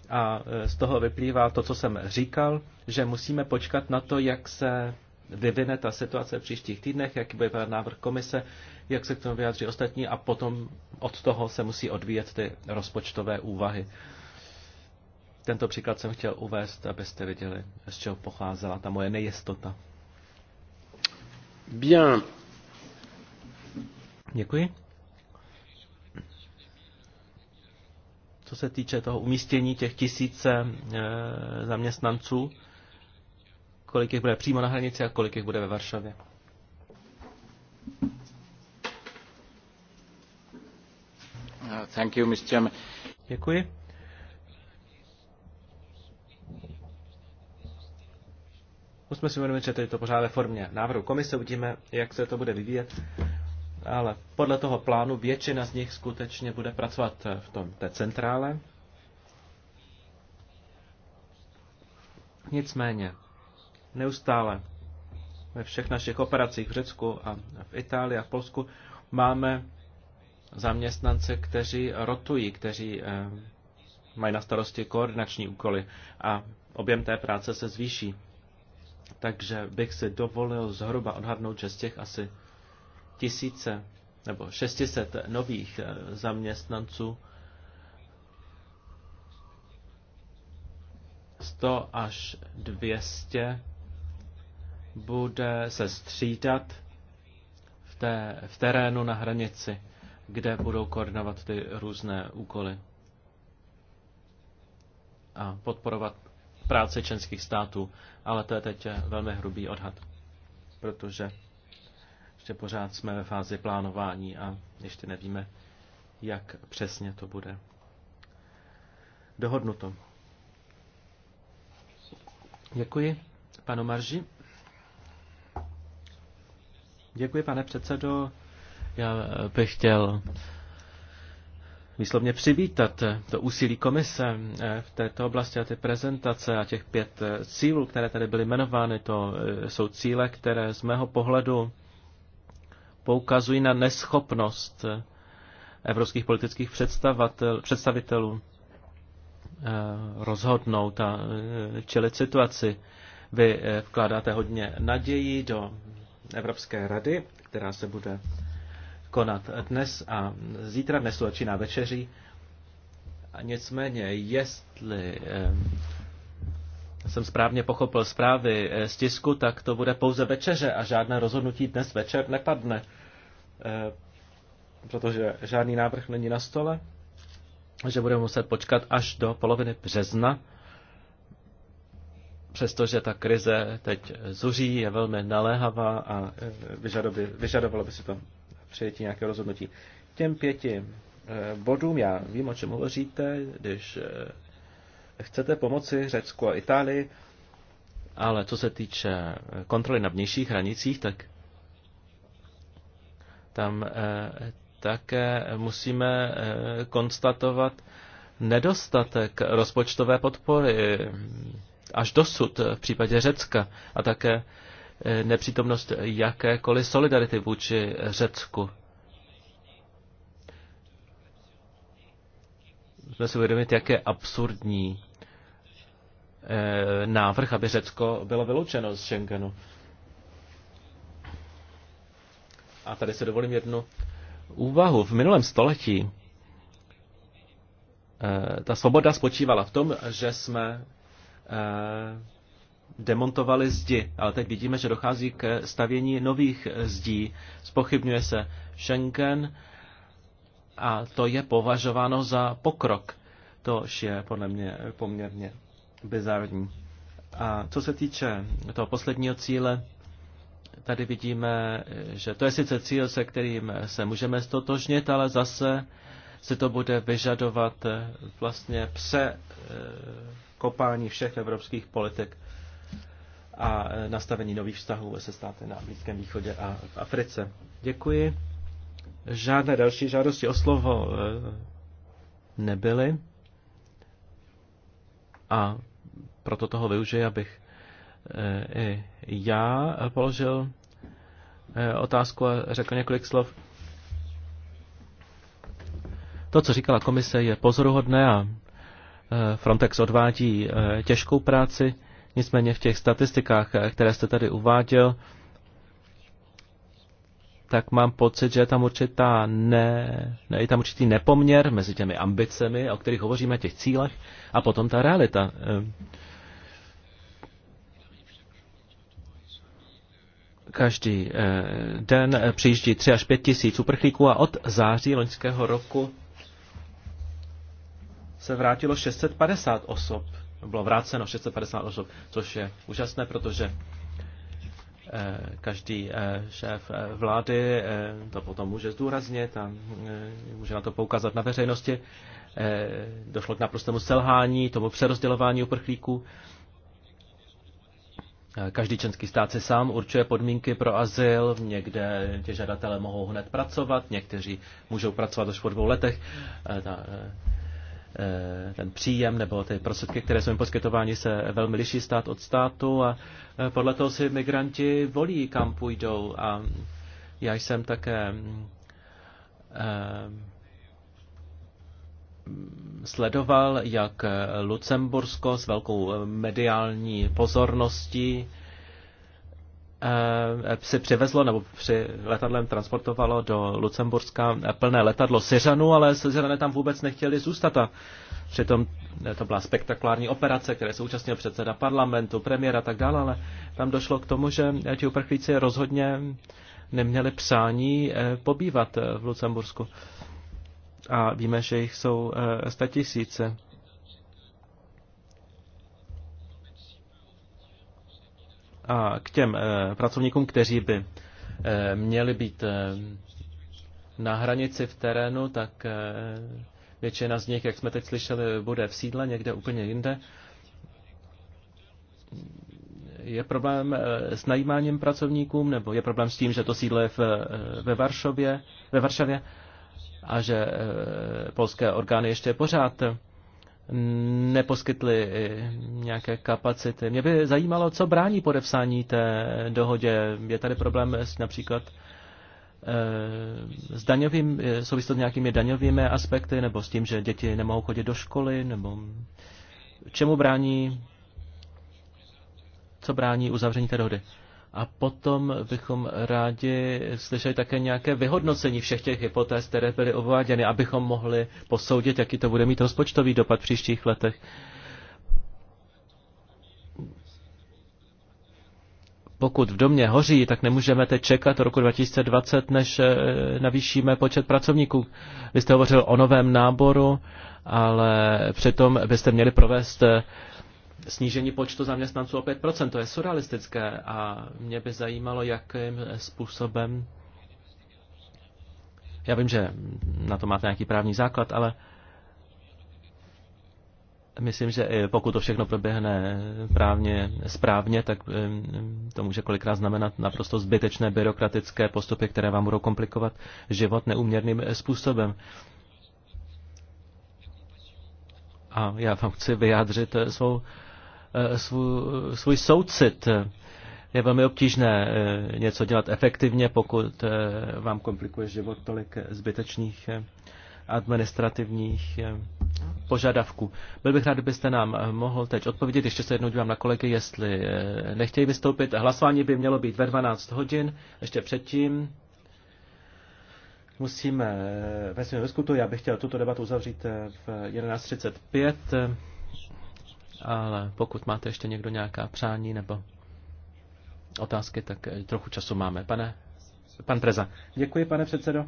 A e, z toho vyplývá to, co jsem říkal, že musíme počkat na to, jak se vyvine ta situace v příštích týdnech, jaký bude návrh komise, jak se k tomu vyjádří ostatní a potom od toho se musí odvíjet ty rozpočtové úvahy. Tento příklad jsem chtěl uvést, abyste viděli, z čeho pocházela ta moje nejistota. Bien. Děkuji. Co se týče toho umístění těch tisíce e, zaměstnanců, kolik jich bude přímo na hranici a kolik jich bude ve Varšavě? Uh, thank you, Mr. Děkuji. Musíme si uvědomit, že to je to pořád ve formě návrhu komise, uvidíme, jak se to bude vyvíjet, ale podle toho plánu většina z nich skutečně bude pracovat v tom, té centrále. Nicméně, neustále ve všech našich operacích v Řecku a v Itálii a v Polsku máme zaměstnance, kteří rotují, kteří eh, mají na starosti koordinační úkoly a objem té práce se zvýší takže bych si dovolil zhruba odhadnout, že z těch asi tisíce nebo 600 nových eh, zaměstnanců 100 až 200 bude se střídat v, té, v terénu na hranici, kde budou koordinovat ty různé úkoly a podporovat práce členských států, ale to je teď eh, velmi hrubý odhad, protože ještě pořád jsme ve fázi plánování a ještě nevíme, jak přesně to bude dohodnuto. Děkuji, panu Marži. Děkuji, pane předsedo. Já eh, bych chtěl výslovně přivítat to úsilí komise eh, v této oblasti a ty prezentace a těch pět eh, cílů, které tady byly jmenovány, to eh, jsou cíle, které z mého pohledu poukazují na neschopnost evropských politických představitelů rozhodnout a čelit situaci. Vy vkládáte hodně naději do Evropské rady, která se bude konat dnes a zítra, dnes začíná večeří. A nicméně, jestli jsem správně pochopil zprávy eh, z tisku, tak to bude pouze večeře a žádné rozhodnutí dnes večer nepadne, eh, protože žádný návrh není na stole, že budeme muset počkat až do poloviny března, přestože ta krize teď zuří, je velmi naléhavá a eh, vyžadovalo by si to přijetí nějakého rozhodnutí. Těm pěti eh, bodům, já vím, o čem hovoříte, když eh, chcete pomoci Řecku a Itálii, ale co se týče eh, kontroly na vnějších hranicích, tak tam také musíme konstatovat nedostatek rozpočtové podpory až dosud v případě Řecka a také nepřítomnost jakékoliv solidarity vůči Řecku. Musíme si uvědomit, jak je absurdní eh, návrh, aby Řecko bylo vyloučeno z Schengenu. A tady se dovolím jednu úvahu. V minulém století eh, ta svoboda spočívala v tom, že jsme eh, demontovali zdi, ale teď vidíme, že dochází k stavění nových zdí. Spochybňuje se Schengen a to je považováno za pokrok. To je podle mě poměrně bizarní. A co se týče toho posledního cíle, tady vidíme, že to je sice cíl, se kterým se můžeme stotožnit, ale zase se to bude vyžadovat eh, vlastně pře eh, kopání všech evropských politik a e, nastavení nových vztahů se státy na Blízkém východě a v Africe. Děkuji. Žádné další žádosti o slovo e, nebyly a proto toho využiji, abych e, i já položil otázku a řekl několik slov. To, co říkala komise, je pozoruhodné a Frontex odvádí těžkou práci. Nicméně v těch statistikách, eh, které jste tady uváděl, tak mám pocit, že je tam, určitá ne, ne, je tam určitý nepoměr mezi těmi ambicemi, o kterých hovoříme, těch cílech, a potom ta realita. Eh, každý eh, den přijíždí 3 až 5 tisíc uprchlíků a od září loňského roku se vrátilo 650 osob bylo vráceno 650 osob, což je úžasné, protože eh, každý eh, šéf eh, vlády to potom může zdůraznit a může na to poukázat na veřejnosti. Došlo k naprostému selhání, tomu přerozdělování uprchlíků. Každý členský stát si sám určuje podmínky pro azyl, někde ti žadatelé mohou hned pracovat, někteří můžou pracovat až po dvou letech. Eh, ten příjem nebo ty prostředky, které jsou jim poskytovány, se velmi liší stát od státu a eh, podle toho si migranti volí, kam půjdou. A já jsem také mm, eh, sledoval, jak Lucembursko s velkou mediální pozorností Eh, se přivezlo nebo při letadlem transportovalo do Lucemburska plné letadlo Syřanů, ale Syřané tam vůbec nechtěli zůstat a přitom eh, to byla spektakulární operace, které se účastnil předseda parlamentu, premiéra a tak dále, ale tam došlo k tomu, že eh, ti uprchlíci rozhodně neměli přání pobývat v Lucembursku. A víme, že jich jsou statisíce. tisíce. A k těm eh, pracovníkům, kteří by eh, měli být eh, na hranici v terénu, tak většina z nich, jak jsme teď slyšeli, bude v sídle někde úplně jinde. Je problém s najímáním pracovníkům, nebo je problém s tím, že to sídlo je v, ve, Varšově, ve Varšavě a že polské orgány ještě pořád neposkytli nějaké kapacity. Mě by zajímalo, co brání podepsání té dohodě. Je tady problém s například eh, s daňovým, eh, souvisí to s nějakými daňovými aspekty, nebo s tím, že děti nemohou chodit do školy, nebo čemu brání, co brání uzavření té dohody? A potom bychom rádi slyšeli také nějaké vyhodnocení všech těch hypotéz, které byly uváděny, abychom mohli posoudit, jaký to bude mít rozpočtový dopad v příštích letech. Pokud v domě hoří, tak nemůžeme teď čekat roku 2020, než eh, navýšíme počet pracovníků. Vy jste hovořil o novém náboru, ale přitom byste měli provést eh, snížení počtu zaměstnanců o 5%. To je surrealistické a mě by zajímalo, jakým způsobem. Já vím, že na to máte nějaký právní základ, ale myslím, že pokud to všechno proběhne právně správně, tak to může kolikrát znamenat naprosto zbytečné byrokratické postupy, které vám budou komplikovat život neuměrným způsobem. A já vám chci vyjádřit svou Eh, svůj, svůj soucit. Je velmi obtížné eh, něco dělat efektivně, pokud eh, vám komplikuje život tolik zbytečných administrativních požadavků. Byl bych rád, kdybyste nám mohl teď odpovědět, ještě se jednou dívám na kolegy, jestli nechtějí vystoupit. Hlasování by mělo být ve 12 hodin, ještě předtím musíme ve svém diskutu. Já bych chtěl tuto debatu uzavřít v 11.35 ale pokud máte ještě někdo nějaká přání nebo otázky, tak eh, trochu času máme. Pane, pan Preza. Děkuji, pane předsedo.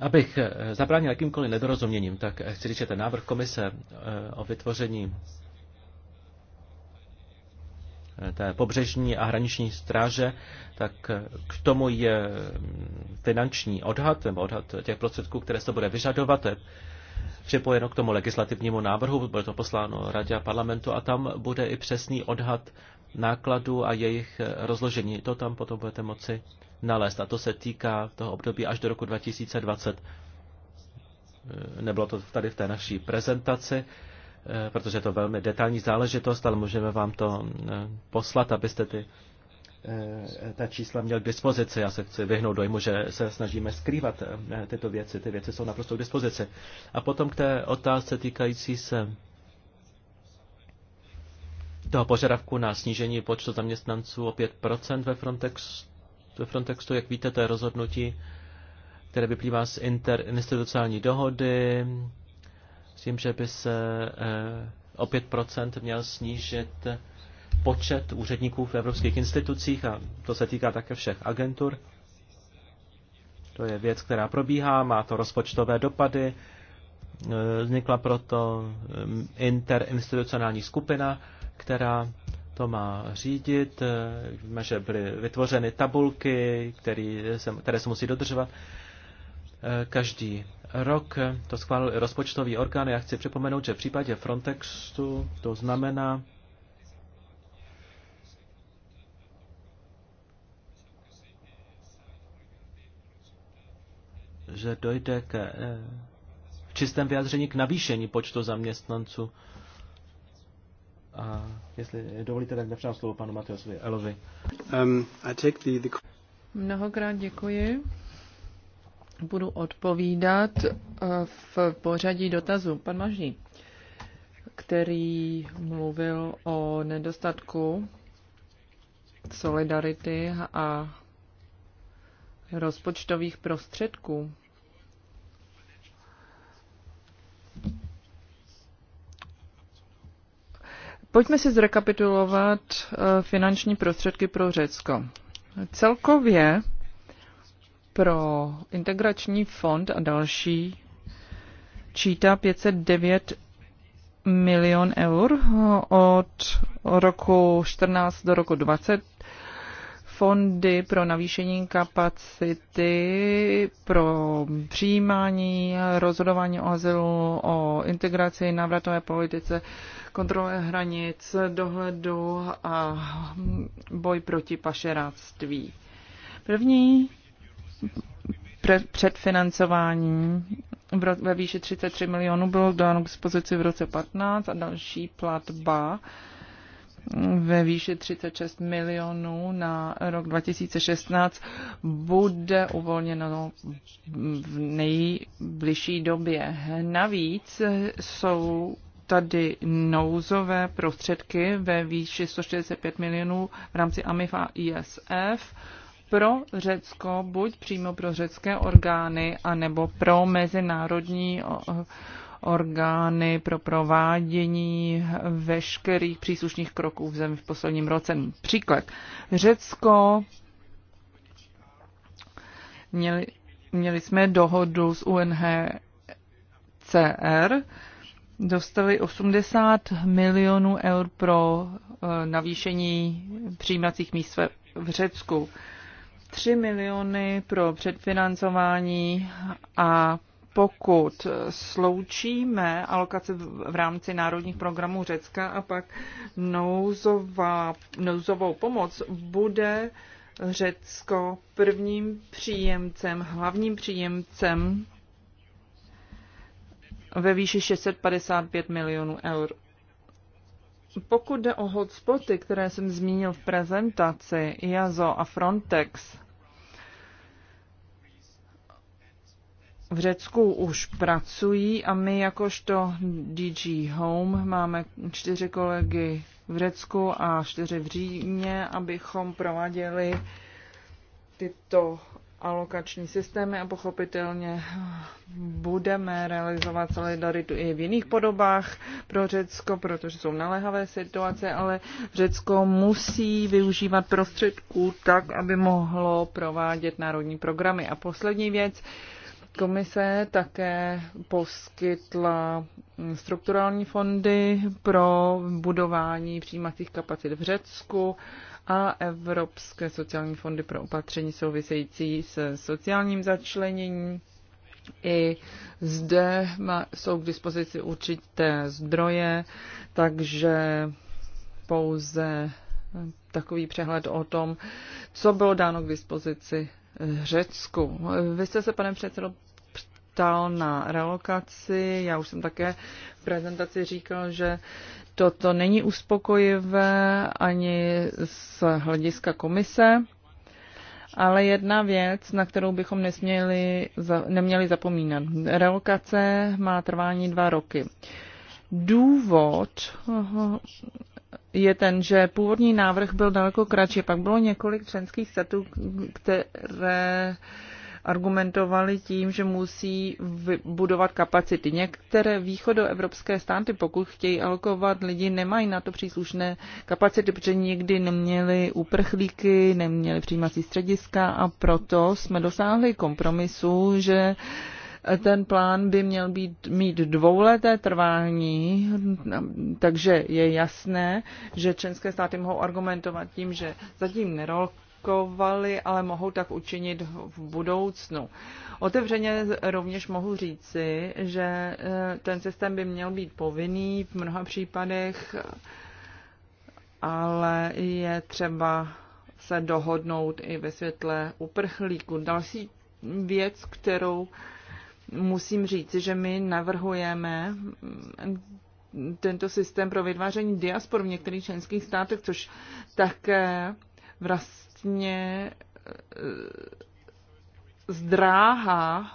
Abych eh, zabránil jakýmkoliv nedorozuměním, tak eh, chci říct, že ten návrh komise o vytvoření té pobřežní a hraniční stráže, tak k tomu je mm, finanční odhad, nebo odhad těch prostředků, které se bude vyžadovat, to je připojeno k tomu legislativnímu návrhu, bude to posláno Radě a parlamentu a tam bude i přesný odhad nákladů a jejich eh, rozložení. To tam potom budete moci nalézt a to se týká toho období až do roku 2020. Eh, nebylo to tady v té naší prezentaci, eh, protože je to velmi detailní záležitost, ale můžeme vám to poslat, abyste ty Eh, ta čísla měl k dispozici. Já se chci vyhnout dojmu, že se snažíme skrývat eh, tyto věci. Ty věci jsou naprosto k dispozici. A potom k té otázce týkající se toho požadavku na snížení počtu zaměstnanců o 5% ve, Frontex, ve frontexu Jak víte, to je rozhodnutí, které vyplývá z interinstitucionální dohody, s tím, že by se eh, o 5% měl snížit počet úředníků v evropských institucích a to se týká také všech agentur. To je věc, která probíhá, má to rozpočtové dopady. Vznikla proto um, interinstitucionální skupina, která to má řídit. Víme, že byly vytvořeny tabulky, které se, které se musí dodržovat eh, každý rok. To schválil rozpočtový orgán. Já chci připomenout, že v případě Frontextu to znamená, že dojde k eh, v čistém vyjádření k navýšení počtu zaměstnanců. A jestli dovolíte, tak nepřám slovo panu Matiosovi Elovi. Um, I take the, the... Mnohokrát děkuji. Budu odpovídat eh, v pořadí dotazů. Pan Mažní, který mluvil o nedostatku solidarity a rozpočtových prostředků Pojďme si zrekapitulovat eh, finanční prostředky pro Řecko. Celkově pro integrační fond a další čítá 509 milion eur od roku 14 do roku 20 fondy pro navýšení kapacity, pro přijímání, rozhodování o azylu, o integraci, návratové politice, kontrole hranic, dohledu a boj proti pašeráctví. První pre- předfinancování ve výši 33 milionů bylo dáno k dispozici v roce 15 a další platba ve výši 36 milionů na rok 2016 bude uvolněno v nejbližší době. Navíc jsou tady nouzové prostředky ve výši 165 milionů v rámci AMIF a ISF pro Řecko, buď přímo pro řecké orgány, anebo pro mezinárodní orgány pro provádění veškerých příslušných kroků v zemi v posledním roce. Příklad. Řecko měli, měli jsme dohodu s UNHCR, dostali 80 milionů eur pro eh, navýšení přijímacích míst v Řecku. 3 miliony pro předfinancování a pokud sloučíme alokace v rámci národních programů Řecka a pak nouzová, nouzovou pomoc, bude Řecko prvním příjemcem, hlavním příjemcem ve výši 655 milionů eur. Pokud jde o hotspoty, které jsem zmínil v prezentaci, IAZO a Frontex, v Řecku už pracují a my jakožto DG Home máme čtyři kolegy v Řecku a čtyři v Římě, abychom prováděli tyto alokační systémy a pochopitelně budeme realizovat solidaritu i v jiných podobách pro Řecko, protože jsou naléhavé situace, ale Řecko musí využívat prostředků tak, aby mohlo provádět národní programy. A poslední věc, Komise také poskytla strukturální fondy pro budování přijímacích kapacit v Řecku a Evropské sociální fondy pro opatření související s sociálním začleněním. I zde jsou k dispozici určité zdroje, takže pouze takový přehled o tom, co bylo dáno k dispozici Řecku. Vy jste se, pane předsedo, ptal na relokaci. Já už jsem také v prezentaci říkal, že toto není uspokojivé ani z hlediska komise, ale jedna věc, na kterou bychom nesměli, neměli zapomínat. Relokace má trvání dva roky. Důvod je ten, že původní návrh byl daleko kratší. Pak bylo několik členských statů, které argumentovali tím, že musí budovat kapacity. Některé východoevropské státy, pokud chtějí alokovat lidi, nemají na to příslušné kapacity, protože nikdy neměli uprchlíky, neměli přijímací střediska a proto jsme dosáhli kompromisu, že ten plán by měl být, mít dvouleté trvání, takže je jasné, že členské státy mohou argumentovat tím, že zatím nerokovali, ale mohou tak učinit v budoucnu. Otevřeně rovněž mohu říci, že eh, ten systém by měl být povinný v mnoha případech, ale je třeba se dohodnout i ve světle uprchlíků. Další věc, kterou musím říct, že my navrhujeme tento systém pro vytváření diaspor v některých členských státech, což také vlastně eh, zdráhá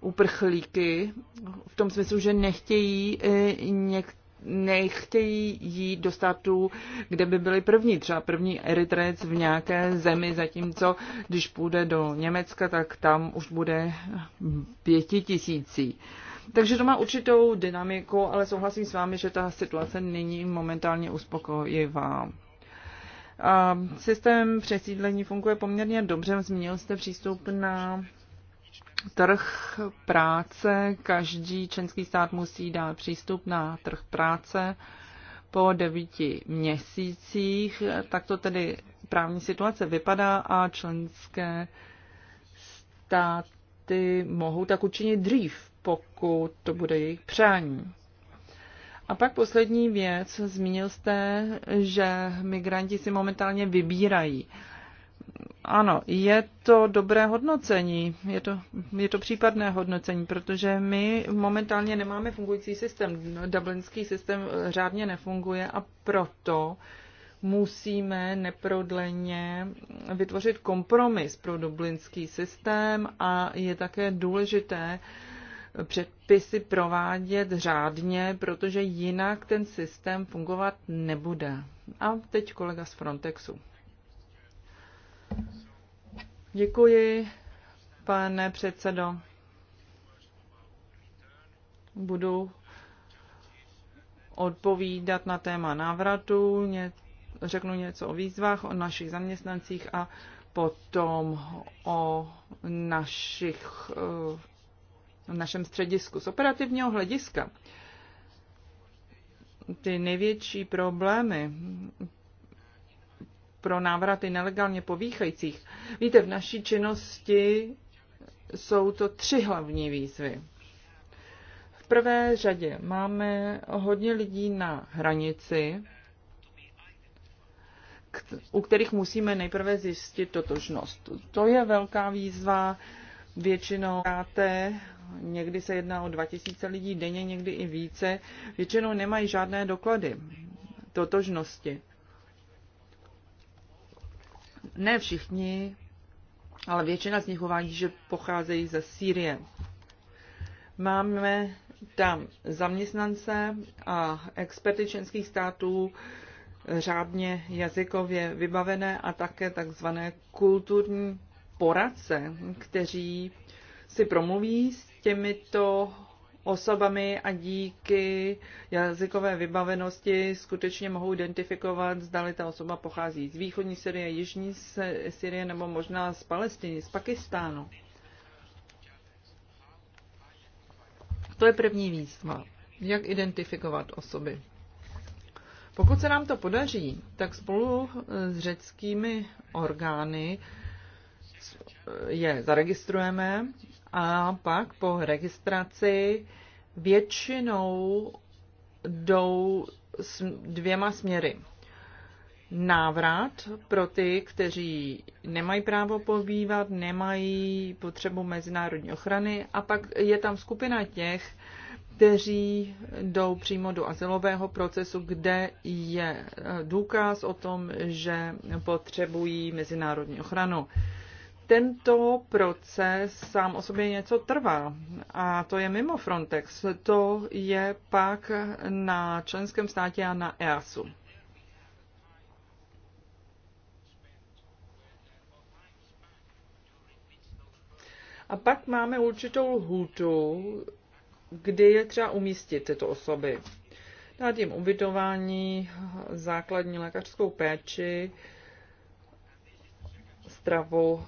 uprchlíky v tom smyslu, že nechtějí eh, některé nechtějí jít do států, kde by byli první, třeba první Eritrec v nějaké zemi, zatímco když půjde do Německa, tak tam už bude pěti tisící. Takže to má určitou dynamiku, ale souhlasím s vámi, že ta situace není momentálně uspokojivá. A systém přesídlení funguje poměrně dobře. Zmínil jste přístup na trh práce. Každý členský stát musí dát přístup na trh práce po devíti měsících. Tak to tedy právní situace vypadá a členské státy mohou tak učinit dřív, pokud to bude jejich přání. A pak poslední věc. Zmínil jste, že migranti si momentálně vybírají. Uh, ano, je to dobré hodnocení, je to, je to případné hodnocení, protože my momentálně nemáme fungující systém. Dublinský systém eh, řádně nefunguje a proto musíme neprodleně vytvořit kompromis pro dublinský systém a je také důležité předpisy provádět řádně, protože jinak ten systém fungovat nebude. A teď kolega z Frontexu. Děkuji, pane předsedo. Budu odpovídat na téma návratu, ně, řeknu něco o výzvách, o našich zaměstnancích a potom o našich, o eh, našem středisku. Z operativního hlediska ty největší problémy, pro návraty nelegálně povýchajících. Víte, v naší činnosti jsou to tři hlavní výzvy. V prvé řadě máme hodně lidí na hranici, u kterých musíme nejprve zjistit totožnost. To je velká výzva, většinou dáte, někdy se jedná o 2000 lidí denně, někdy i více, většinou nemají žádné doklady totožnosti. Ne všichni, ale většina z nich uvádí, že pocházejí ze Sýrie. Máme tam zaměstnance a experty členských států řádně jazykově vybavené a také takzvané kulturní poradce, kteří si promluví s těmito osobami a díky jazykové vybavenosti skutečně mohou identifikovat, zdali ta osoba pochází z východní Syrie, jižní Syrie nebo možná z Palestiny, z Pakistánu. To je první výzva. Jak identifikovat osoby? Pokud se nám to podaří, tak spolu eh, s řeckými orgány je zaregistrujeme a pak po registraci většinou jdou dvěma směry. Návrat pro ty, kteří nemají právo pobývat, nemají potřebu mezinárodní ochrany a pak je tam skupina těch, kteří jdou přímo do azylového procesu, kde je důkaz o tom, že potřebují mezinárodní ochranu. Tento proces sám o sobě něco trvá a to je mimo Frontex. To je pak na členském státě a na EASu. A pak máme určitou lhůtu, kdy je třeba umístit tyto osoby. Dát jim ubytování, základní lékařskou péči, stravu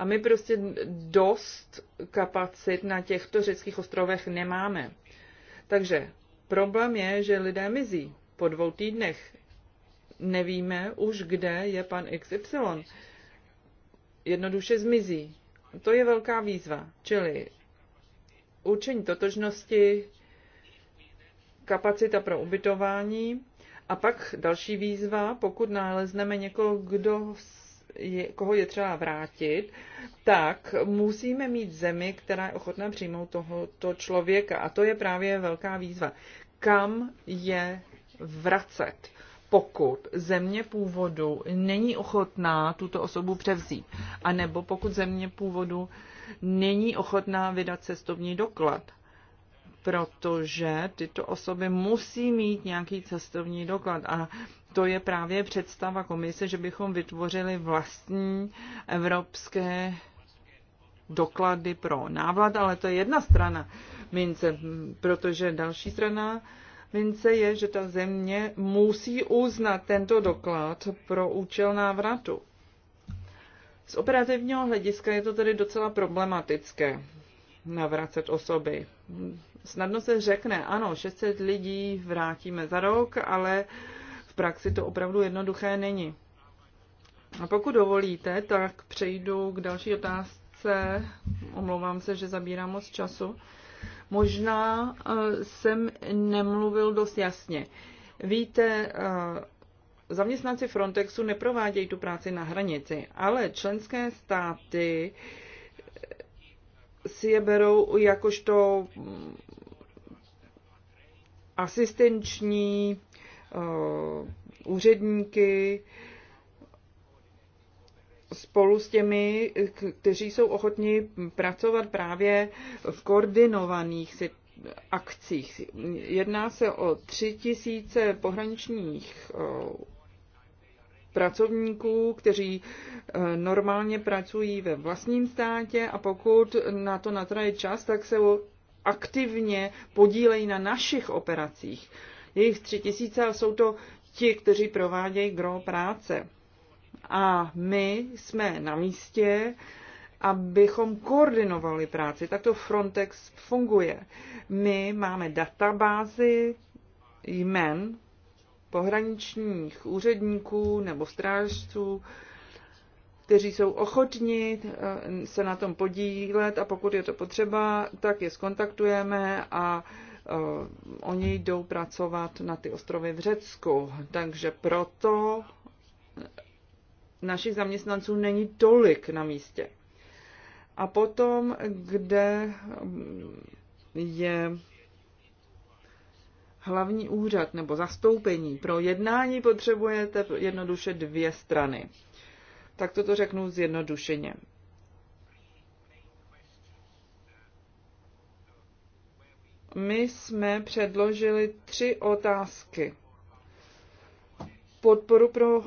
A my prostě dost kapacit na těchto řeckých ostrovech nemáme. Takže problém je, že lidé mizí po dvou týdnech. Nevíme už, kde je pan XY. Jednoduše zmizí. To je velká výzva. Čili určení totožnosti, kapacita pro ubytování a pak další výzva, pokud nalezneme někoho, kdo je, koho je třeba vrátit, tak musíme mít zemi, která je ochotná přijmout tohoto člověka. A to je právě velká výzva. Kam je vracet, pokud země původu není ochotná tuto osobu převzít, anebo pokud země původu není ochotná vydat cestovní doklad protože tyto osoby musí mít nějaký cestovní doklad a to je právě představa komise, že bychom vytvořili vlastní evropské doklady pro návlad, ale to je jedna strana mince, protože další strana mince je, že ta země musí uznat tento doklad pro účel návratu. Z operativního hlediska je to tedy docela problematické navracet osoby. Snadno se řekne, ano, 600 lidí vrátíme za rok, ale uh, praxi to opravdu jednoduché není. A pokud dovolíte, tak přejdu k další otázce. Omlouvám se, že zabírám moc času. Možná eh, jsem nemluvil dost jasně. Víte, eh, zaměstnanci Frontexu neprovádějí tu práci na hranici, ale členské státy si je berou jakožto asistenční Eh, úředníky, spolu s těmi, kteří jsou ochotni pracovat právě v koordinovaných akcích. Jedná se o tři tisíce pohraničních eh, pracovníků, kteří eh, normálně pracují ve vlastním státě a pokud na to natraje čas, tak se aktivně podílejí na našich operacích je jich tři tisíce a jsou to ti, kteří provádějí gro práce. A my jsme na místě, abychom koordinovali práci. Tak to Frontex funguje. My máme databázy jmen pohraničních úředníků nebo strážců, kteří jsou ochotni eh, se na tom podílet a pokud je to potřeba, tak je skontaktujeme a Eh, oni jdou pracovat na ty ostrovy v Řecku, takže proto našich zaměstnanců není tolik na místě. A potom, kde je hlavní úřad nebo zastoupení. Pro jednání potřebujete jednoduše dvě strany. Tak toto řeknu zjednodušeně. my jsme předložili tři otázky. Podporu pro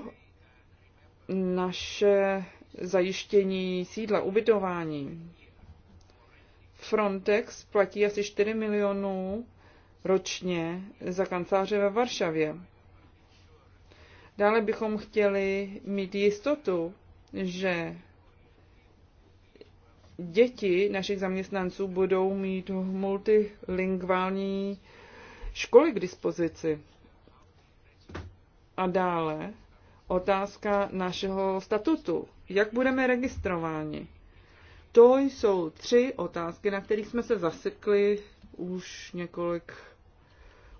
naše zajištění sídla, ubytování. Frontex platí asi 4 milionů ročně za kanceláře ve Varšavě. Dále bychom chtěli mít jistotu, že děti našich zaměstnanců budou mít multilingvální školy k dispozici. A dále otázka našeho statutu. Jak budeme registrováni? To jsou tři otázky, na kterých jsme se zasekli už několik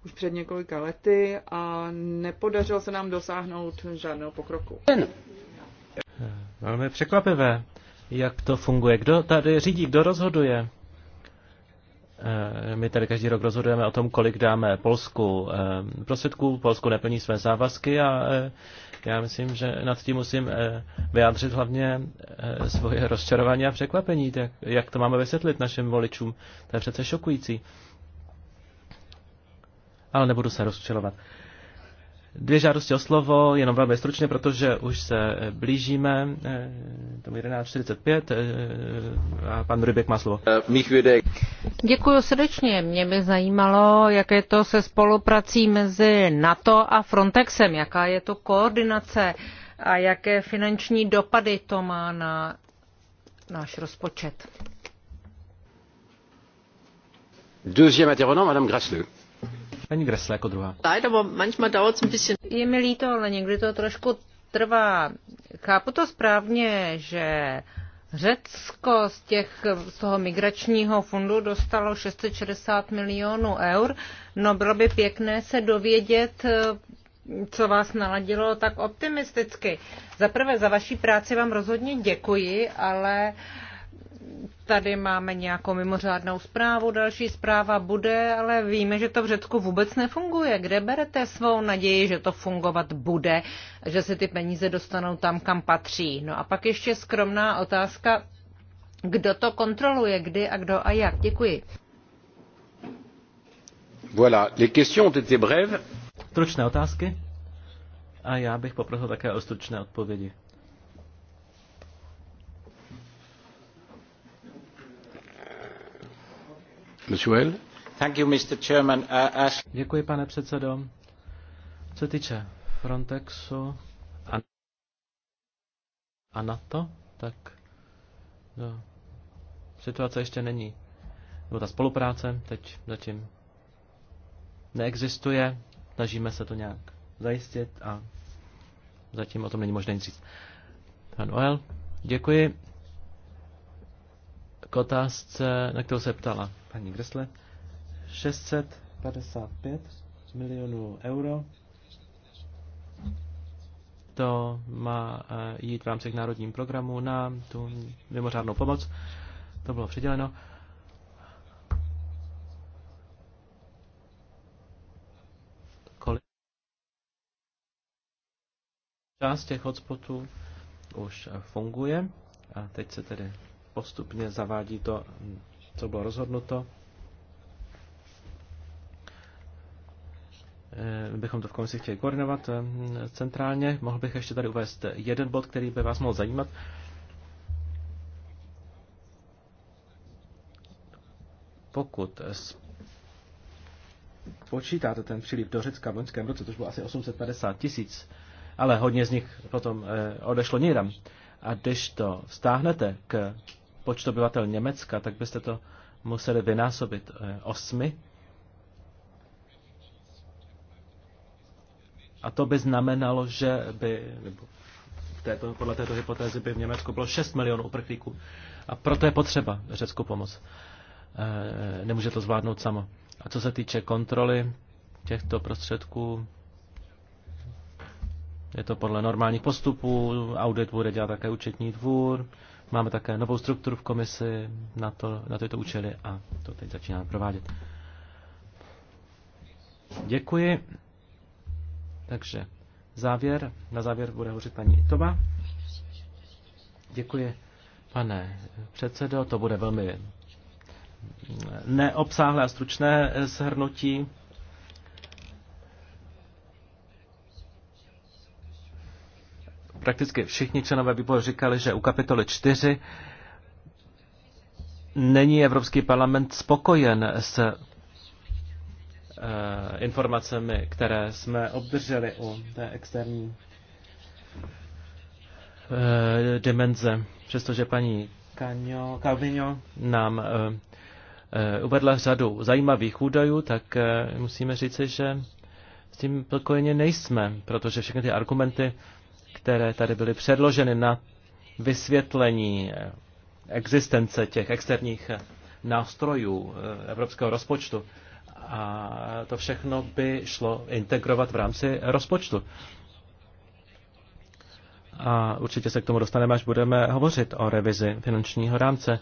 už před několika lety a nepodařilo se nám dosáhnout žádného pokroku. Velmi překvapivé jak to funguje. Kdo tady řídí, kdo rozhoduje? Eh, my tady každý rok rozhodujeme o tom, kolik dáme Polsku eh, prostředků. Polsku neplní své závazky a eh, já myslím, že nad tím musím vyjádřit hlavně svoje rozčarování a překvapení. Tak jak to máme vysvětlit našim voličům? To je přece šokující. Ale nebudu se rozčilovat. Dvě žádosti o slovo, jenom velmi stručně, protože už se blížíme eh, tomu 11.45 eh, a pan Rybek má slovo. Eh, Děkuji srdečně. Mě by zajímalo, jak je to se spoluprací mezi NATO a Frontexem, jaká je to koordinace a jaké finanční dopady to má na náš rozpočet. Deuxième intervenant, Madame Grasleux. Paní Gressle jako druhá. Je mi líto, ale někdy to trošku trvá. Chápu to správně, že Řecko z, těch, z toho migračního fondu dostalo 660 milionů eur. No bylo by pěkné se dovědět, co vás naladilo tak optimisticky. Za prvé za vaší práci vám rozhodně děkuji, ale uh, tady máme nějakou mimořádnou zprávu, další zpráva bude, ale víme, že to v Řecku vůbec nefunguje. Kde berete svou naději, že to fungovat bude, že se ty peníze dostanou tam, kam patří? No a pak ještě skromná otázka, kdo to kontroluje, kdy a kdo a jak? Děkuji. Voilà, les questions ont été brèves. Stručné otázky. A já bych poprosil také o stručné odpovědi. Uh, děkuji, pane předsedo. Co se týče Frontexu a, NATO, tak no, situace ještě není. Nebo ta spolupráce teď zatím neexistuje. Snažíme se to nějak zajistit a zatím o tom není možné nic říct. Pan Oel, děkuji k otázce, na kterou se ptala paní Gresle, 655 milionů euro. To má eh, jít v rámci k národním programu na tu mimořádnou pomoc. To bylo předěleno. Část těch hotspotů už funguje a teď se tedy postupně zavádí to co bylo rozhodnuto. Eh, bychom to v komisi chtěli koordinovat eh, centrálně. Mohl bych ještě tady uvést jeden bod, který by vás mohl zajímat. Pokud počítáte ten příliv do Řecka v loňském roce, což bylo asi 850 tisíc, ale hodně z nich potom eh, odešlo někam. A když to stáhnete k počtu obyvatel Německa, tak byste to museli vynásobit eh, osmi. A to by znamenalo, že by, nebo této, podle této hypotézy by v Německu bylo 6 milionů uprchlíků. A proto je potřeba Řecku pomoc. E, eh, nemůže to zvládnout samo. A co se týče kontroly těchto prostředků, je to podle normálních postupů, audit bude dělat také účetní dvůr, Máme také novou strukturu v komisi na, to, na tyto účely a to teď začínáme provádět. Děkuji. Takže závěr. Na závěr bude hovořit paní Itova. Děkuji, pane předsedo. To bude velmi neobsáhlé a stručné shrnutí. prakticky všichni členové výboru říkali, že u kapitoly 4 není Evropský parlament spokojen s eh, informacemi, které jsme obdrželi u té externí eh, dimenze. Přestože paní Kaňo, Kalvino nám eh, uvedla řadu zajímavých údajů, tak musíme říci, že s tím spokojeni nejsme, protože všechny ty argumenty které tady byly předloženy na vysvětlení existence těch externích nástrojů eh, evropského rozpočtu. A to všechno by šlo integrovat v rámci rozpočtu. A určitě se k tomu dostaneme, až budeme hovořit o revizi finančního rámce.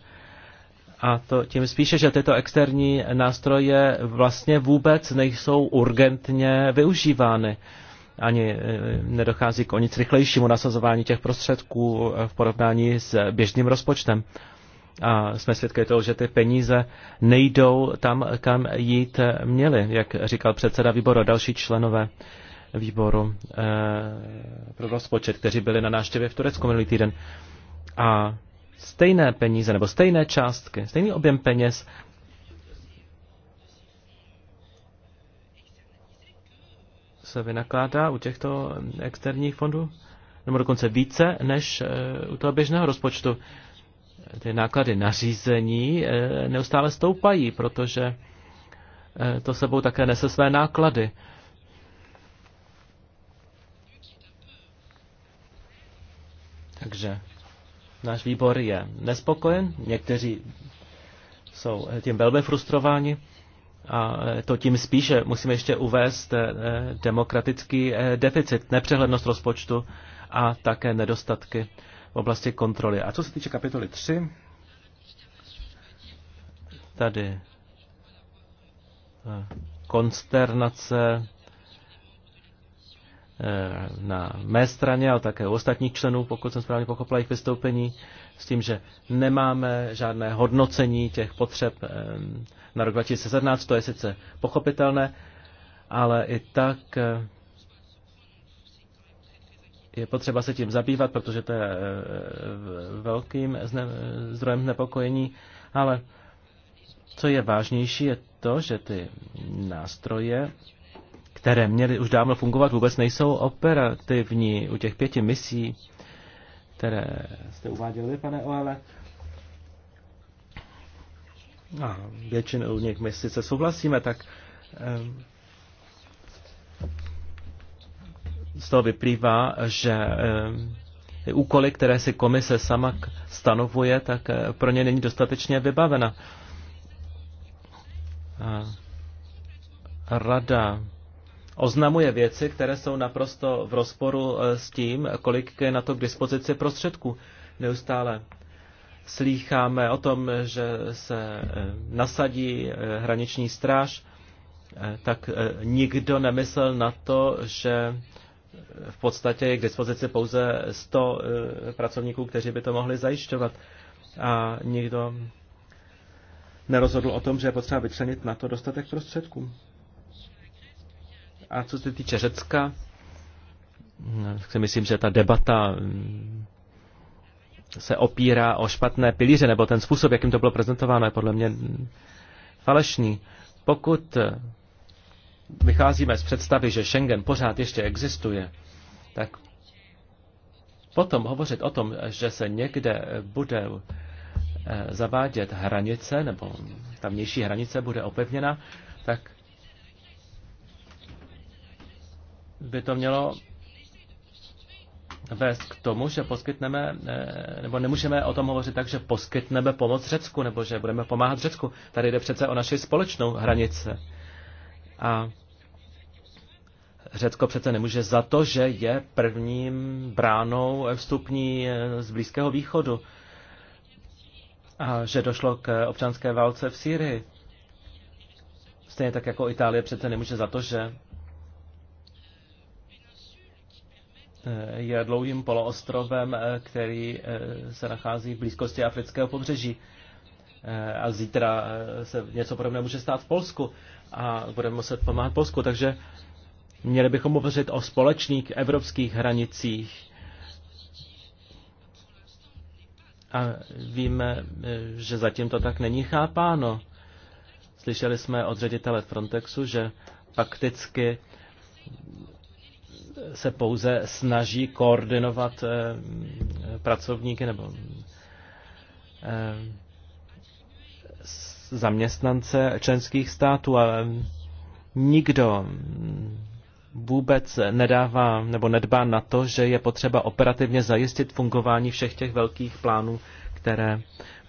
A to tím spíše, že tyto externí nástroje vlastně vůbec nejsou urgentně využívány. Uh, ani eh, nedochází k o nic rychlejšímu nasazování těch prostředků eh, v porovnání s běžným rozpočtem. A jsme svědky toho, že ty peníze nejdou tam, kam jít eh, měly, jak říkal předseda výboru a další členové výboru eh, pro rozpočet, kteří byli na návštěvě v Turecku minulý týden. A stejné peníze nebo stejné částky, stejný objem peněz se vynakládá u těchto externích fondů, nebo dokonce více než e, u toho běžného rozpočtu. Ty náklady na řízení e, neustále stoupají, protože e, to sebou také nese své náklady. Takže náš výbor je nespokojen, někteří jsou tím velmi frustrováni. A e, to tím spíše musíme ještě uvést e, e, demokratický deficit, nepřehlednost rozpočtu a také nedostatky v oblasti kontroly. A co se týče kapitoly 3, tady konsternace Eh, na mé straně, ale také u ostatních členů, pokud jsem správně pochopil jejich vystoupení, s tím, že nemáme žádné hodnocení těch potřeb eh, na rok 2017, to je sice pochopitelné, ale i tak eh, je potřeba se tím zabývat, protože to je velkým zdrojem nepokojení, ale co je vážnější, je to, že ty nástroje které měly už dávno fungovat, vůbec nejsou operativní u těch pěti misí, které jste uváděli, pane Oele. A většinou nich my sice souhlasíme, tak um, z toho vyplývá, že um, úkoly, které si komise sama stanovuje, tak eh, pro ně není dostatečně vybavena. A rada oznamuje věci, které jsou naprosto v rozporu eh, s tím, kolik je na to k dispozici prostředků. Neustále slýcháme o tom, že se eh, nasadí eh, hraniční stráž, tak nikdo nemyslel na to, že v podstatě je k dispozici pouze 100 pracovníků, kteří by to mohli zajišťovat. A nikdo nerozhodl o tom, že je potřeba vyčlenit na to dostatek prostředků. A co se týče Řecka, tak si myslím, že ta debata mm, se opírá o špatné pilíře, nebo ten způsob, jakým to bylo prezentováno, je podle mě falešný. Pokud eh, vycházíme z představy, že Schengen pořád ještě existuje, tak potom hovořit o tom, že se někde bude eh, zavádět hranice, nebo ta vnější hranice bude opevněna, tak by to mělo vést k tomu, že poskytneme, eh, nebo nemůžeme o tom hovořit tak, že poskytneme pomoc Řecku, nebo že budeme pomáhat Řecku. Tady jde přece o naši společnou hranice. A Řecko přece nemůže za to, že je prvním bránou vstupní eh, z Blízkého východu a že došlo k občanské válce v Sýrii. Stejně tak jako Itálie přece nemůže za to, že je dlouhým poloostrovem, eh, který eh, se nachází v blízkosti afrického pobřeží. Eh, a zítra se něco podobné může stát v Polsku a budeme muset pomáhat Polsku. Takže měli bychom hovořit o společných evropských hranicích. A víme, že zatím to tak není chápáno. Slyšeli jsme od ředitele Frontexu, že fakticky se pouze snaží koordinovat eh, pracovníky nebo eh, zaměstnance členských států, ale nikdo vůbec nedává nebo nedbá na to, že je potřeba operativně zajistit fungování všech těch velkých plánů, které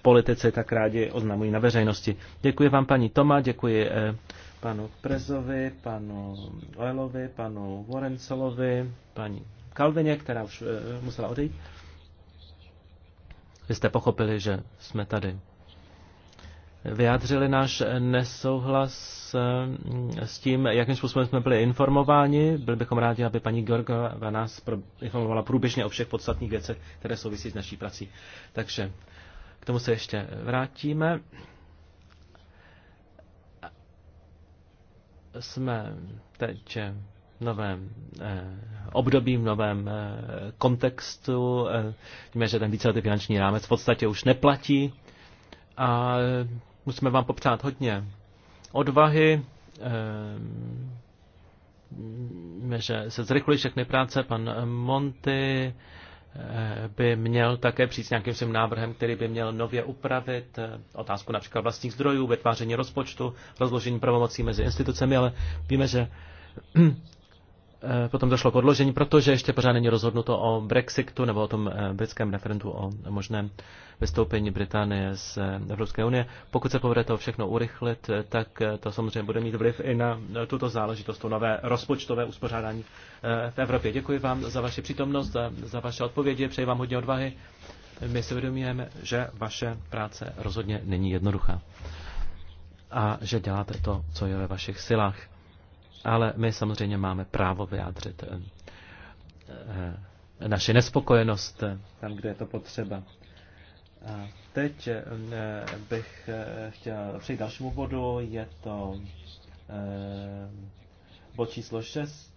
politici tak rádi oznamují na veřejnosti. Děkuji vám, paní Toma, děkuji eh, panu Prezovi, panu Oelovi, panu Warrencelovi, paní Kalvině, která už e, musela odejít. Vy jste pochopili, že jsme tady. Vyjádřili náš nesouhlas eh, s tím, jakým způsobem jsme byli informováni. Byli bychom rádi, aby paní Georgova nás informovala průběžně o všech podstatných věcech, které souvisí s naší prací. Takže k tomu se ještě vrátíme. jsme teď v novém eh, období, v novém eh, kontextu. Eh, víme, že ten víceletý finanční rámec v podstatě už neplatí a musíme vám popřát hodně odvahy. Eh, víme, že se zrychlují všechny práce. Pan Monty Eh, by měl také přijít s nějakým svým návrhem, který by měl nově upravit eh, otázku například vlastních zdrojů, vytváření rozpočtu, rozložení pravomocí mezi institucemi, ale víme, že Eh, potom došlo k odložení, protože ještě pořád není rozhodnuto o Brexitu nebo o tom eh, britském referendu o možném vystoupení Británie z eh, Evropské unie. Pokud se povede to všechno urychlit, tak to samozřejmě bude mít vliv i na tuto záležitost, to nové rozpočtové uspořádání v Evropě. Děkuji vám za vaši přítomnost, za, za vaše odpovědi, přeji vám hodně odvahy. My si uvědomujeme, že vaše práce rozhodně není jednoduchá a že děláte to, co je ve vašich silách ale my samozřejmě máme právo vyjádřit eh, eh, naši nespokojenost eh, tam, kde je to potřeba. A teď bych chtěl přejít dalšímu bodu, je to bod číslo 6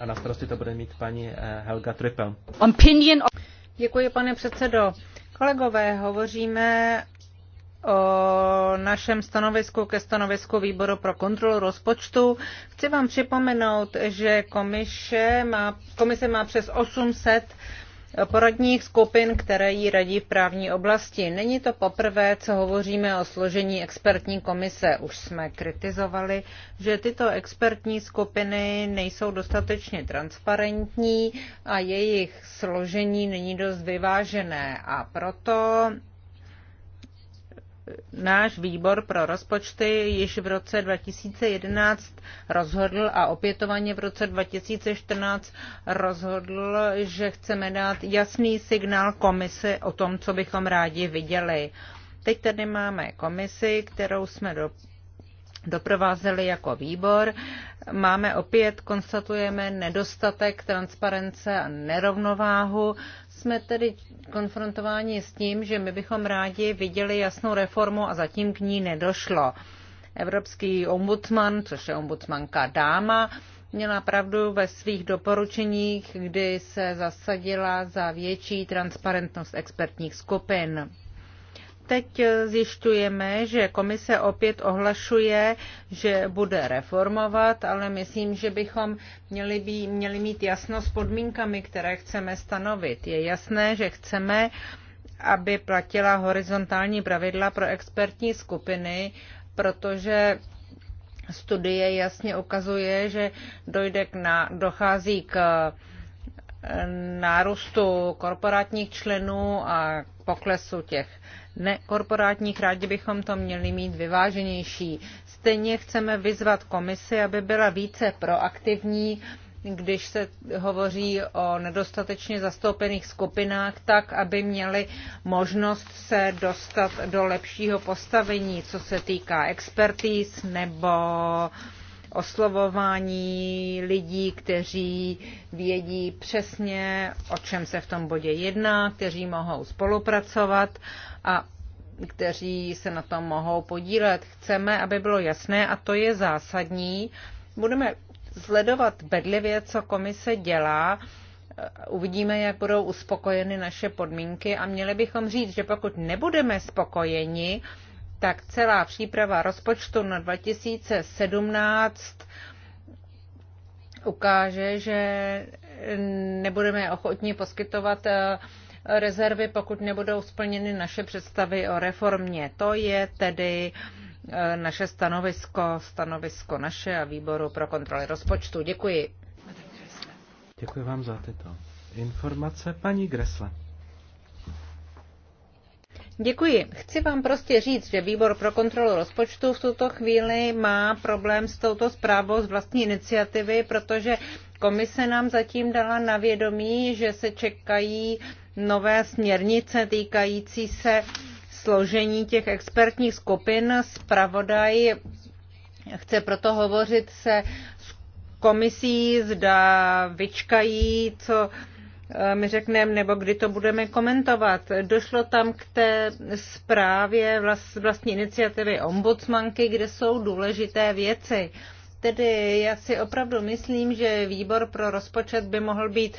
a na starosti to bude mít paní Helga Trippel. Děkuji, pane předsedo. Kolegové, hovoříme o našem stanovisku ke stanovisku výboru pro kontrolu rozpočtu. Chci vám připomenout, že komise má, komise má přes 800 poradních skupin, které jí radí v právní oblasti. Není to poprvé, co hovoříme o složení expertní komise. Už jsme kritizovali, že tyto expertní skupiny nejsou dostatečně transparentní a jejich složení není dost vyvážené. A proto náš výbor pro rozpočty již v roce 2011 rozhodl a opětovaně v roce 2014 rozhodl, že chceme dát jasný signál komisi o tom, co bychom rádi viděli. Teď tady máme komisi, kterou jsme do doprovázeli jako výbor. Máme opět, konstatujeme nedostatek transparence a nerovnováhu, jsme tedy konfrontováni s tím, že my bychom rádi viděli jasnou reformu a zatím k ní nedošlo. Evropský ombudsman, což je ombudsmanka dáma, měla pravdu ve svých doporučeních, kdy se zasadila za větší transparentnost expertních skupin teď zjišťujeme, že komise opět ohlašuje, že bude reformovat, ale myslím, že bychom měli, by, měli mít jasno s podmínkami, které chceme stanovit. Je jasné, že chceme, aby platila horizontální pravidla pro expertní skupiny, protože studie jasně ukazuje, že dojde k na, dochází k eh, nárůstu korporátních členů a poklesu těch nekorporátních, rádi bychom to měli mít vyváženější. Stejně chceme vyzvat komisi, aby byla více proaktivní, když se hovoří o nedostatečně zastoupených skupinách, tak aby měli možnost se dostat do lepšího postavení, co se týká expertíz nebo uh, oslovování lidí, kteří vědí přesně, o čem se v tom bodě jedná, kteří mohou spolupracovat a kteří se na tom mohou podílet. Chceme, aby bylo jasné, a to je zásadní, budeme sledovat bedlivě, co komise dělá, uvidíme, jak budou uspokojeny naše podmínky a měli bychom říct, že pokud nebudeme spokojeni, tak celá příprava rozpočtu na 2017 ukáže, že nebudeme ochotní poskytovat eh, rezervy, pokud nebudou splněny naše představy o reformě. To je tedy eh, naše stanovisko, stanovisko naše a výboru pro kontroly rozpočtu. Děkuji. Děkuji vám za tyto informace, paní Gresle. Děkuji. Chci vám prostě říct, že výbor pro kontrolu rozpočtu v tuto chvíli má problém s touto zprávou z vlastní iniciativy, protože komise nám zatím dala na vědomí, že se čekají nové směrnice týkající se složení těch expertních skupin. Spravodaj chce proto hovořit se s komisí, zda vyčkají, co Eh, my řekneme, nebo kdy to budeme komentovat. Došlo tam k té zprávě vlast, vlastní iniciativy ombudsmanky, kde jsou důležité věci. Tedy já si opravdu myslím, že výbor pro rozpočet by mohl být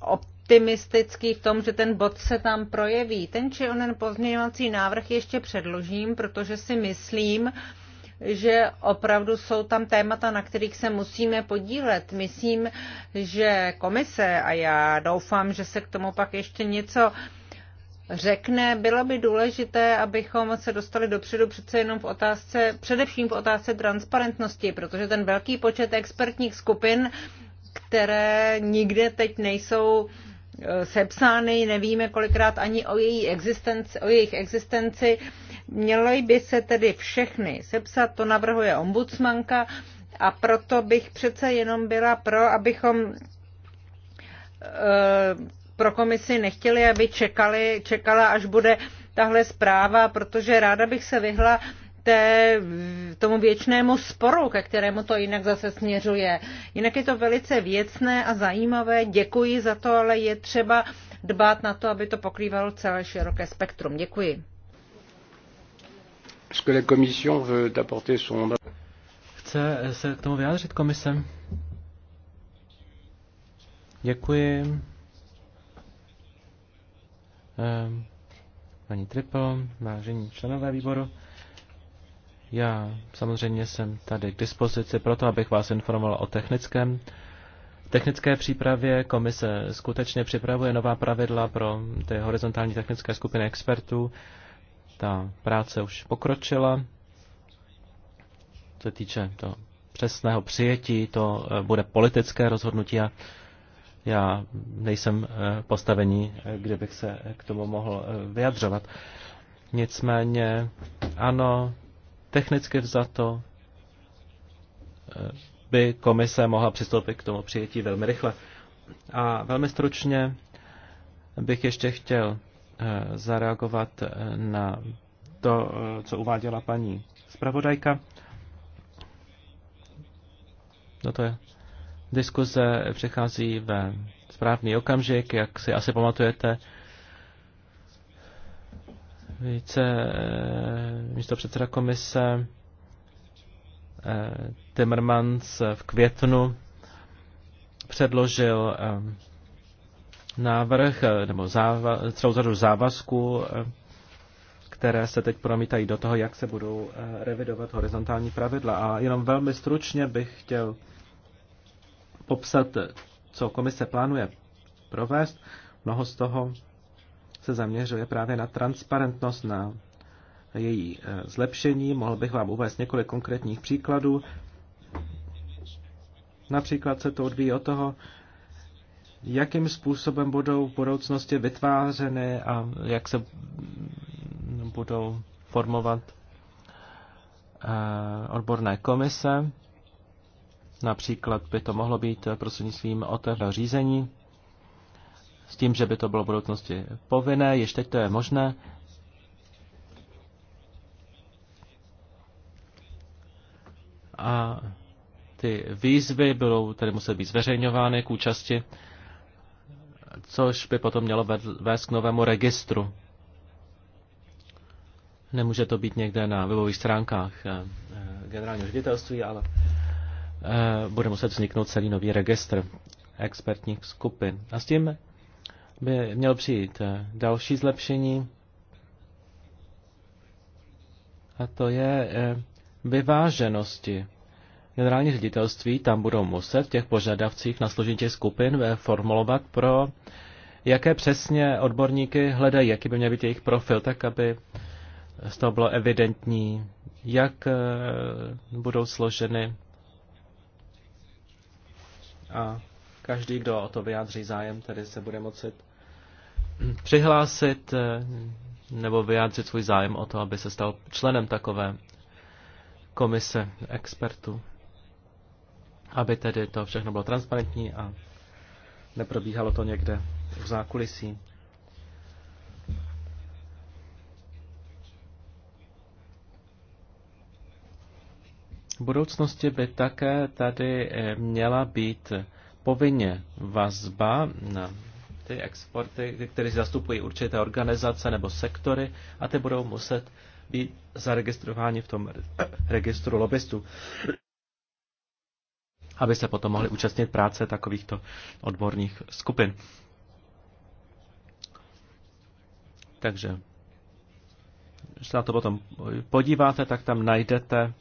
optimistický v tom, že ten bod se tam projeví. Ten či onen pozměňovací návrh ještě předložím, protože si myslím, že opravdu jsou tam témata, na kterých se musíme podílet. Myslím, že komise, a já doufám, že se k tomu pak ještě něco řekne, bylo by důležité, abychom se dostali dopředu přece jenom v otázce, především v otázce transparentnosti, protože ten velký počet expertních skupin, které nikde teď nejsou eh, sepsány, nevíme kolikrát ani o, její existenci, o jejich existenci, Měly by se tedy všechny sepsat, to navrhuje ombudsmanka a proto bych přece jenom byla pro, abychom e, pro komisi nechtěli, aby čekali, čekala, až bude tahle zpráva, protože ráda bych se vyhla té, tomu věčnému sporu, ke kterému to jinak zase směřuje. Jinak je to velice věcné a zajímavé, děkuji za to, ale je třeba dbát na to, aby to pokrývalo celé široké spektrum. Děkuji. Chce eh, se k tomu vyjádřit komise? Děkuji. Ehm, paní Triple, vážení členové výboru, já samozřejmě jsem tady k dispozici proto, abych vás informoval o technickém technické přípravě komise skutečně připravuje nová pravidla pro ty horizontální technické skupiny expertů. Ta práce už pokročila. Co se týče to přesného přijetí, to eh, bude politické rozhodnutí a já nejsem eh, postavení, eh, kde bych se k tomu mohl vyjadřovat. Nicméně, ano, technicky vzato by komise mohla přistoupit k tomu přijetí velmi rychle. A velmi stručně bych ještě chtěl Eh, zareagovat eh, na to, eh, co uváděla paní zpravodajka. Toto je diskuze přechází ve správný okamžik, jak si asi pamatujete, více místo předseda komise Timmermans v květnu předložil návrh eh, nebo záva, celou řadu závazků, eh, které se teď promítají do toho, jak se budou eh, revidovat horizontální pravidla. A jenom velmi stručně bych chtěl popsat, co komise plánuje provést. Mnoho z toho se zaměřuje právě na transparentnost, na její zlepšení. Mohl bych vám uvést několik konkrétních příkladů. Například se to odvíjí od toho, jakým způsobem budou v budoucnosti vytvářeny a jak se budou formovat eh, odborné komise. Například by to mohlo být prostřednictvím otevřeného řízení, s tím, že by to bylo v budoucnosti povinné, ještě teď to je možné. A ty výzvy budou tedy muset být zveřejňovány k účasti což by potom mělo vést k novému registru. Nemůže to být někde na webových stránkách eh, eh, generálního ředitelství, ale eh, bude muset vzniknout celý nový registr expertních skupin. A s tím by měl přijít další zlepšení, a to je vyváženosti generální ředitelství tam budou muset v těch požadavcích na složitě skupin formulovat pro jaké přesně odborníky hledají, jaký by měl být jejich profil, tak aby z toho bylo evidentní, jak eh, budou složeny. A každý, kdo o to vyjádří zájem, tedy se bude moci přihlásit eh, nebo vyjádřit svůj zájem o to, aby se stal členem takové komise expertů aby tedy to všechno bylo transparentní a neprobíhalo to někde v zákulisí. V budoucnosti by také tady eh, měla být povinně vazba na ty exporty, které zastupují určité organizace nebo sektory a ty budou muset být zaregistrováni v tom registru lobbystů aby se potom mohli účastnit práce takovýchto odborných skupin. Takže, když se na to potom podíváte, tak tam najdete,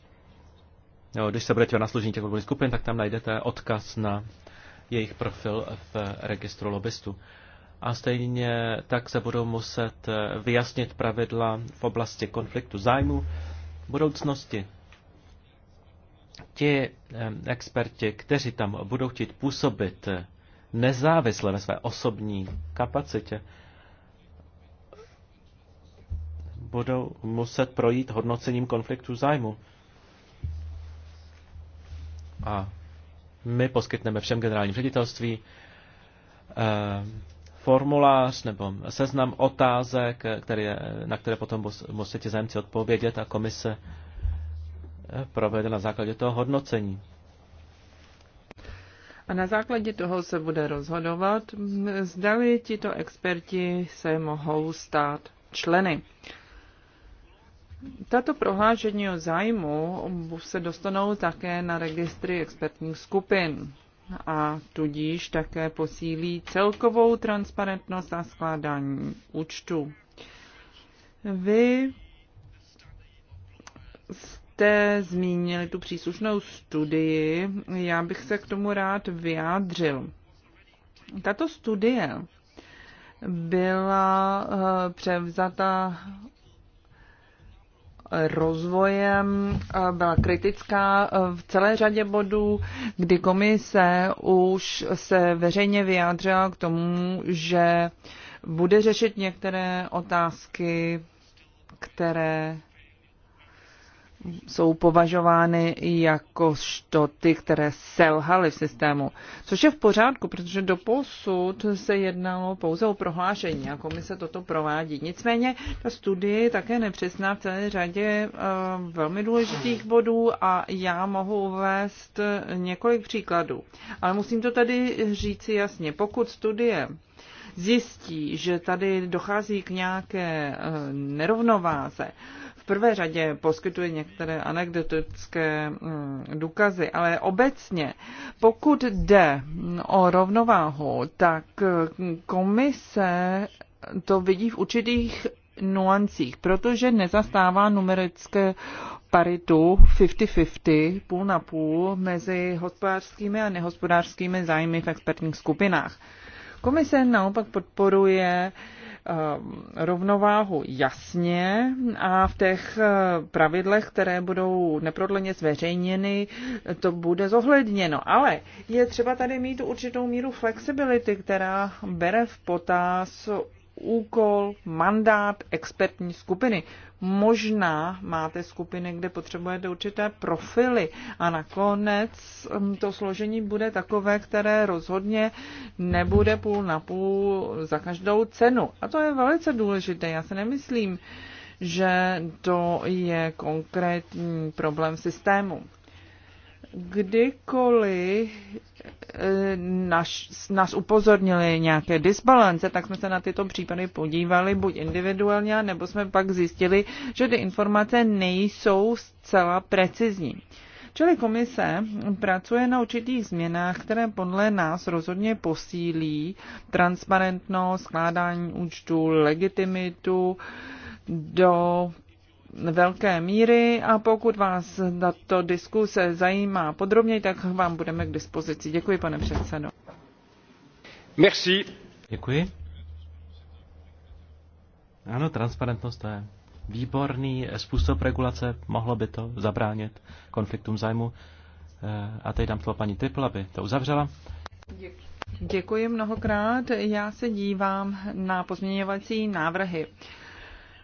jo, když se budete na služení těch odborných skupin, tak tam najdete odkaz na jejich profil v registru lobbystů. A stejně tak se budou muset vyjasnit pravidla v oblasti konfliktu zájmu v budoucnosti ti eh, experti, kteří tam budou chtít působit eh, nezávisle ve své osobní kapacitě, budou muset projít hodnocením konfliktu zájmu. A my poskytneme všem generálním ředitelství eh, formulář nebo seznam otázek, které, na které potom musí ti zájemci odpovědět a komise provede na základě toho hodnocení. A na základě toho se bude rozhodovat, zdali tito experti se mohou stát členy. Tato prohlášení o zájmu se dostanou také na registry expertních skupin a tudíž také posílí celkovou transparentnost a skládání účtu. Vy jste zmínili tu příslušnou studii, já bych se k tomu rád vyjádřil. Tato studie byla eh, převzata rozvojem eh, byla kritická eh, v celé řadě bodů, kdy komise už se veřejně vyjádřila k tomu, že bude řešit některé otázky, které jsou považovány jakožto ty, které selhaly v systému. Což je v pořádku, protože do posud se jednalo pouze o prohlášení a komise toto provádí. Nicméně ta studie je také nepřesná v celé řadě eh, velmi důležitých bodů a já mohu uvést několik příkladů. Ale musím to tady říci jasně. Pokud studie zjistí, že tady dochází k nějaké eh, nerovnováze, v prvé řadě poskytuje některé anekdotické mm, důkazy, ale obecně, pokud jde o rovnováhu, tak mm, komise to vidí v určitých nuancích, protože nezastává numerické paritu 50-50, půl na půl, mezi hospodářskými a nehospodářskými zájmy v expertních skupinách. Komise naopak podporuje uh, Eh, rovnováhu jasně a v těch eh, pravidlech, které budou neprodleně zveřejněny, to bude zohledněno. Ale je třeba tady mít určitou míru flexibility, která bere v potaz úkol, mandát expertní skupiny. Možná máte skupiny, kde potřebujete určité profily a nakonec hm, to složení bude takové, které rozhodně nebude půl na půl za každou cenu. A to je velice důležité. Já se nemyslím, že to je konkrétní problém systému. Kdykoliv nás, eh, nás upozornili nějaké disbalance, tak jsme se na tyto případy podívali buď individuálně, nebo jsme pak zjistili, že ty informace nejsou zcela precizní. Čili komise pracuje na určitých změnách, které podle nás rozhodně posílí transparentnost, skládání účtů, legitimitu do velké míry a pokud vás tato diskuse zajímá podrobněji, tak vám budeme k dispozici. Děkuji, pane předsedo. Merci. Děkuji. Ano, transparentnost je výborný způsob regulace, mohlo by to zabránit konfliktům zájmu. Eh, a teď dám slovo paní Triple, aby to uzavřela. Děkuji mnohokrát. Já se dívám na pozměňovací návrhy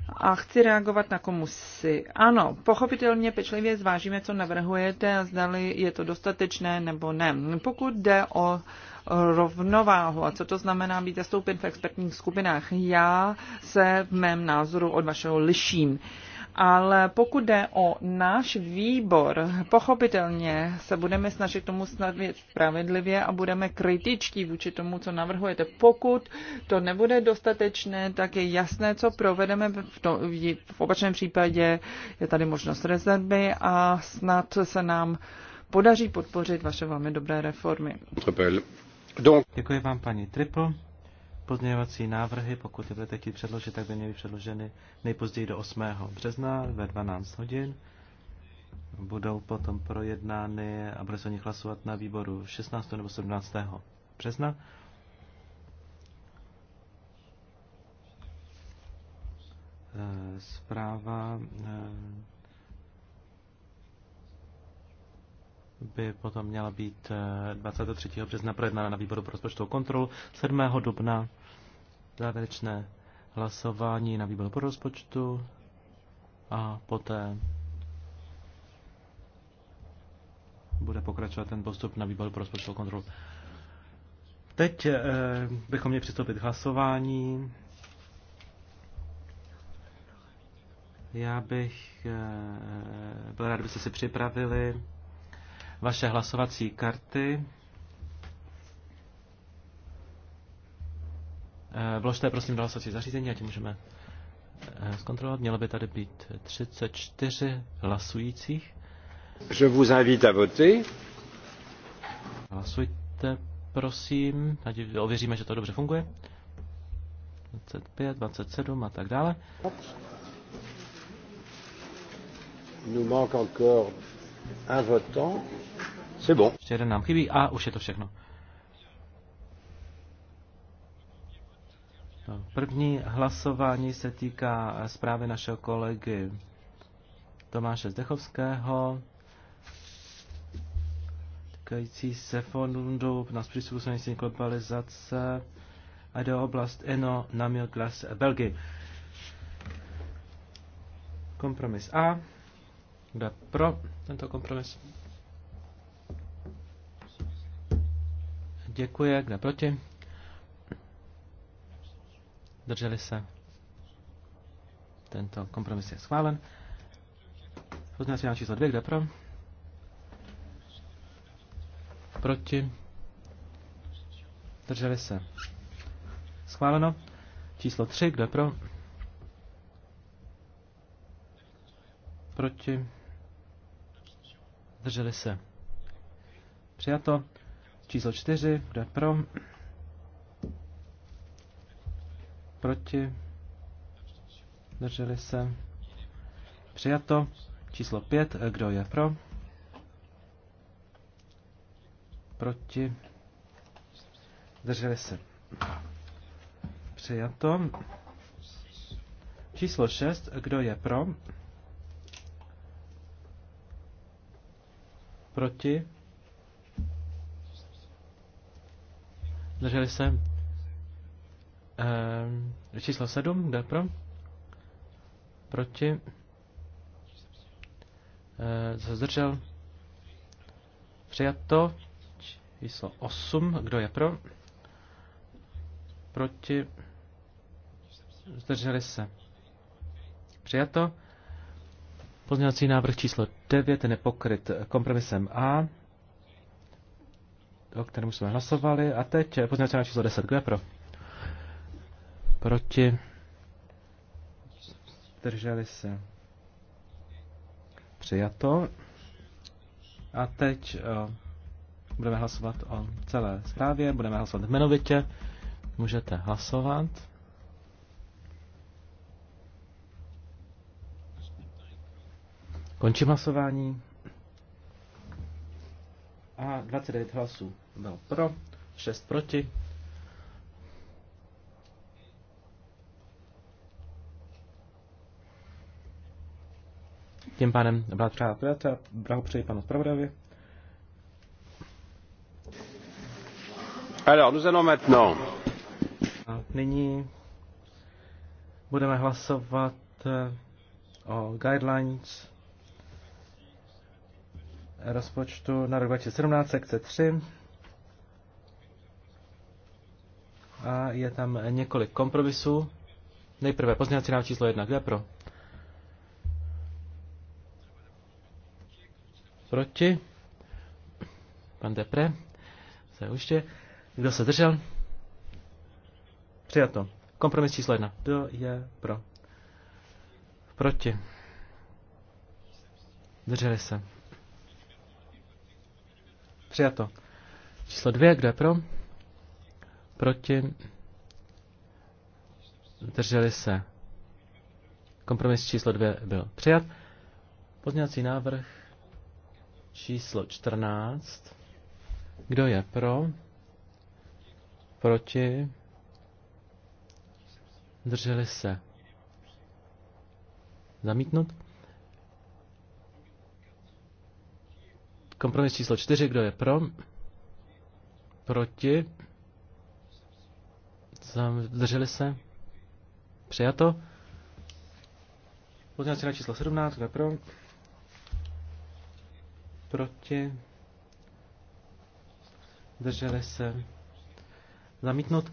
a chci reagovat na komisi. Ano, pochopitelně pečlivě zvážíme, co navrhujete a zdali je to dostatečné nebo ne. Pokud jde o rovnováhu a co to znamená být zastoupen v expertních skupinách, já se v mém názoru od vašeho liším. Ale pokud jde o náš výbor, pochopitelně se budeme snažit tomu snadit spravedlivě a budeme kritičtí vůči tomu, co navrhujete. Pokud to nebude dostatečné, tak je jasné, co provedeme. V, to, v opačném případě je tady možnost rezervy a snad se nám podaří podpořit vaše velmi dobré reformy. Děkuji vám, paní Triple. Pozměňovací návrhy, pokud je budete chtít předložit, tak by měly předloženy nejpozději do 8. března ve 12 hodin. Budou potom projednány a bude se o nich hlasovat na výboru 16. nebo 17. března. Eh, zpráva eh, by potom měla být 23. Eh, března projednána na výboru pro rozpočtovou kontrolu, 7. dubna závěrečné hlasování na výboru pro rozpočtu a poté bude pokračovat ten postup na výboru pro rozpočtovou kontrolu. Teď eh, bychom měli přistoupit k hlasování. Já bych eh, byl rád, byste si připravili vaše hlasovací karty. Eh, vložte prosím do hlasovací zařízení, ať můžeme eh, zkontrolovat. Mělo by tady být 34 hlasujících. Je vous invite à voter. Hlasujte, prosím. Ať ověříme, že to dobře funguje. 25, 27 a tak dále. Nous manque encore un votant. C'est bon. Ještě jeden nám chybí a už je to všechno. První hlasování se týká zprávy našeho kolegy Tomáše Zdechovského, týkající se fondu na přizpůsobení globalizace a do oblast Eno Milklas Belgii. Kompromis A. Kdo je pro tento kompromis? Děkuji. Kdo proti? Drželi se. Tento kompromis je schválen. Pozměňovací návrh číslo 2, kde pro? Proti? Drželi se. Schváleno. Číslo 3, kde pro? Proti? Drželi se. Přijato. Číslo 4, kde pro? Proti? Drželi se? Přijato. Číslo 5. Kdo je pro? Proti? Drželi se? Přijato. Číslo 6. Kdo je pro? Proti? Drželi se? Ehm, číslo 7, kde pro? Proti? Ehm, se zdržel? Přijato. Číslo 8, kdo je pro? Proti? Zdrželi se. Přijato. Pozměňovací návrh číslo 9 je nepokryt kompromisem A, o kterém jsme hlasovali. A teď pozměňovací návrh číslo 10. Kdo je pro? Proti? Drželi se. Přijato. A teď o, eh, budeme hlasovat o celé zprávě, budeme hlasovat jmenovitě. Můžete hlasovat. Končím hlasování. A 29 hlasů bylo pro, 6 proti. tím pádem byla třeba a blahopřeji panu zpravodajovi. A nyní budeme hlasovat eh, o guidelines rozpočtu na rok 2017, sekce 3. A je tam několik kompromisů. Nejprve pozměňovací návrh číslo 1. Kde pro? Proti? Pan Depre? Se uště. Kdo se držel? Přijato. Kompromis číslo jedna. Kdo je pro? Proti? Drželi se. Přijato. Číslo dvě, kdo je pro? Proti? Drželi se. Kompromis číslo dvě byl přijat. Pozměňovací návrh číslo 14. Kdo je pro? Proti? Drželi se. Zamítnut? Kompromis číslo 4. Kdo je pro? Proti? Zdrželi se? Přijato? na číslo 17. Kdo je pro? proti, zdrželi se, zamítnut.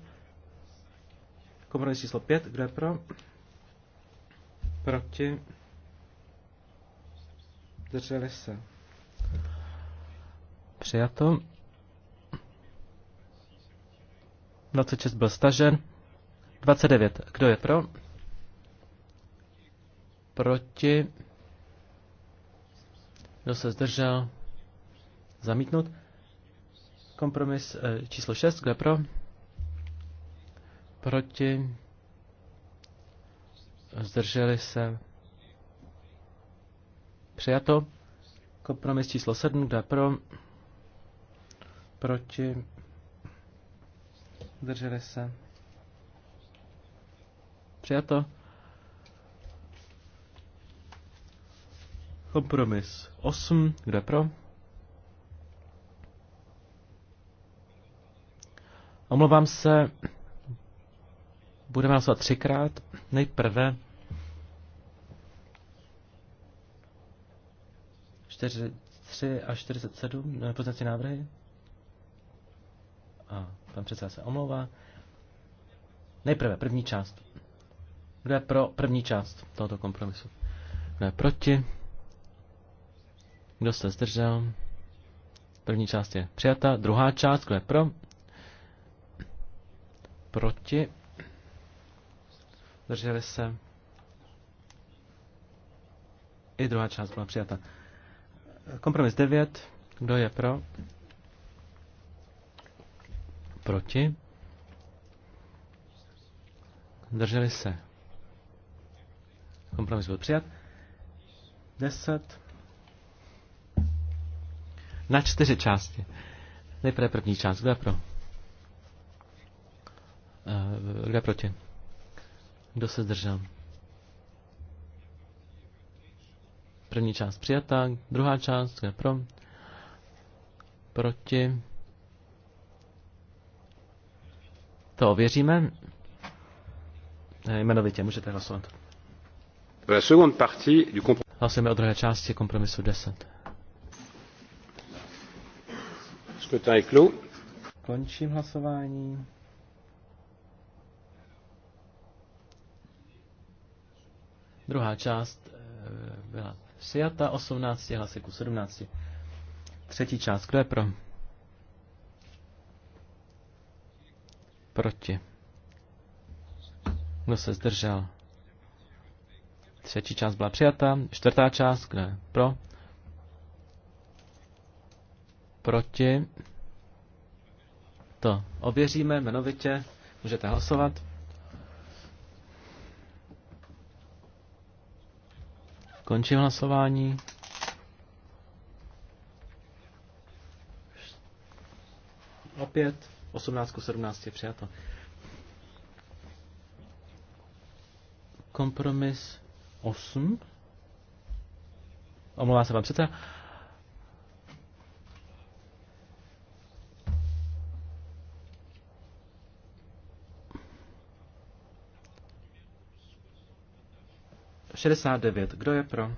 Kompromis číslo 5, kdo je pro, proti, zdrželi se. Přijato. 26 byl stažen. 29. Kdo je pro? Proti. Kdo se zdržel? Zamítnut. Kompromis eh, číslo 6. Kdo je pro? Proti? Zdrželi se? Přijato. Kompromis číslo 7. Kdo je pro? Proti? Zdrželi se? Přijato. Kompromis 8, kde pro? Omlouvám se, budeme hlasovat třikrát. Nejprve 43 a 47 eh, poznací návrhy. A pan předseda se omlouvá. Nejprve první část. Kdo je pro první část tohoto kompromisu? Kdo je proti? Kdo se zdržel? První část je přijata. Druhá část, kdo je pro? Proti? Zdrželi se? I druhá část byla přijata. Kompromis 9. Kdo je pro? Proti? Zdrželi se? Kompromis byl přijat. 10 na čtyři části. Nejprve první část. Kdo je pro? Eh, kdo je proti? Kdo se zdržel? První část přijatá, druhá část, kdo je pro? Proti? To ověříme. Eh, jmenovitě můžete hlasovat. Hlasujeme o druhé části kompromisu 10. Scrutin est clos. Končím hlasování. Druhá část eh, byla přijata 18 hlasy ku 17. Třetí část, kdo je pro? Proti. Kdo se zdržel? Třetí část byla přijata. Čtvrtá část, kdo je pro? proti. To ověříme jmenovitě. Můžete hlasovat. Končím hlasování. Opět 18 ku 17 je přijato. Kompromis 8. Omlouvá se vám předseda. 69. Kdo je pro?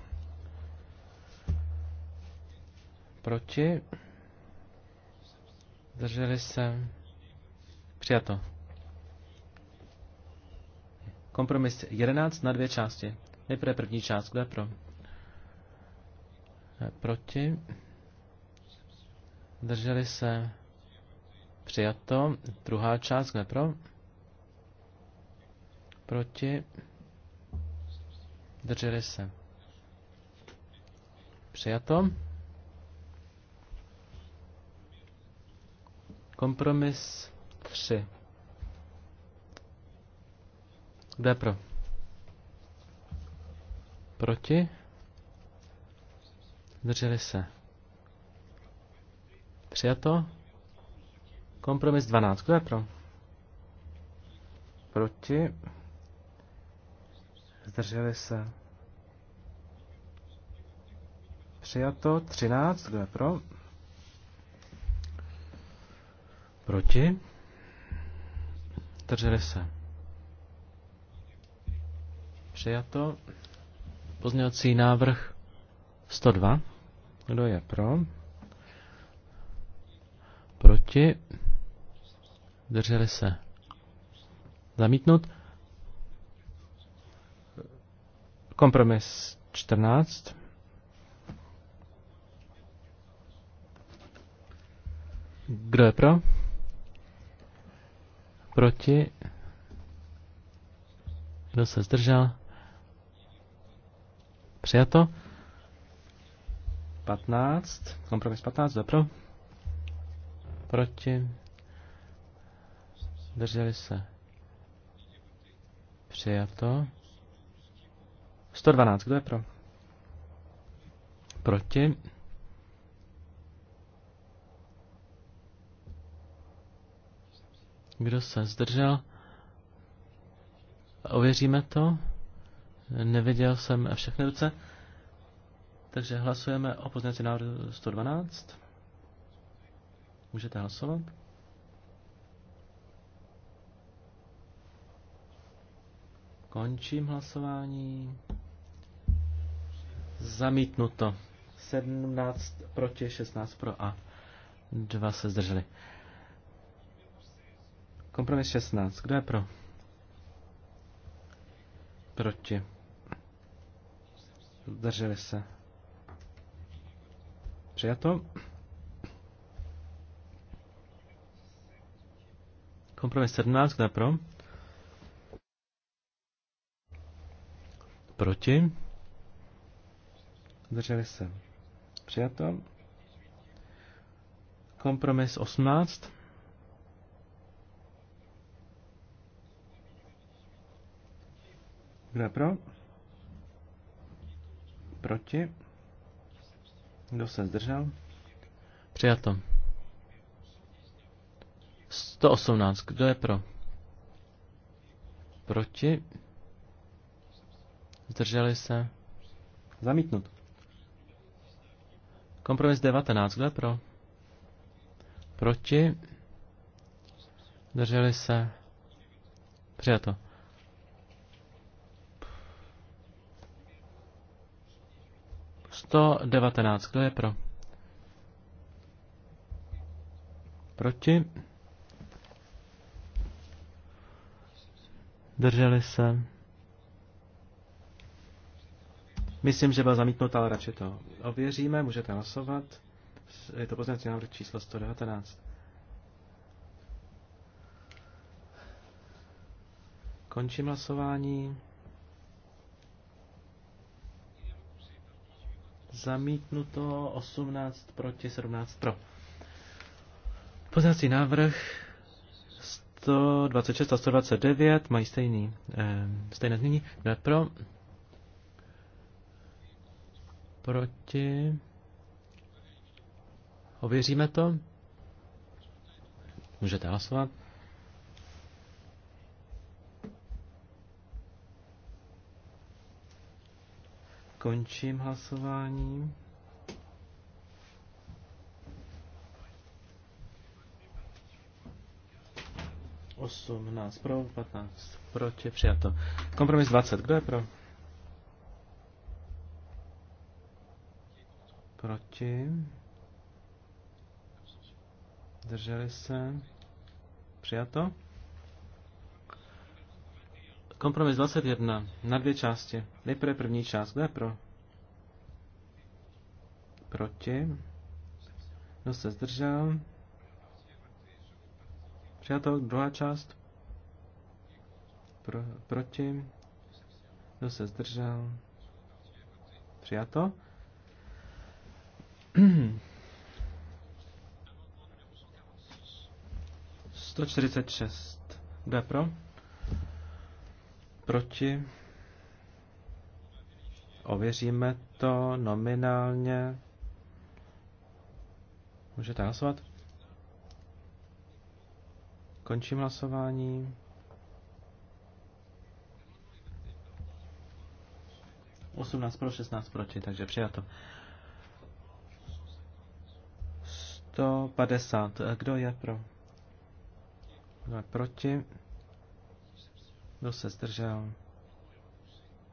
Proti? Drželi se. Přijato. Kompromis 11 na dvě části. Nejprve první část. Kdo je pro? Eh, proti? Drželi se. Přijato. Druhá část. Kdo je pro? Proti? Zdrželi se. Přijato. Kompromis 3. Kdo je pro? Proti? Zdrželi se. Přijato. Kompromis 12. Kdo je pro? Proti. Zdrželi se. Přijato. 13. Kdo je pro? Proti? Drželi se. Přijato. Pozměňovací návrh 102. Kdo je pro? Proti? Drželi se. Zamítnut. Kompromis 14. Kdo je pro? Proti? Kdo se zdržel? Přijato. 15. Kompromis 15. Kdo je pro? Proti? Zdrželi se. Přijato. 112. Kdo je pro? Proti? Kdo se zdržel? Ověříme to. Neviděl jsem všechny ruce. Takže hlasujeme o pozměnci návrhu 112. Můžete hlasovat. Končím hlasování. Zamítnuto. 17 proti, 16 pro a 2 se zdrželi. Kompromis 16. Kdo je pro? Proti. Zdrželi se. Přijato. Kompromis 17. Kdo je pro? Proti. Zdrželi se. Přijato. Kompromis 18. Kdo je pro? Proti? Kdo se zdržel? Přijato. 118. Kdo je pro? Proti? Zdrželi se? Zamítnut. Kompromis 19. Kdo je pro? Proti? Zdrželi se? Přijato. 119. Kdo je pro? Proti? Drželi se. Myslím, že byl zamítnut, ale radši to ověříme. Můžete hlasovat. Je to poznací návrh číslo 119. Končím hlasování. zamítnuto 18 proti 17 pro. Poznací návrh 126 a 129 mají stejný, eh, stejné znění. Kdo je pro? Proti. Ověříme to. Můžete hlasovat. Končím hlasování. Osmnáct pro, 15 proti, přijato. Kompromis 20, kdo je pro? Proti. Drželi se. Přijato. Kompromis 21 na dvě části. Nejprve první část. Kdo je pro? Proti. Kdo se zdržel? Přijatel druhá část. Pro, proti. Kdo se zdržel? Přijato. Sto čtyřicet šest. Kdo je pro? Proti? Ověříme to nominálně. Můžete hlasovat? Končím hlasování. Osmnáct pro, šestnáct proti, takže přijato. 150. Kdo je pro? Kdo je proti? Kdo se zdržel?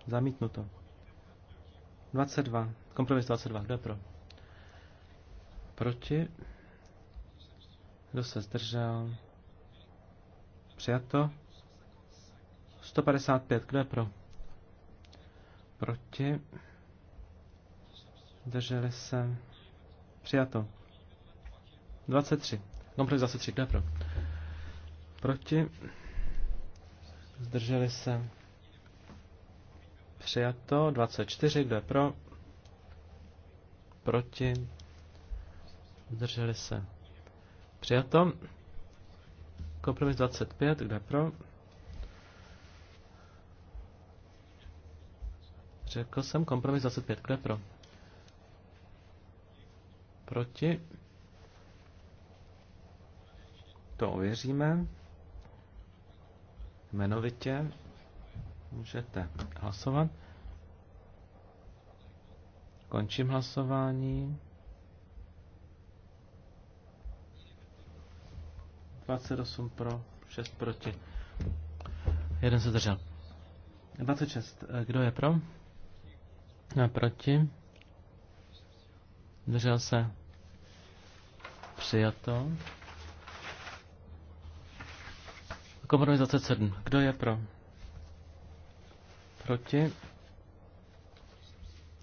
Zamítnuto. 22. Kompromis 22. Kdo je pro? Proti? Kdo se zdržel? Přijato. 155. Kdo je pro? Proti? Drželi se. Přijato. 23. Kompromis 23. Kdo je pro? Proti? Zdrželi se. Přijato. 24. Kdo je pro? Proti. Zdrželi se. Přijato. Kompromis 25. Kdo je pro? Řekl jsem kompromis 25. Kdo je pro? Proti. To ověříme jmenovitě. Můžete hlasovat. Končím hlasování. 28 pro, 6 proti. Jeden se držel. 26. Kdo je pro? A proti? Držel se. Přijato. Kompromis 27. Kdo je pro? Proti?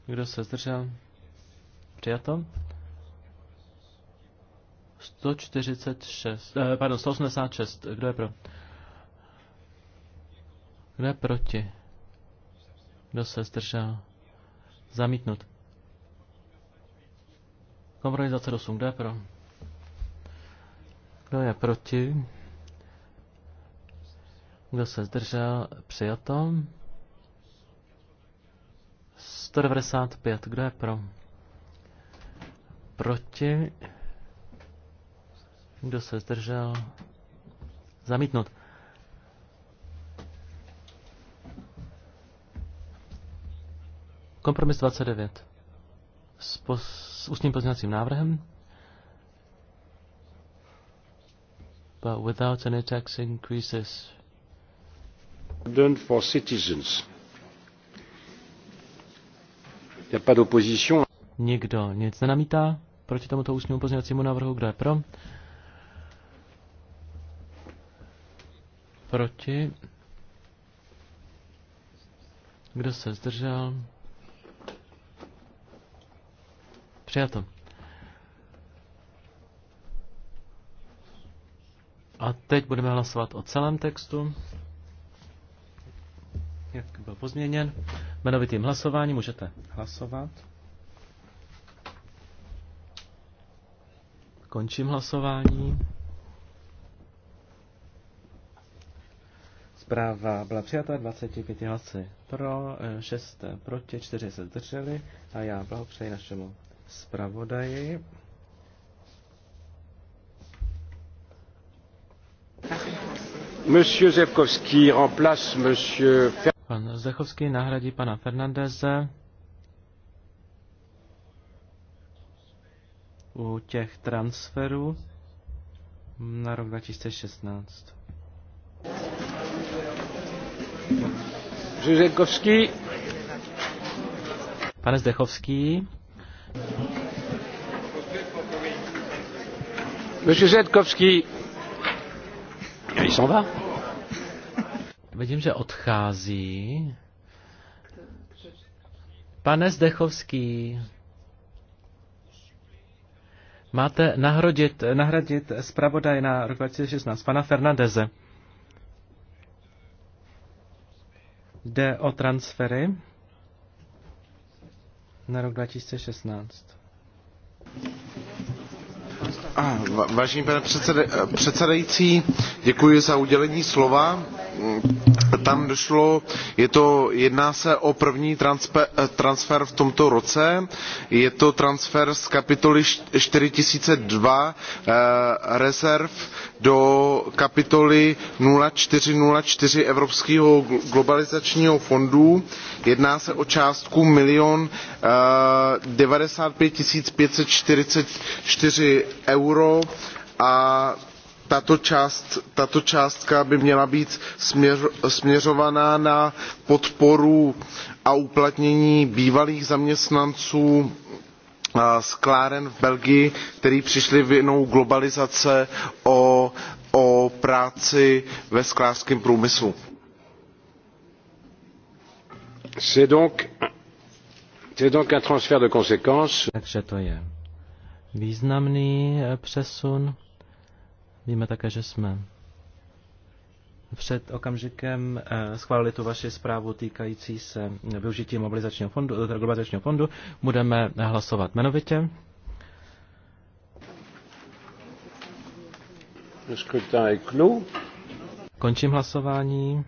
Kdo se zdržel? Přijato? 146, eh, pardon, 186. Kdo je pro? Kdo je proti? Kdo se zdržel? Zamítnut. Kompromis 28. Kdo je pro? Kdo je proti? Kdo se zdržel? Přijato. 195. Kdo je pro? Proti. Kdo se zdržel? Zamítnut. Kompromis 29. S, s ústním pozměňovacím návrhem. But without any tax increases For citizens. Nikdo nic nenamítá proti tomuto ústnímu pozměňovacímu návrhu. Kdo je pro? Proti? Kdo se zdržel? Přijato. A teď budeme hlasovat o celém textu jak byl pozměněn. Jmenovitým hlasováním můžete hlasovat. Končím hlasování. Zpráva byla přijata 25 hlasy pro, 6 eh, proti, 4 se zdrželi a já blahopřeji našemu zpravodaji. Monsieur Zevkovský remplace monsieur Fer Pan Zdechovský nahradí pana Fernandeze. u těch transferů na rok 2016. Žužekovský. Pane Zdechovský. Monsieur Zetkovský. Il s'en va. Vidím, že odchází. Pane Zdechovský, máte nahradit, nahradit zpravodaj na rok 2016, pana Fernandeze. Jde o transfery na rok 2016. Ah, vážený pane předsedající, děkuji za udělení slova Mm, tam došlo je to, jedná se o první eh, transfer, v tomto roce je to transfer z kapitoly four thousand and two rezerv do kapitoly four thousand and four evropského globalizačního fondu jedná se o částku milion ninety five five hundred and forty four eur a tato, částka by měla být směřována na podporu a uplatnění bývalých zaměstnanců skláren v belgii kteří přišli vinou globalizace o, o práci ve sklářském průmyslu. takže to je významný eh, přesun Víme také, že jsme před okamžikem eh, schválili tu vaši zprávu týkající se využití mobilizačního fondu, eh, globalizačního fondu. Budeme hlasovat jmenovitě. Končím hlasování.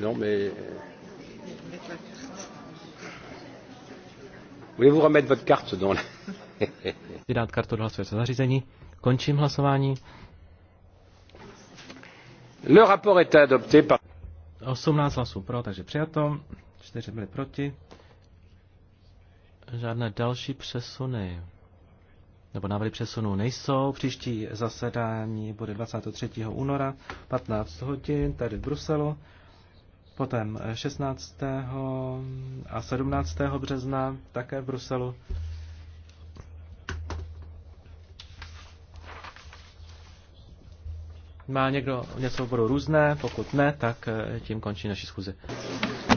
Non, mais... Euh, voulez-vous remettre votre carte dans la... Vydat kartu do hlasovacího zařízení. Končím hlasování. Le rapport est adopté par... 18 hlasů pro, takže přijato. 4 byly proti. Žádné další přesuny nebo návrhy přesunů nejsou. Příští zasedání bude 23. února 15 hodin tady v Bruselu, potom 16. a 17. března také v Bruselu. Má někdo něco v bodu různé? Pokud ne, tak eh, tím končí naši schůzi.